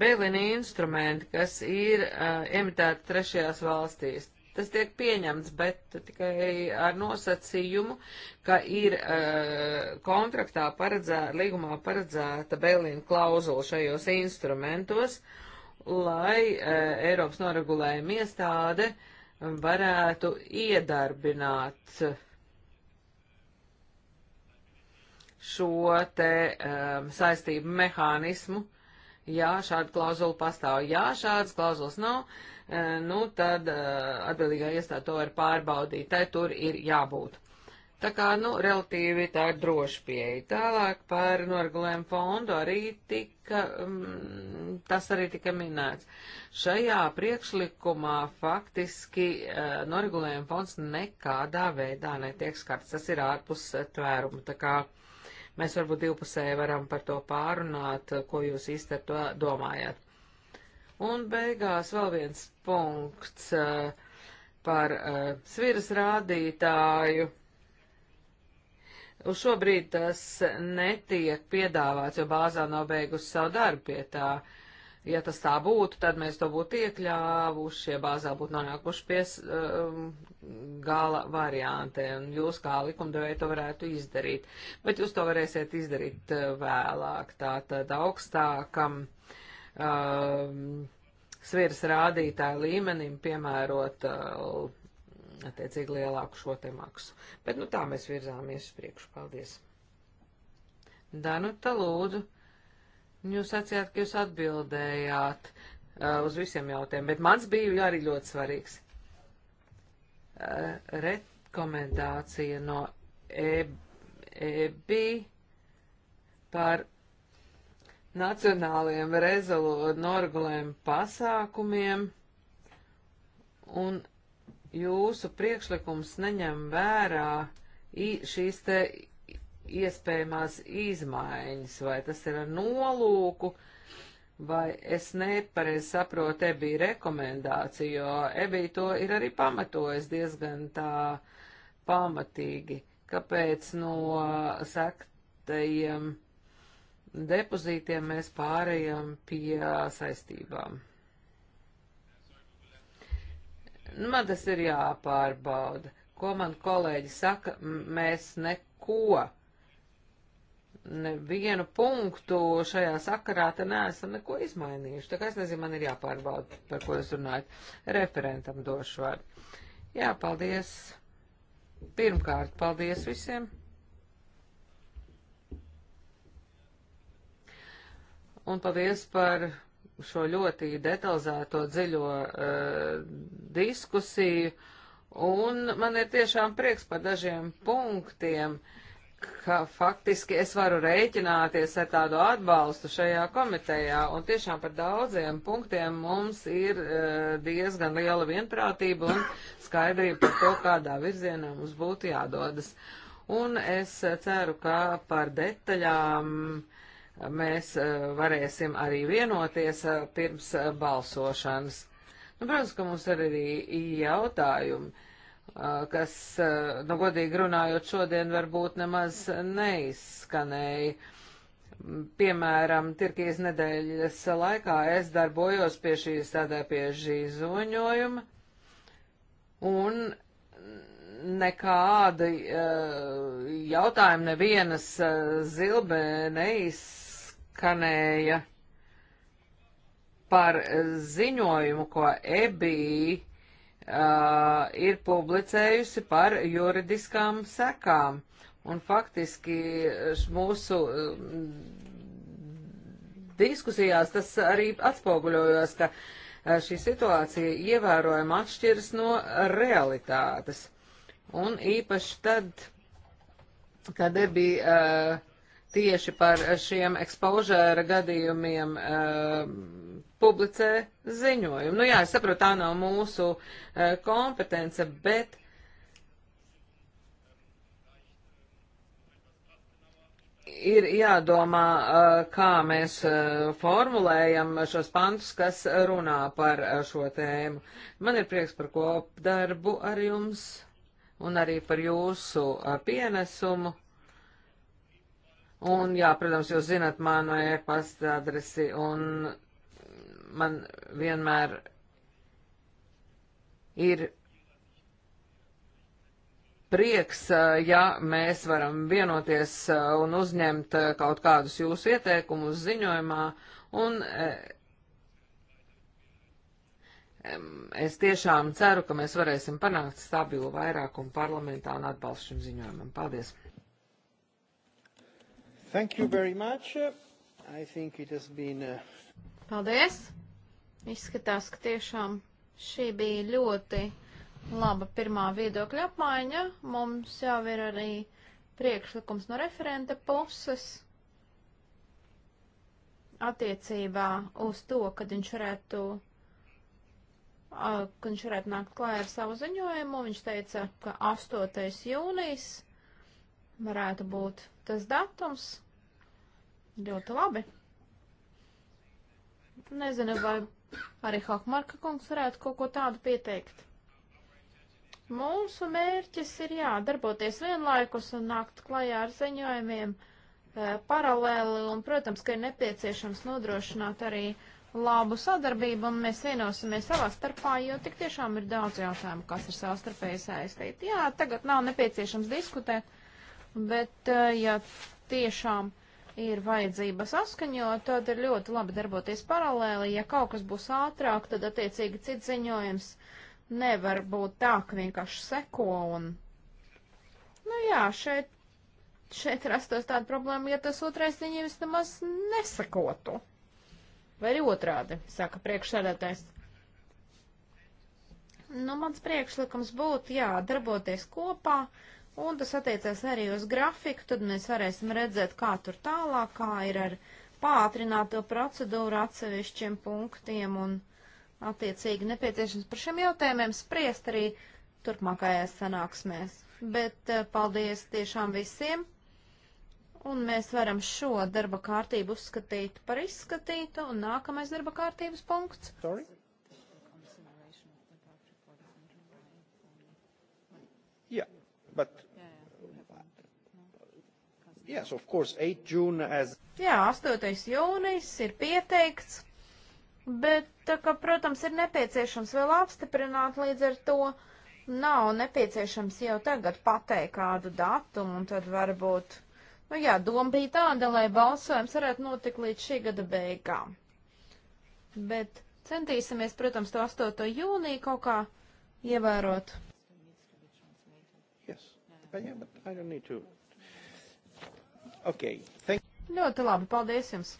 Bēlina instrumenti, kas ir uh, emitēti trešajās valstīs, tas tiek pieņemts, bet tikai ar nosacījumu, ka ir uh, kontraktā paredzēta, līgumā paredzēta Bēlīna klauzula šajos instrumentos, lai uh, Eiropas noregulējuma iestāde varētu iedarbināt šo te um, saistību mehānismu, ja šāda klauzula pastāv. Ja šādas klauzulas nav, uh, Eh, nu tad eh, atbildīgā iestāde to var pārbaudīt, tai tur ir jābūt. Tā kā, nu, relatīvi tā ir droša pieeja. Tālāk par noregulējumu fondu arī tika, mm, tas arī tika minēts. Šajā priekšlikumā faktiski uh, noregulējumu fonds nekādā veidā netiek skarts. Tas ir ārpus tvērumu. Tā kā mēs varbūt divpusēji varam par to pārunāt, ko jūs īsti ar to domājat. Un beigās vēl viens punkts eh, par eh, sviras rādītāju. Uz šo brīdi tas netiek piedāvāts, jo bāzā nav beigusi savu darbu pie tā. Ja tas tā būtu, tad mēs to būtu iekļāvuši, ja bāzā būtu nonākuši pie um, gala variantiem. Jūs kā likumdevēji to varētu izdarīt, bet jūs to varēsiet izdarīt vēlāk. Tātad augstākam um, sviras rādītāju līmenim piemērot uh, attiecīgi lielāku šo te maksu. Bet nu tā mēs virzāmies uz priekšu. Paldies. Danuta, lūdzu, jūs sacījāt, ka jūs atbildējāt uh, uz visiem jautājumiem, bet mans bija arī ļoti svarīgs. Uh, rekomendācija no EBI e, e par nacionāliem rezolu noregulējumu pasākumiem, un jūsu priekšlikums neņem vērā šīs te iespējamās izmaiņas, vai tas ir ar nolūku, vai es nepareiz saprotu EBI rekomendāciju, jo EBI to ir arī pamatojis diezgan tā pamatīgi, kāpēc no sektajiem. Um, depozītiem mēs pārējām pie saistībām. Nu, man tas ir jāpārbauda. Ko man kolēģi saka, mēs neko, nevienu punktu šajā sakarā te neesam neko izmainījuši. Tā kā es nezinu, man ir jāpārbauda, par ko jūs runājat. Referentam došu vārdu. Jā, paldies. Pirmkārt, paldies visiem. un paldies par šo ļoti detalizēto dziļo uh, diskusiju, un man ir tiešām prieks par dažiem punktiem, ka faktiski es varu rēķināties ar tādu atbalstu šajā komitejā, un tiešām par daudziem punktiem mums ir uh, diezgan liela vienprātība un skaidrība par to, kādā virzienā mums būtu jādodas. Un es ceru, ka par detaļām uh, mēs eh, varēsim arī vienoties eh, pirms eh, balsošanas. Nu, protams, ka mums ir arī jautājumi, kas, nu, godīgi runājot, šodien varbūt nemaz neizskanēja. Piemēram, Tirkijas nedēļas laikā es darbojos pie šīs tādā pie šī zoņojuma, un nekādi uh, jautājumi nevienas uh, zilbe neiz, skanēja par ziņojumu, ko EBI uh, ir publicējusi par juridiskām sekām. Un faktiski mūsu uh, diskusijās tas arī atspoguļojās, ka uh, šī situācija ievērojami atšķiras no realitātes. Un īpaši tad, kad bija uh, tieši par šiem ekspožēra gadījumiem uh, publicē ziņojumu. Nu jā, es saprotu, tā nav mūsu uh, kompetence, bet. Ir jādomā, uh, kā mēs formulējam šos pantus, kas runā par šo tēmu. Man ir prieks par kopdarbu ar jums un arī par jūsu pienesumu. Un, jā, protams, jūs zinat manu e-pasta adresi, un man vienmēr ir prieks, ja mēs varam vienoties un uzņemt kaut kādus jūsu ieteikumus ziņojumā, un es tiešām ceru, ka mēs varēsim panākt stabilu vairākumu parlamentā un atbalstu šim ziņojumam. Paldies! Thank you very much. I think it has been. A... Uh, Paldies! Izskatās, ka tiešām šī bija ļoti laba pirmā viedokļa apmaiņa. Mums jau ir arī priekšlikums no referenta puses attiecībā uz to, kad viņš varētu, kad viņš varētu nākt klāj ar savu ziņojumu. Viņš teica, ka 8. jūnijas varētu būt tas datums. Ļoti labi. Nezinu, vai arī Hakmarka kungs varētu kaut ko tādu pieteikt. Mūsu mērķis ir, jā, darboties vienlaikus un nākt klajā ar ziņojumiem e, paralēli, un, protams, ka ir nepieciešams nodrošināt arī labu sadarbību, un mēs vienosimies savā starpā, jo tik tiešām ir daudz jautājumu, kas ir savstarpēji saistīti. Jā, tagad nav nepieciešams diskutēt bet eh, ja tiešām ir vajadzība saskaņot, tad ir ļoti labi darboties paralēli. Ja kaut kas būs ātrāk, tad attiecīgi cits ziņojums nevar būt tā, ka vienkārši seko un. Nu jā, šeit, šeit rastos tāda problēma, ja tas otrais ziņojums nemaz nesakotu. Vai arī otrādi, saka priekšsēdētājs. Nu, mans priekšlikums būtu, jā, darboties kopā, uh, un tas attiecās arī uz grafiku, tad mēs varēsim redzēt, kā tur tālāk, kā ir ar pātrināto procedūru atsevišķiem punktiem un attiecīgi nepieciešams par šiem jautājumiem spriest arī turpmākajās sanāksmēs. Bet eh, paldies tiešām visiem, un mēs varam šo darba kārtību uzskatīt par izskatītu, un nākamais darba kārtības punkts. Sorry? Yeah, but Yes, of course, 8 June as... Jā, 8. jūnijas ir pieteikts, bet, tā eh, kā, protams, ir nepieciešams vēl apstiprināt līdz ar to. Nav nepieciešams jau tagad pateikt kādu datumu, un tad varbūt, nu jā, doma bija tāda, lai balsojums varētu notikt līdz šī gada beigām. Bet centīsimies, protams, to 8. jūniju kaut kā ievērot. Yes. But, yeah, but I don't need to Okay. Thank... Ļoti labi, paldies jums.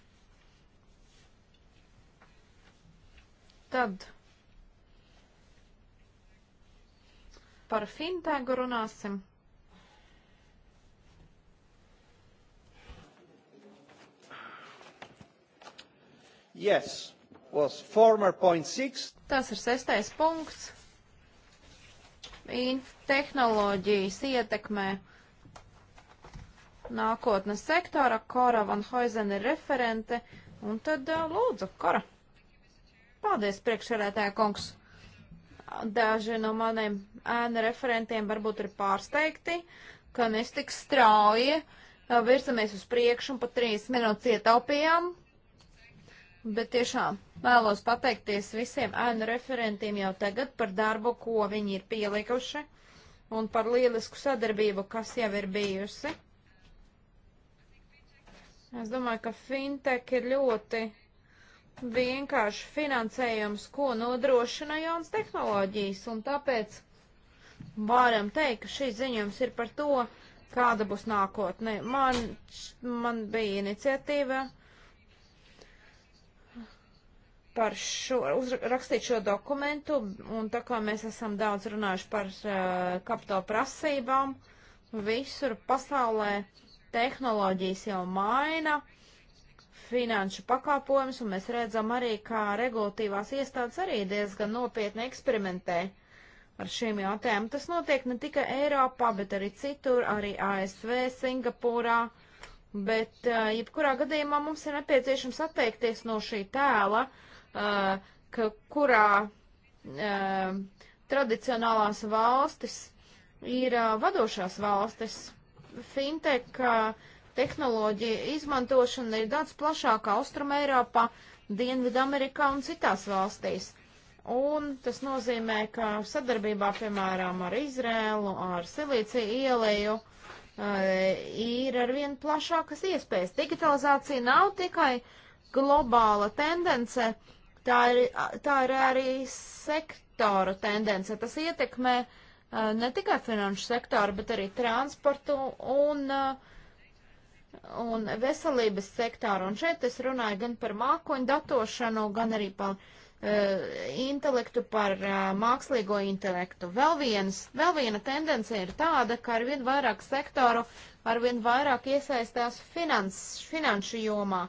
Tad par fintēgu runāsim. Yes, was former point six. Tas ir sestais punkts. In tehnoloģijas ietekmē nākotnes sektora. Kora Van Hoizen ir referente. Un tad lūdzu, Kora. Paldies, priekšsēdētāja kungs. Daži no maniem ēna referentiem varbūt ir pārsteigti, ka mēs tik strauji virzamies uz priekšu un pat trīs minūtes ietaupījām. Bet tiešām vēlos pateikties visiem ēnu referentiem jau tagad par darbu, ko viņi ir pielikuši un par lielisku sadarbību, kas jau ir bijusi. Es domāju, ka fintech ir ļoti vienkārši finansējums, ko nodrošina jauns tehnoloģijas, un tāpēc varam teikt, ka šīs ziņojums ir par to, kāda būs nākotne. Man, man bija iniciatīva par šo, uzrakstīt šo dokumentu, un tā kā mēs esam daudz runājuši par uh, kapitāla prasībām, visur pasaulē uh, tehnoloģijas jau maina finanšu pakāpojumus, un mēs redzam arī, kā regulatīvās iestādes arī diezgan nopietni eksperimentē ar šiem jautājumiem. Tas notiek ne tikai Eiropā, bet arī citur, arī ASV, Singapūrā. Bet, eh, jebkurā gadījumā mums ir nepieciešams atteikties no šī tēla, uh, ka, kurā uh, tradicionālās valstis ir uh, vadošās valstis fintech uh, tehnoloģija izmantošana ir daudz plašāka Austrum Eiropā, Dienvidamerikā un citās valstīs. Un tas nozīmē, ka sadarbībā, piemēram, ar Izrēlu, ar Silīciju ieleju, uh, ir arvien plašākas iespējas. Digitalizācija nav tikai globāla tendence, tā ir, tā ir arī sektora tendence. Tas ietekmē uh, Uh, ne tikai finanšu sektoru, bet arī transportu un, uh, un veselības sektoru. Un šeit es runāju gan par mākoņu datošanu, gan arī par uh, intelektu, par uh, mākslīgo intelektu. Vēl, viens, vēl viena tendence ir tāda, ka arvien vairāk sektoru arvien vairāk iesaistās finans, finanšu jomā.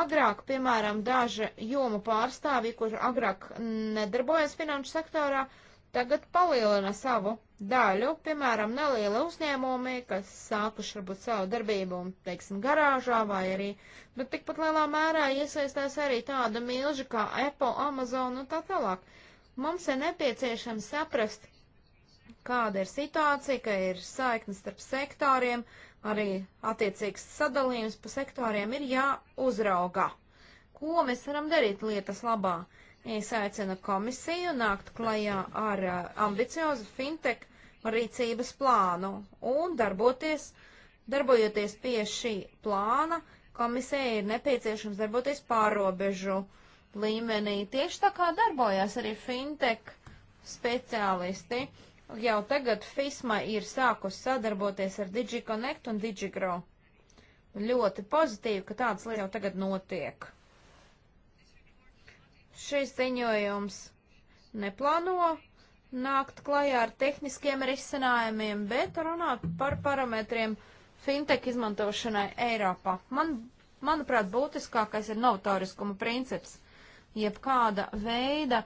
Agrāk, piemēram, daži jomu pārstāvji, kur agrāk nedarbojas finanšu sektorā, uh, tagad palielina savu daļu, piemēram, neliela uzņēmumi, kas sākuši varbūt savu darbību, teiksim, garāžā vai arī, bet nu, tikpat lielā mērā iesaistās arī tāda milži kā Apple, Amazon un tā tālāk. Mums ir nepieciešams saprast, kāda ir situācija, ka ir saiknes starp sektoriem, arī attiecīgs sadalījums pa sektoriem ir jāuzrauga. Ko mēs varam darīt lietas labā? Uh, Es aicinu komisiju nākt klajā ar uh, ambiciozu fintech rīcības plānu un darboties, darbojoties pie šī plāna, komisija ir nepieciešams darboties pārobežu līmenī. Tieši tā kā darbojas arī fintech speciālisti. Jau tagad FISMA ir sākus sadarboties ar DigiConnect un DigiGrow. Ļoti pozitīvi, ka tāds lietas jau tagad notiek. Šis ziņojums neplāno nākt klajā ar tehniskiem risinājumiem, bet runā par parametriem fintech izmantošanai Eiropā. Man, manuprāt, būtiskākais ir novatoriskuma princips. Jeb kāda veida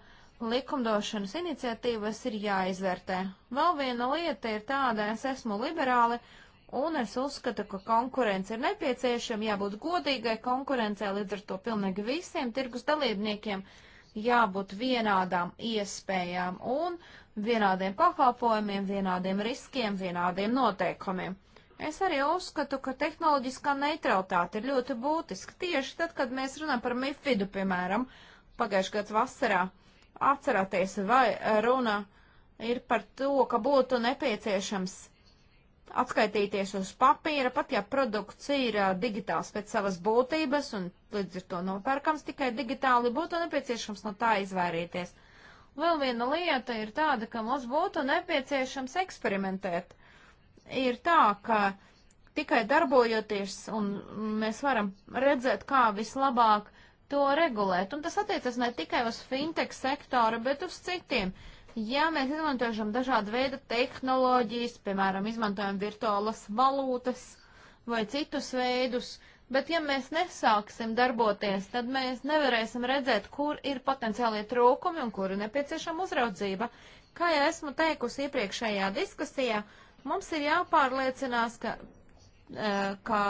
likumdošanas iniciatīvas ir jāizvērtē. Vēl viena lieta ir tāda, es esmu liberāli, uh, Un es uzskatu, ka konkurence ir nepieciešama, jābūt godīgai konkurencē, līdz ar to pilnīgi visiem tirgus dalībniekiem jābūt vienādām iespējām un vienādiem pakalpojumiem, vienādiem riskiem, vienādiem noteikumiem. Es arī uzskatu, ka tehnoloģiskā neutralitāte ir ļoti būtiska. Tieši tad, kad mēs runājam par MIFIDu, piemēram, pagājušajā gads vasarā, atcerāties, vai runa ir par to, ka būtu nepieciešams atskaitīties uz papīra, pat ja produkts ir digitāls pēc savas būtības un līdz ar to nopērkams tikai digitāli, būtu nepieciešams no tā izvairīties. Vēl viena lieta ir tāda, ka mums būtu nepieciešams eksperimentēt. Ir tā, ka tikai darbojoties un mēs varam redzēt, kā vislabāk to regulēt. Un tas attiecas ne tikai uz fintech sektoru, bet uz citiem. Uh, Ja mēs izmantojam dažādu veidu tehnoloģijas, piemēram, izmantojam virtuālas valūtas vai citus veidus, bet ja mēs nesāksim darboties, tad mēs nevarēsim redzēt, kur ir potenciālie trūkumi un kur ir nepieciešama uzraudzība. Kā jau esmu teikusi iepriekšējā diskusijā, mums ir jāpārliecinās, ka, e, ka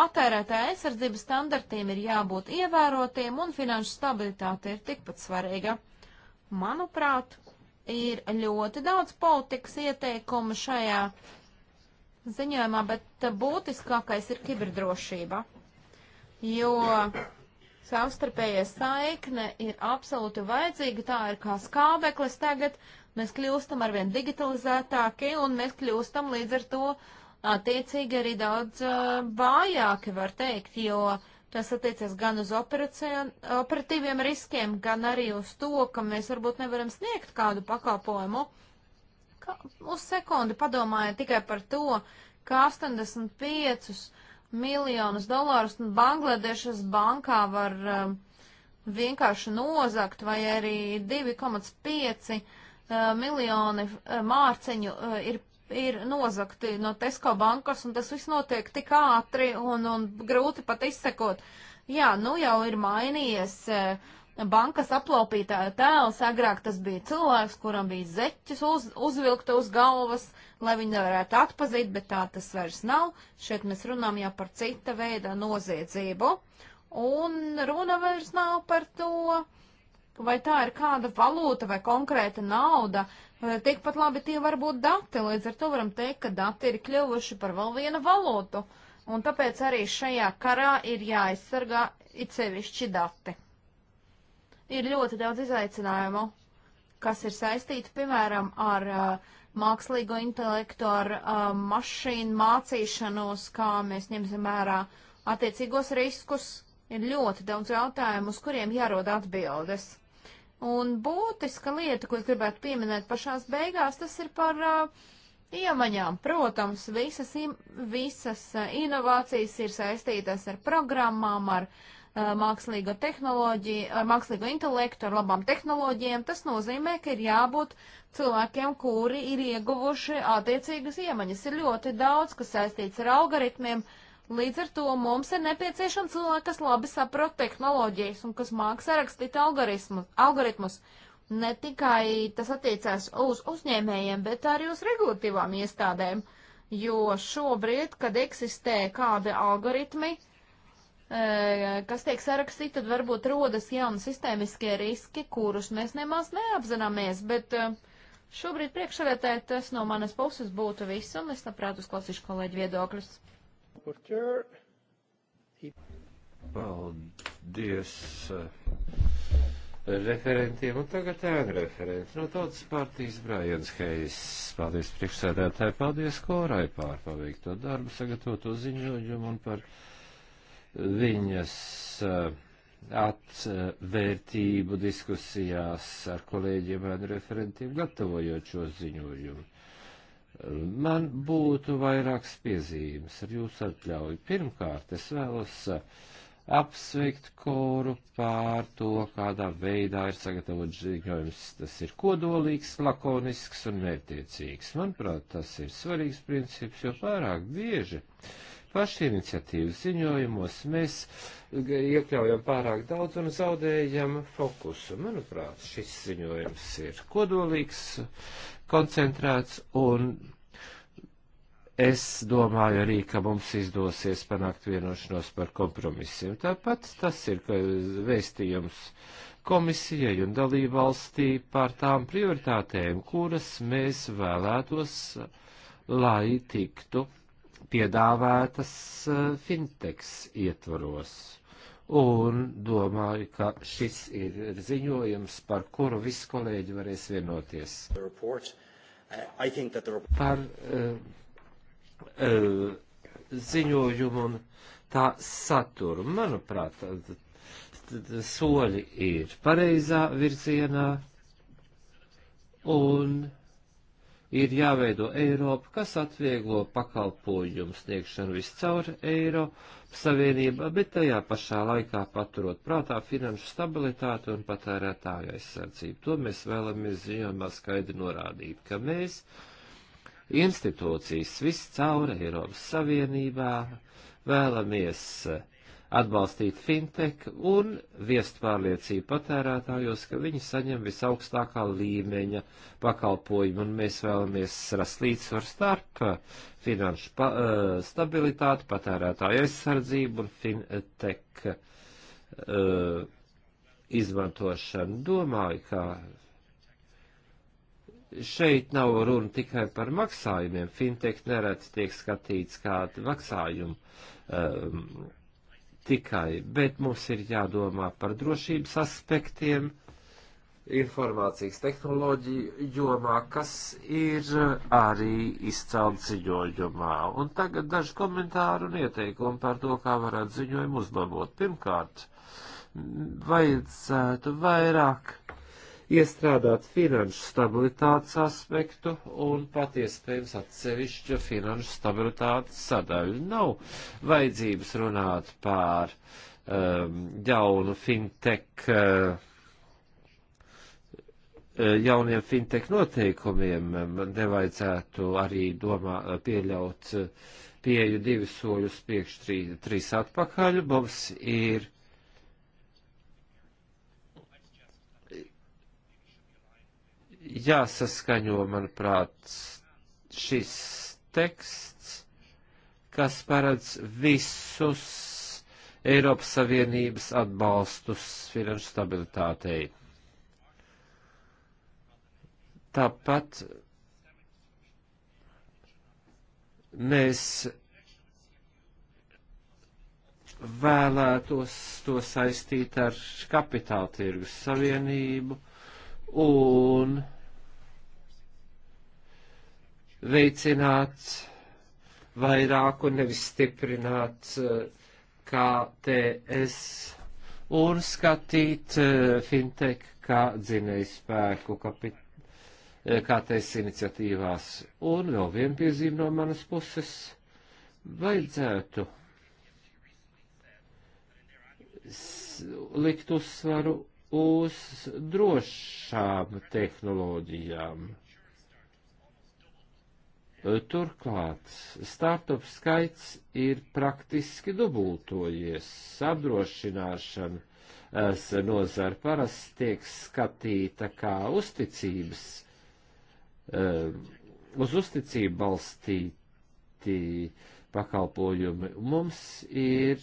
patērētāja aizsardzības standartiem ir jābūt ievērotiem un finanšu stabilitāte ir tikpat svarīga. Manuprāt, ir ļoti daudz politikas ieteikumu šajā ziņojumā, bet būtiskākais ir kiberdrošība, jo savstarpējie saikne ir absolūti vajadzīga, tā ir kā skābeklis tagad, mēs kļūstam arvien digitalizētāki un mēs kļūstam līdz ar to attiecīgi arī daudz uh, vājāki, var teikt, jo Tas attiecas gan uz operatīviem riskiem, gan arī uz to, ka mēs varbūt nevaram sniegt kādu pakalpojumu. Ka, uz sekundi padomājiet tikai par to, ka 85 miljonus dolārus Bangladešas bankā var um, vienkārši nozakt, vai arī 2,5 uh, miljoni uh, mārciņu uh, ir ir nozakti no Tesco bankas, un tas viss notiek tik ātri un, un grūti pat izsekot. Jā, nu jau ir mainījies eh, bankas aplaupītāja tēls, agrāk tas bija cilvēks, kuram bija zeķis uz, uzvilkta uz galvas, lai viņi nevarētu atpazīt, bet tā tas vairs nav. Šeit mēs runām jau par cita veida noziedzību, un runa vairs nav par to vai tā ir kāda valūta vai konkrēta nauda, Tikpat labi tie var būt dati, līdz ar to varam teikt, ka dati ir kļuvuši par vēl vienu valotu, un tāpēc arī šajā karā ir jāaizsargā it sevišķi dati. Ir ļoti daudz izaicinājumu, kas ir saistīti, piemēram, ar uh, mākslīgo intelektu, ar uh, mašīnu mācīšanos, kā mēs ņemsim vērā attiecīgos riskus. Ir ļoti daudz jautājumu, uz kuriem jārod atbildes. Un būtiska lieta, ko es gribētu pieminēt pašās beigās, tas ir par uh, iemaņām. Protams, visas, im, visas uh, inovācijas ir saistītas ar programmām, ar uh, mākslīgo tehnoloģiju, ar mākslīgo intelektu, ar labām tehnoloģijām. Tas nozīmē, ka ir jābūt cilvēkiem, kuri ir ieguvuši attiecīgas iemaņas. Ir ļoti daudz, kas saistīts ar algoritmiem. Uh, Līdz ar to mums ir nepieciešama cilvēki, kas labi saprot tehnoloģijas un kas māk sarakstīt algoritmus. Ne tikai tas attiecās uz uzņēmējiem, bet arī uz regulatīvām iestādēm, jo šobrīd, kad eksistē kādi algoritmi, e, kas tiek sarakstīti, tad varbūt rodas jauni sistēmiskie riski, kurus mēs nemaz neapzināmies. Bet e, šobrīd priekšsēdētāji tas no manas puses būtu viss, un es labprāt uzklausīšu kolēģi viedokļus rapporteur. Paldies eh, referentiem un tagad ēnu referents no tautas partijas Brājans Heis. Paldies priekšsēdētāji, paldies Korai pār paveikto darbu, sagatavoto ziņojumu un par viņas eh, atvērtību diskusijās ar kolēģiem ēnu referentiem gatavojot šo ziņojumu. Man būtu vairākas piezīmes ar jūsu atļauju. Pirmkārt, es vēlos uh, apsveikt koru pār to, kādā veidā ir sagatavots ziņojums. Tas ir kodolīgs, lakonisks un mērtiecīgs. Manuprāt, tas ir svarīgs princips, jo pārāk bieži uh, Paši iniciatīvas ziņojumos mēs iekļaujam pārāk daudz un zaudējam fokusu. Manuprāt, šis ziņojums ir kodolīgs, koncentrēts un Es domāju arī, ka mums izdosies panākt vienošanos par kompromisiem. Tāpat tas ir vēstījums komisijai un dalībvalstī par tām prioritātēm, kuras mēs vēlētos, lai tiktu piedāvātas eh, fintechs ietvaros. Un domāju, ka šis ir ziņojums, par kuru visi kolēģi varēs vienoties. Par uh, uh, ziņojumu un tā saturu, manuprāt, soļi ir pareizā virzienā un ir jāveido Eiropa, kas atvieglo pakalpojumu sniegšanu viscaur Eiropas Savienībā, bet tajā pašā laikā paturot prātā finanšu stabilitāti un patērētāju aizsardzību. To mēs vēlamies ziņojumā skaidri norādīt, ka mēs institūcijas viscaur Eiropas Savienībā vēlamies uh, atbalstīt fintech un viest pārliecību patērētājos, ka viņi saņem visaugstākā līmeņa pakalpojumu, un mēs vēlamies rast līdzsvaru starp finanšu pa, eh, stabilitāti, patērētāju aizsardzību un fintech uh, izmantošanu. Domāju, ka šeit nav runa tikai par maksājumiem. Fintech neredz tiek skatīts kā maksājumu um, tikai, bet mums ir jādomā par drošības aspektiem informācijas tehnoloģiju jomā, kas ir arī izcelts ziņojumā. Un tagad daži komentāri un ieteikumi par to, kā varētu ziņojumu uzlabot. Pirmkārt, vajadzētu vairāk iestrādāt finanšu stabilitātes aspektu un pat iespējams atsevišķu finanšu stabilitātes sadaļu. Nav vajadzības runāt pār um, jaunu fintech, uh, uh, jauniem fintech noteikumiem. Man nevajadzētu arī domā, pieļaut uh, pieju divi soļus priekš trīs, trīs atpakaļ. Mums ir jāsaskaņo, manuprāt, šis teksts, kas paredz visus Eiropas Savienības atbalstus finanšu stabilitātei. Tāpat mēs vēlētos to saistīt ar kapitāla tirgus savienību un veicināt vairāk un nevis stiprināt eh, KTS un skatīt eh, fintech kā dzinēju spēku kapit eh, KTS iniciatīvās. Un vēl viena piezīme no manas puses vajadzētu likt uzsvaru uz drošām tehnoloģijām. Turklāt startup skaits ir praktiski dubultojies. Apdrošināšanas nozara parasti tiek skatīta kā uzticības, um, uz uzticību balstīti pakalpojumi. Mums ir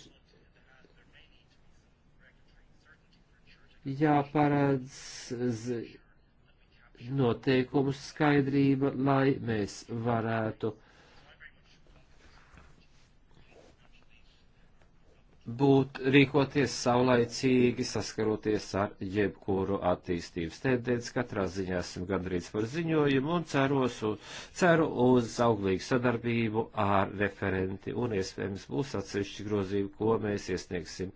jāparādz noteikumu skaidrība, lai mēs varētu būt rīkoties saulaicīgi, saskaroties ar jebkuru attīstības tendenci. Katrā ziņā esam gandrīz par ziņojumu un ceros, un, ceru uz auglīgu sadarbību ar referenti un iespējams būs atsevišķi grozījumi, ko mēs iesniegsim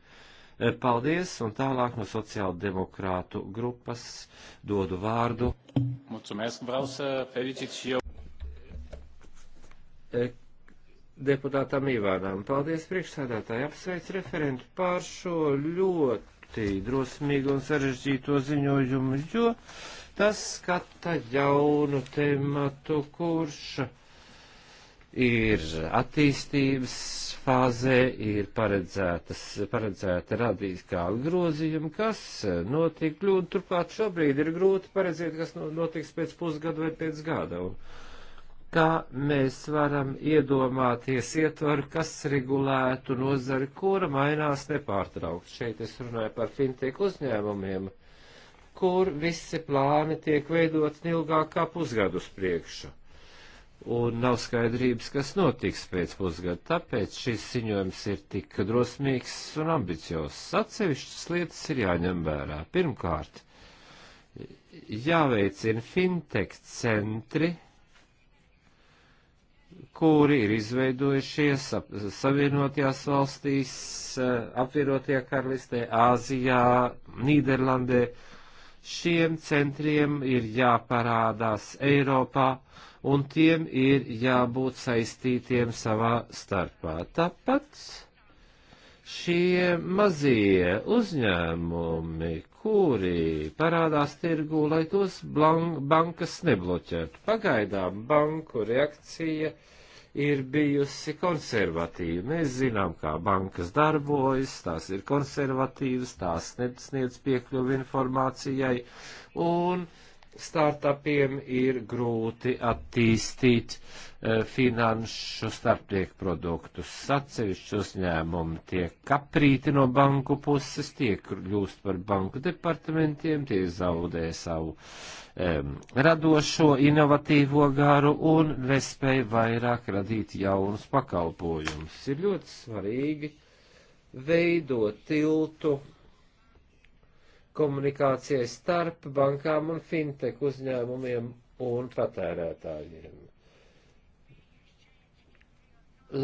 Paldies, un tālāk no sociāla demokrātu grupas dodu vārdu. Mulțumesc, vreau să felicit și eu. E, deputātam Ivānam, paldies priekšsādātāji, apsveic referentu pār šo ļoti drosmīgu un sarežģīto ziņojumu, jo tas skata jaunu tematu, kurš ir attīstības fāzē, ir paredzēta radīskāla grozījuma, kas notiek kļūda. Turklāt šobrīd ir grūti paredzēt, kas notiks pēc pusgada vai pēc gada. Un kā mēs varam iedomāties ietvaru, kas regulētu nozari, kura mainās nepārtraukt. Šeit es runāju par fintech uzņēmumiem, kur visi plāni tiek veidot ilgāk kā pusgadus priekšu un nav skaidrības, kas notiks pēc pusgada. Tāpēc šis ziņojums ir tik drosmīgs un ambiciozs. Atsevišķas lietas ir jāņem vērā. Pirmkārt, jāveicina fintech centri, kuri ir izveidojušies ap, savienotajās valstīs, eh, apvienotajā karalistē, Āzijā, Nīderlandē. Šiem centriem ir jāparādās Eiropā un tiem ir jābūt saistītiem savā starpā. Tāpat šie mazie uzņēmumi, kuri parādās tirgū, lai tos bankas nebloķētu. Pagaidām banku reakcija ir bijusi konservatīva. Mēs zinām, kā bankas darbojas, tās ir konservatīvas, tās nesniedz piekļuvi informācijai, un uh, startupiem ir grūti attīstīt uh, finanšu starpnieku produktus. Atsevišķi uzņēmumi tiek kaprīti no banku puses, tie kļūst par banku departamentiem, tie zaudē savu um, radošo, inovatīvo garu un nespēja vairāk radīt jaunus pakalpojumus. Ir ļoti svarīgi veidot tiltu komunikācijai starp bankām un fintech uzņēmumiem un patērētājiem.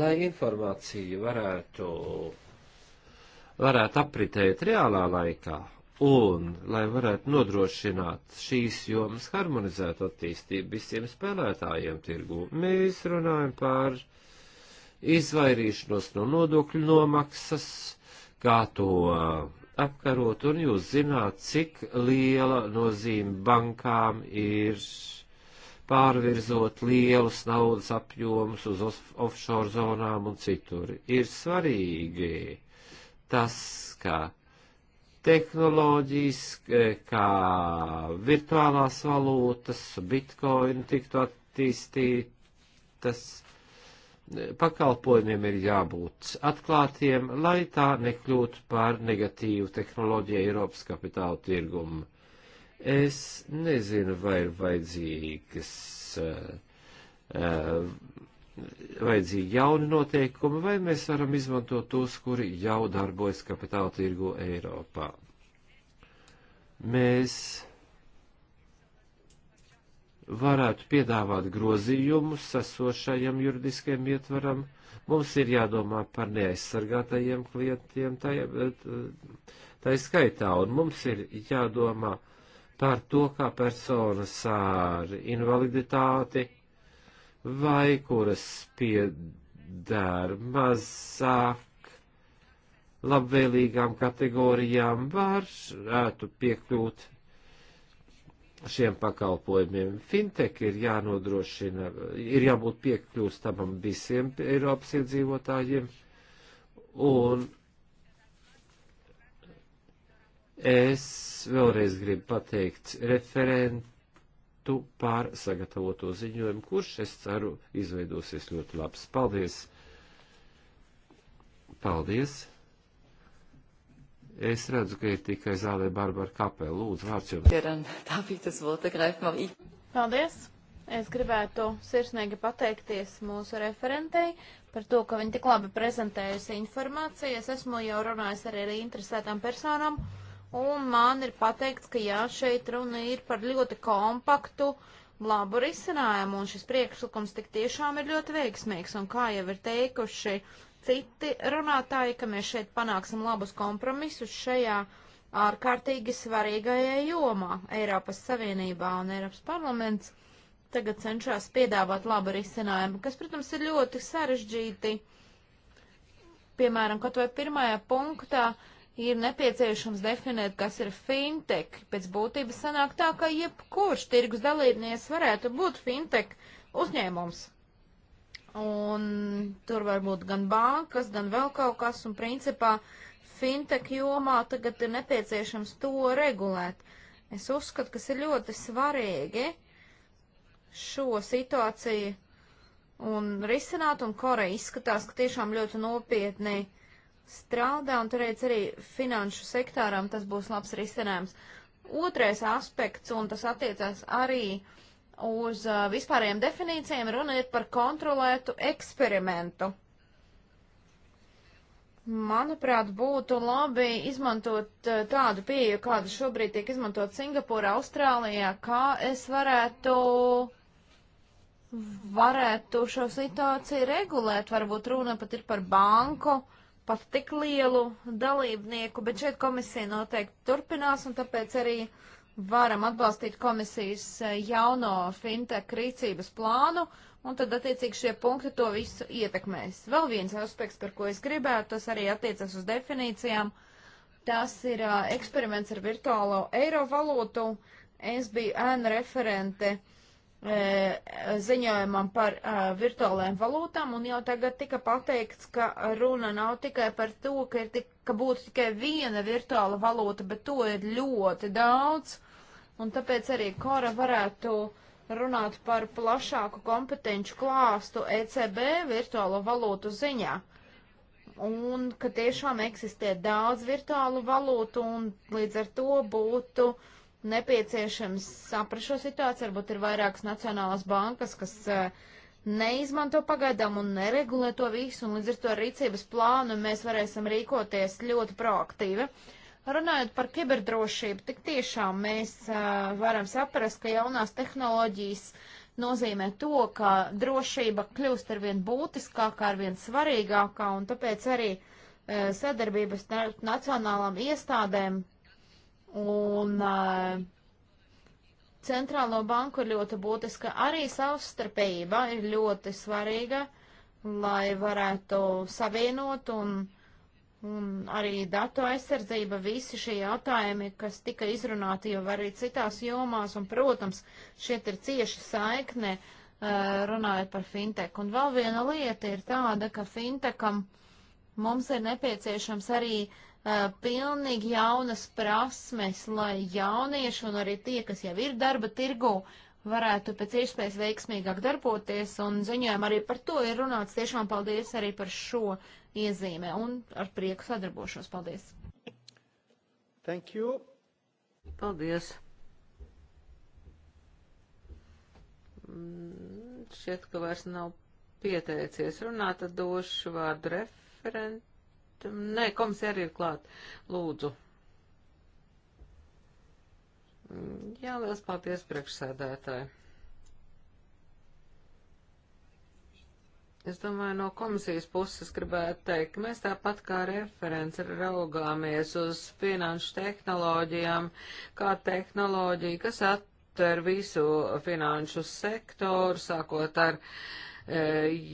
Lai informāciju varētu, varētu apritēt reālā laikā un lai varētu nodrošināt šīs jomas harmonizētu attīstību visiem spēlētājiem tirgu, mēs runājam par izvairīšanos no nodokļu nomaksas, kā to uh, apkarot, un jūs zināt, cik liela nozīme bankām ir pārvirzot lielus naudas apjomus uz offshore zonām un citur. Ir svarīgi tas, ka tehnoloģijas, kā virtuālās valūtas, bitcoin tiktu attīstītas pakalpojumiem ir jābūt atklātiem, lai tā nekļūtu par negatīvu tehnoloģiju Eiropas kapitāla tirgumu. Es nezinu, vai ir vajadzīgas, eh, eh, vajadzīgi jauni noteikumi, vai mēs varam izmantot tos, kuri jau darbojas kapitāla tirgu Eiropā. Mēs varētu piedāvāt grozījumus sasošajam juridiskajam ietvaram. Mums ir jādomā par neaizsargātajiem klientiem, tā, tā ir skaitā, un mums ir jādomā par to, kā personas ar invaliditāti vai kuras piedēr mazāk labvēlīgām kategorijām varētu piekļūt šiem pakalpojumiem. Fintech ir jānodrošina, ir jābūt piekļūstamam visiem Eiropas iedzīvotājiem. Un es vēlreiz gribu pateikt referentu par sagatavoto ziņojumu, kurš, es ceru, izveidosies ļoti labs. Paldies! Paldies! Es redzu, ka ir tikai zālē Barbara Kapela. Lūdzu, vārds jums. Paldies! Es gribētu sirsnīgi pateikties mūsu referentei par to, ka viņa tik labi prezentējusi informāciju. Es esmu jau runājis arī ar interesētām personām, un man ir pateikts, ka jā, šeit runa ir par ļoti kompaktu, labu risinājumu, un šis priekšlikums tik tiešām ir ļoti veiksmīgs, un kā jau ir teikuši citi runātāji, ka mēs šeit panāksim labus kompromisus šajā ārkārtīgi svarīgajā jomā Eiropas Savienībā un Eiropas parlaments tagad cenšas piedāvāt labu risinājumu, kas, protams, ir ļoti sarežģīti. Piemēram, kaut vai pirmajā punktā ir nepieciešams definēt, kas ir fintech. Pēc būtības sanāk tā, ka jebkurš tirgus dalībnieks varētu būt fintech uzņēmums un tur var būt gan bankas, gan vēl kaut kas, un principā fintech jomā tagad ir nepieciešams to regulēt. Es uzskatu, kas ir ļoti svarīgi šo situāciju un risināt, un Koreja izskatās, ka tiešām ļoti nopietni strādā, un turēc arī finanšu sektāram tas būs labs risinājums. Otrais aspekts, un tas attiecās arī uh, uz uh, vispārējiem definīcijiem runa ir par kontrolētu eksperimentu. Manuprāt, būtu labi izmantot uh, tādu pieeju, kāda šobrīd tiek izmantot Singapūra, Austrālijā, kā es varētu, varētu šo situāciju regulēt. Varbūt runa pat ir par banku, pat tik lielu dalībnieku, bet šeit komisija noteikti turpinās un tāpēc arī uh, varam atbalstīt komisijas eh, jauno fintech rīcības plānu, un tad attiecīgi šie punkti to visu ietekmēs. Vēl viens aspekts, par ko es gribētu, tas arī attiecas uz definīcijām. Tas ir uh, eksperiments ar virtuālo eiro valūtu. Es biju ēna referente e, ziņojumam par uh, virtuālajām valūtām, un jau tagad tika pateikts, ka runa nav tikai par to, ka, ir tik, ka būtu tikai viena virtuāla valūta, bet to ir ļoti daudz. Un tāpēc arī Kora varētu runāt par plašāku kompetenci klāstu ECB virtuālo valūtu ziņā. Un ka tiešām eksistē daudz virtuālu valūtu un līdz ar to būtu nepieciešams saprast šo situāciju. Varbūt ir vairākas nacionālās bankas, kas uh, neizmanto pagaidām un neregulē to visu, un līdz ar to rīcības plānu mēs varēsim rīkoties ļoti proaktīvi. Uh, Runājot par kiberdrošību, tik tiešām mēs uh, varam saprast, ka jaunās tehnoloģijas nozīmē to, ka drošība kļūst arvien būtiskākā, arvien svarīgākā, un tāpēc arī uh, sadarbības starp nacionālām iestādēm un uh, centrālo banku ir ļoti būtiska. Arī savstarpējība ir ļoti svarīga, lai varētu savienot un Un arī datu aizsardzība, visi šie jautājumi, kas tika izrunāti jau arī citās jomās, un, protams, šeit ir cieši saikne, uh, runājot par fintech. Un vēl viena lieta ir tāda, ka fintecham mums ir nepieciešams arī uh, pilnīgi jaunas prasmes, lai jaunieši un arī tie, kas jau ir darba tirgu, varētu pēc iespējas veiksmīgāk darboties, un ziņojam arī par to ir runāts. Tiešām paldies arī par šo iezīmē un ar prieku sadarbošos. Paldies! Thank you! Paldies! Mm, šķiet, ka vairs nav pieteicies runāt, tad došu vārdu referentam. Nē, komisija arī ir klāt. Lūdzu. Mm, jā, liels paldies priekšsēdētāji. Es domāju, no komisijas puses gribētu teikt, ka mēs tāpat kā referents raugāmies uz finanšu tehnoloģijām, kā tehnoloģiju, kas atver visu finanšu sektoru, sākot ar e,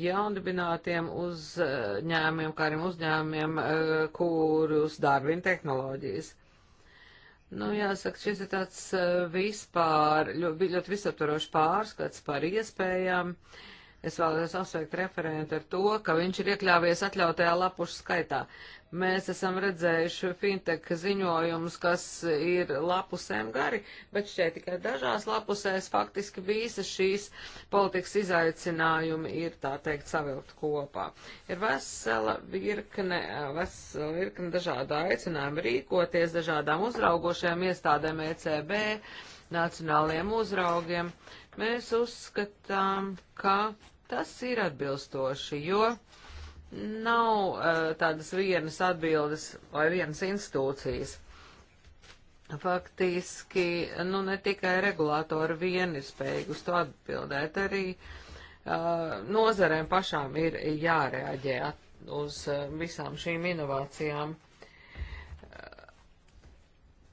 jaundibinātiem uzņēmiem, kā arī uzņēmiem, e, kurus darbina tehnoloģijas. Nu, jāsaka, šis ir tāds e, vispār, ļoti, ļoti visaptvarošs pārskats par iespējām. Uh, Es vēlos apsveikt referentu ar to, ka viņš ir iekļāvies atļautajā lapušu skaitā. Mēs esam redzējuši fintech ziņojumus, kas ir lapusēm gari, bet šeit tikai dažās lapusēs faktiski visas šīs politikas izaicinājumi ir, tā teikt, savilkt kopā. Ir vesela virkne, vesela virkne dažādu aicinājumu rīkoties dažādām uzraugošajām iestādēm ECB, nacionāliem uzraugiem. Mēs uzskatām, ka Tas ir atbilstoši, jo nav uh, tādas vienas atbildes vai vienas institūcijas. Faktiski, nu ne tikai regulātori vien ir spējīgi uz to atbildēt, arī uh, nozarēm pašām ir jāreaģē at, uz uh, visām šīm inovācijām. Uh,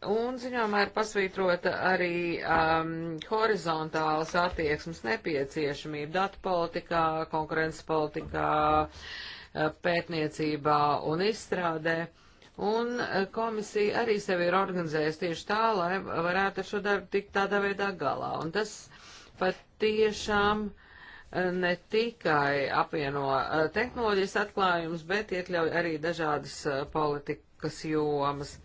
Un ziņojumā ir pasvītrota arī um, horizontālas attieksmes nepieciešamība datu politikā, konkurences politikā, uh, pētniecībā un izstrādē. Un uh, komisija arī sevi ir organizējusi tieši tā, lai varētu ar šo darbu tikt tādā veidā galā. Un tas pat tiešām uh, ne tikai apvieno tehnoloģijas atklājumus, bet iekļauj arī dažādas politikas jomas.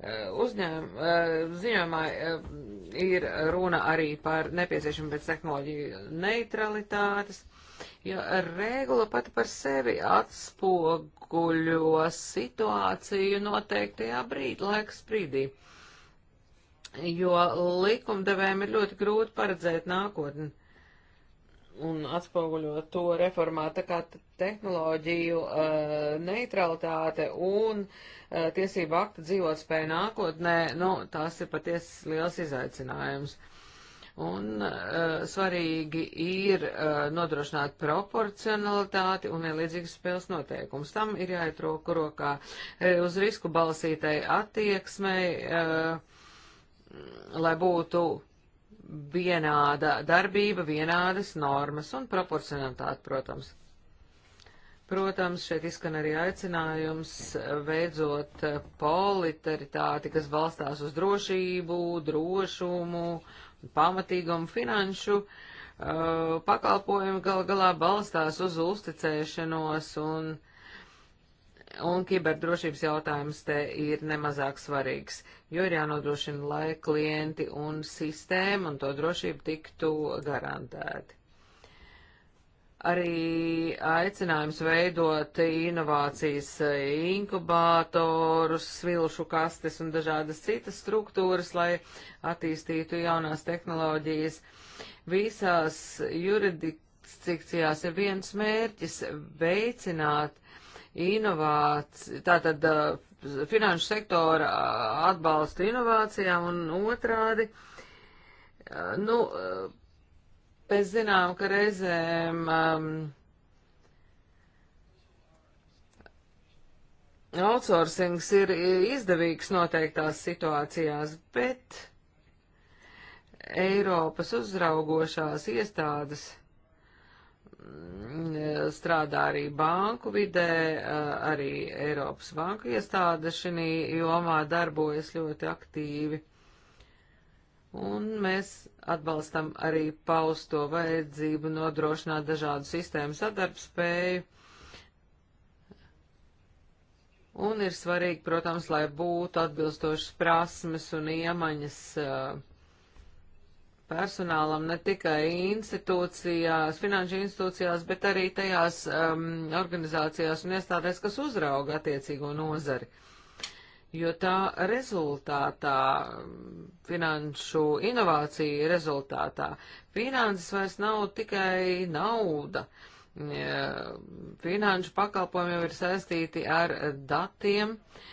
Eh, uzņēmuma eh, ziņojumā eh, ir runa arī par nepieciešamību pēc tehnoloģiju neutralitātes, jo regula pati par sevi atspoguļo situāciju noteiktajā brīd, laiks brīdī, jo likumdevējiem ir ļoti grūti paredzēt nākotni un atspoguļo to reformā, tā kā tehnoloģiju uh, neutralitāte un uh, tiesību aktu dzīvotspēja nākotnē, nu, tās ir patiesi liels izaicinājums. Un uh, svarīgi ir uh, nodrošināt proporcionalitāti un vienlīdzīgas spēles noteikums. Tam ir jāiet roku rokā uh, uz risku balsītai attieksmei, uh, lai būtu vienāda darbība, vienādas normas un proporcionalitāte, protams. Protams, šeit izskan arī aicinājums veidzot politaritāti, kas balstās uz drošību, drošumu, pamatīgumu finanšu. Uh, pakalpojumi gal galā balstās uz uzticēšanos un Un kiberdrošības jautājums te ir nemazāk svarīgs, jo ir jānodrošina, lai klienti un sistēma un to drošību tiktu garantēti. Arī aicinājums veidot inovācijas eh, inkubātorus, svilšu kastes un dažādas citas struktūras, lai attīstītu jaunās tehnoloģijas. Visās juridikcijās ir viens mērķis - veicināt inovācija, tātad eh, finanšu sektora eh, atbalstu inovācijām un otrādi. Eh, nu, mēs zinām, ka reizēm um, outsourcings ir izdevīgs noteiktās situācijās, bet Eiropas uzraugošās iestādes – Mm, strādā arī banku vidē, eh, arī Eiropas banku iestāde šī jomā darbojas ļoti aktīvi. Un mēs atbalstam arī pausto vajadzību nodrošināt dažādu sistēmu sadarbspēju. Un ir svarīgi, protams, lai būtu atbilstošas prasmes un iemaņas uh, personālam ne tikai institūcijās, finanšu institūcijās, bet arī tajās um, organizācijās un iestādēs, kas uzrauga attiecīgo nozari. Jo tā rezultātā, finanšu inovāciju rezultātā, finanses vairs nav tikai nauda. Finanšu pakalpojumi jau ir saistīti ar datiem. Uh,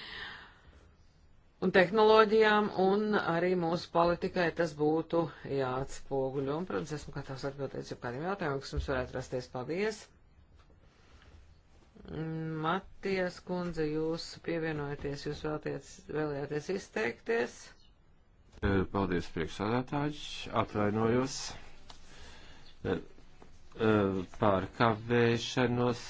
un tehnoloģijām, un arī mūsu politikai tas būtu jāatspoguļo. Un, protams, esmu gatavs atbildēt jau kādiem jautājumiem, kas mums varētu rasties. Paldies! Matijas kundze, jūs pievienojaties, jūs vēlties, vēlējāties izteikties. E, paldies, priekšsādātājs. Atvainojos e, e, par kavēšanos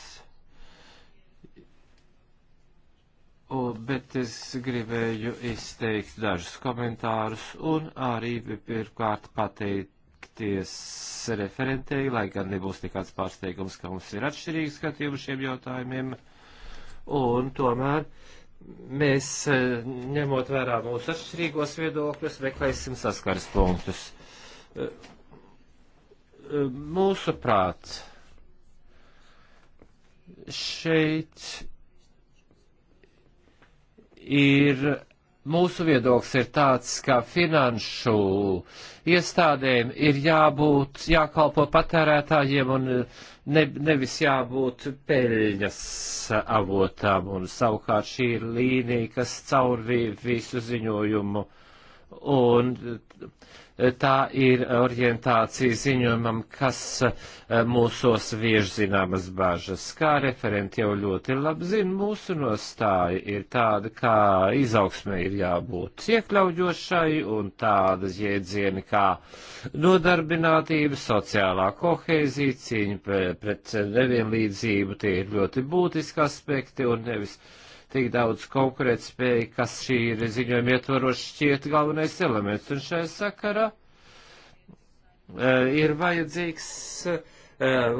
Un, bet es gribēju izteikt dažus komentārus un arī pirmkārt pateikties referentei, lai gan nebūs nekāds pārsteigums, ka mums ir atšķirīgs skatījums šiem jautājumiem. Un tomēr mēs, e, ņemot vērā mūsu atšķirīgos viedokļus, meklēsim saskars punktus. E, e, mūsu prāts šeit ir mūsu viedoklis ir tāds, ka finanšu iestādēm ir jābūt, jākalpo patērētājiem un ne, nevis jābūt peļņas avotām. Un savukārt šī ir līnija, kas caurvīja visu ziņojumu. Un tā ir orientācija ziņojumam, kas eh, mūsos viež zināmas bažas. Kā referenti jau ļoti labi zina, mūsu nostāja ir tāda, kā izaugsmē ir jābūt iekļaujošai un tādas jēdzieni kā nodarbinātība, sociālā kohēzija, cīņa pret nevienlīdzību, tie ir ļoti būtiski aspekti un nevis. Uh, tik daudz konkurētspēja, kas šī ir ziņojuma ietvaros šķiet galvenais elements. Un šajā sakarā e, ir vajadzīgs e,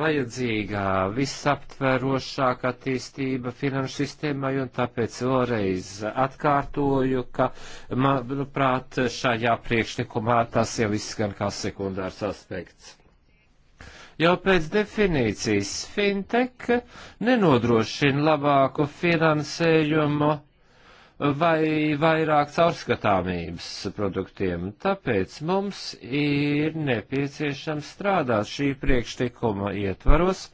vajadzīgā visaptverošāka attīstība finanšu sistēmai, un tāpēc vēlreiz atkārtoju, ka, manuprāt, šajā priekšlikumā tas jau izskan kā sekundārs aspekts jau pēc definīcijas fintech nenodrošina labāku finansējumu vai vairāk caurskatāmības produktiem. Tāpēc mums ir nepieciešams strādāt šī priekštikuma ietvaros.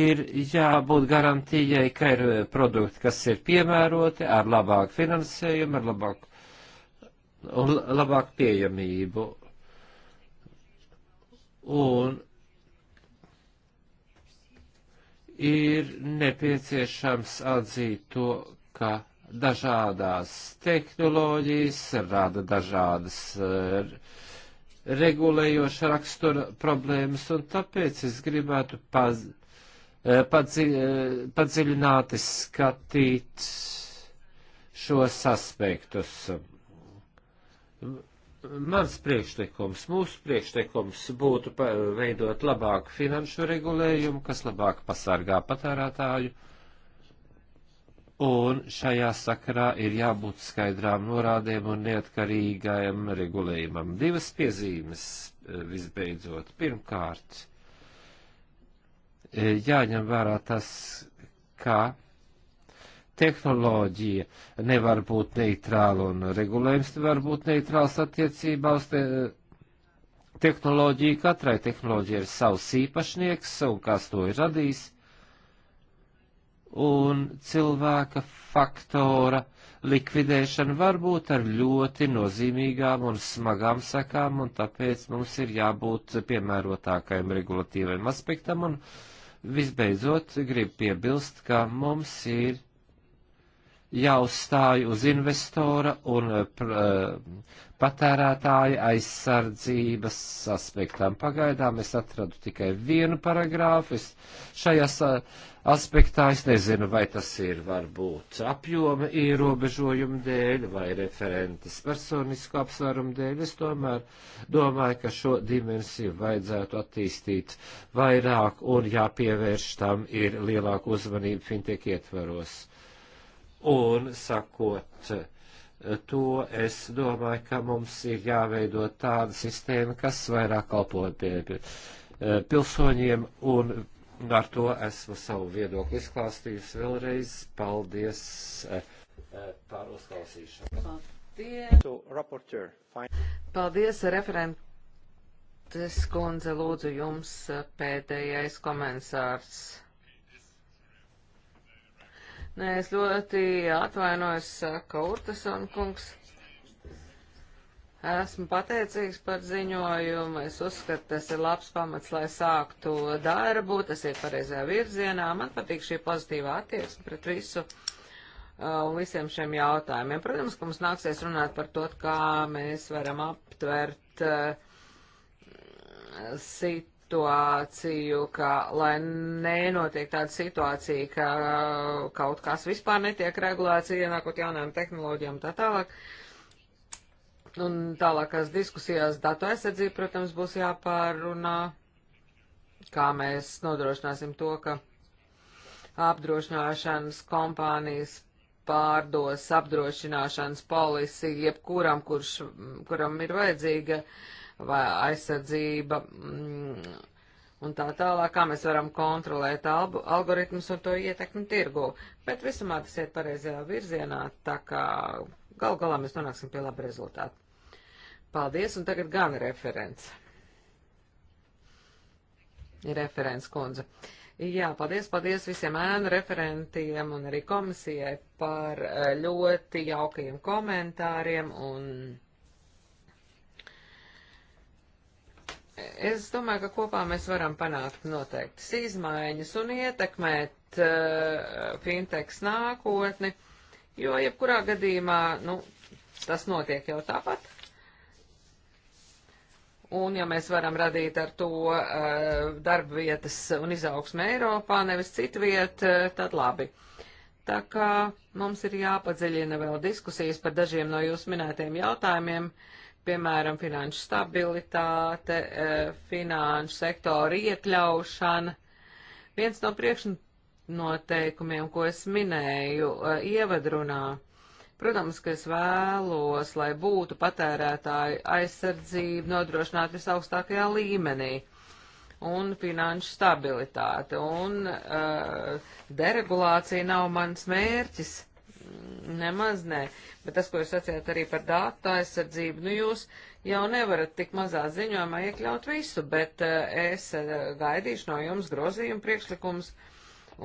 Ir jābūt garantijai, ka ir produkti, kas ir piemēroti ar labāku finansējumu, ar labāku un labāku pieejamību un ir nepieciešams atzīt to, ka dažādās tehnoloģijas rada dažādas eh, regulējoša rakstura problēmas, un tāpēc es gribētu paz, eh, padzi, eh, padziļināti skatīt šos aspektus. Mans priekšlikums, mūsu priekšlikums būtu veidot labāku finanšu regulējumu, kas labāk pasargā patērētāju, un šajā sakarā ir jābūt skaidrām norādēm un neatkarīgajam regulējumam. Divas piezīmes e, visbeidzot. Pirmkārt, e, jāņem vērā tas, kā tehnoloģija nevar būt neitrāla un regulējums nevar būt neitrāls attiecībā uz te, tehnoloģiju. Katrai tehnoloģijai ir savs īpašnieks un kas to ir radījis. Un cilvēka faktora likvidēšana var būt ar ļoti nozīmīgām un smagām sekām, un tāpēc mums ir jābūt piemērotākajam regulatīvajam aspektam. Un visbeidzot, gribu piebilst, ka mums ir jāuzstāj uz investora un eh, eh, patērētāja aizsardzības aspektām. Pagaidām es atradu tikai vienu paragrāfu. Šajā aspektā es nezinu, vai tas ir varbūt apjoma ierobežojuma dēļ vai referentes personisku apsvērumu dēļ. Es tomēr domāju, ka šo dimensiju vajadzētu attīstīt vairāk un jāpievērš tam ir lielāka uzmanība fintech ietvaros Un sakot to, es domāju, ka mums ir jāveido tāda sistēma, kas vairāk kalpo pie, pie e, pilsoņiem, un ar to esmu savu viedokli izklāstījusi vēlreiz. Paldies e, e, par uzklausīšanu. Paldies. Paldies, referent. Skundze, lūdzu jums pēdējais komentārs. Nē, es ļoti atvainojos, Kaurtasona kungs. Esmu pateicīgs par ziņojumu. Es uzskatu, tas ir labs pamats, lai sāktu darbu. Tas ir pareizajā virzienā. Man patīk šī pozitīvā attieksme pret visu un uh, visiem šiem jautājumiem. Protams, ka mums nāksies runāt par to, kā mēs varam aptvert uh, sit situāciju, ka, lai nenotiek tāda situācija, ka kaut kas vispār netiek regulēts, ienākot jaunām tehnoloģijām tā tālāk. Un tālākās diskusijās datu aizsardzība, protams, būs jāpārunā, kā mēs nodrošināsim to, ka apdrošināšanas kompānijas pārdos apdrošināšanas polisi jebkuram, kurš, kuram ir vajadzīga uh, vai aizsardzība mm, un tā tālāk, kā mēs varam kontrolēt albu, algoritmus un to ietekmi tirgu. Bet visumā tas iet pareizajā virzienā, tā kā gal galā mēs nonāksim pie laba rezultāta. Paldies, un tagad gan referents. Referents kundze. Jā, paldies, paldies visiem ēnu referentiem un arī komisijai par eh, ļoti jaukajiem komentāriem un Es domāju, ka kopā mēs varam panākt noteiktas izmaiņas un ietekmēt uh, fintechs nākotni, jo jebkurā gadījumā, nu, tas notiek jau tāpat. Un ja mēs varam radīt ar to uh, darba vietas un izaugsmē Eiropā, nevis citu vietu, uh, tad labi. Tā kā mums ir jāpadziļina vēl diskusijas par dažiem no jūsu minētiem jautājumiem. Uh, piemēram, finanšu stabilitāte, e, finanšu sektora iekļaušana. Viens no priekšnoteikumiem, ko es minēju e, ievadrunā, protams, ka es vēlos, lai būtu patērētāju aizsardzība nodrošināta visaugstākajā līmenī un finanšu stabilitāte, un uh, deregulācija nav mans mērķis, nemaz nē. Ne Bet tas, ko jūs sacījāt arī par datu aizsardzību, nu jūs jau nevarat tik mazā ziņojumā iekļaut visu, bet eh, es eh, gaidīšu no jums grozījumu priekšlikums.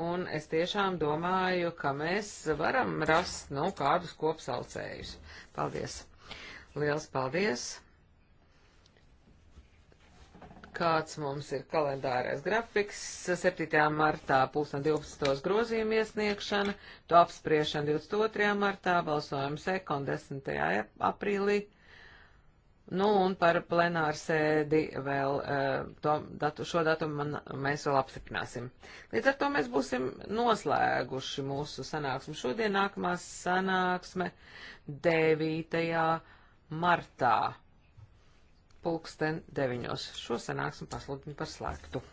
Un es tiešām domāju, ka mēs varam rast, nu, kādus kopsaucējus. Paldies! Liels paldies! kāds mums ir kalendārais grafiks. 7. martā pulksten 12. grozījuma iesniegšana, to apspriešana 22. martā, balsojums ekon 10. aprīlī. Nu, un par plenāru sēdi vēl eh, to, datu, šo datumu man, mēs vēl apstiprināsim. Līdz ar to mēs būsim noslēguši mūsu sanāksmi. Šodien nākamā sanāksme 9. martā pulksten deviņos. Šo sanāksmu pasludinu par slēgtu.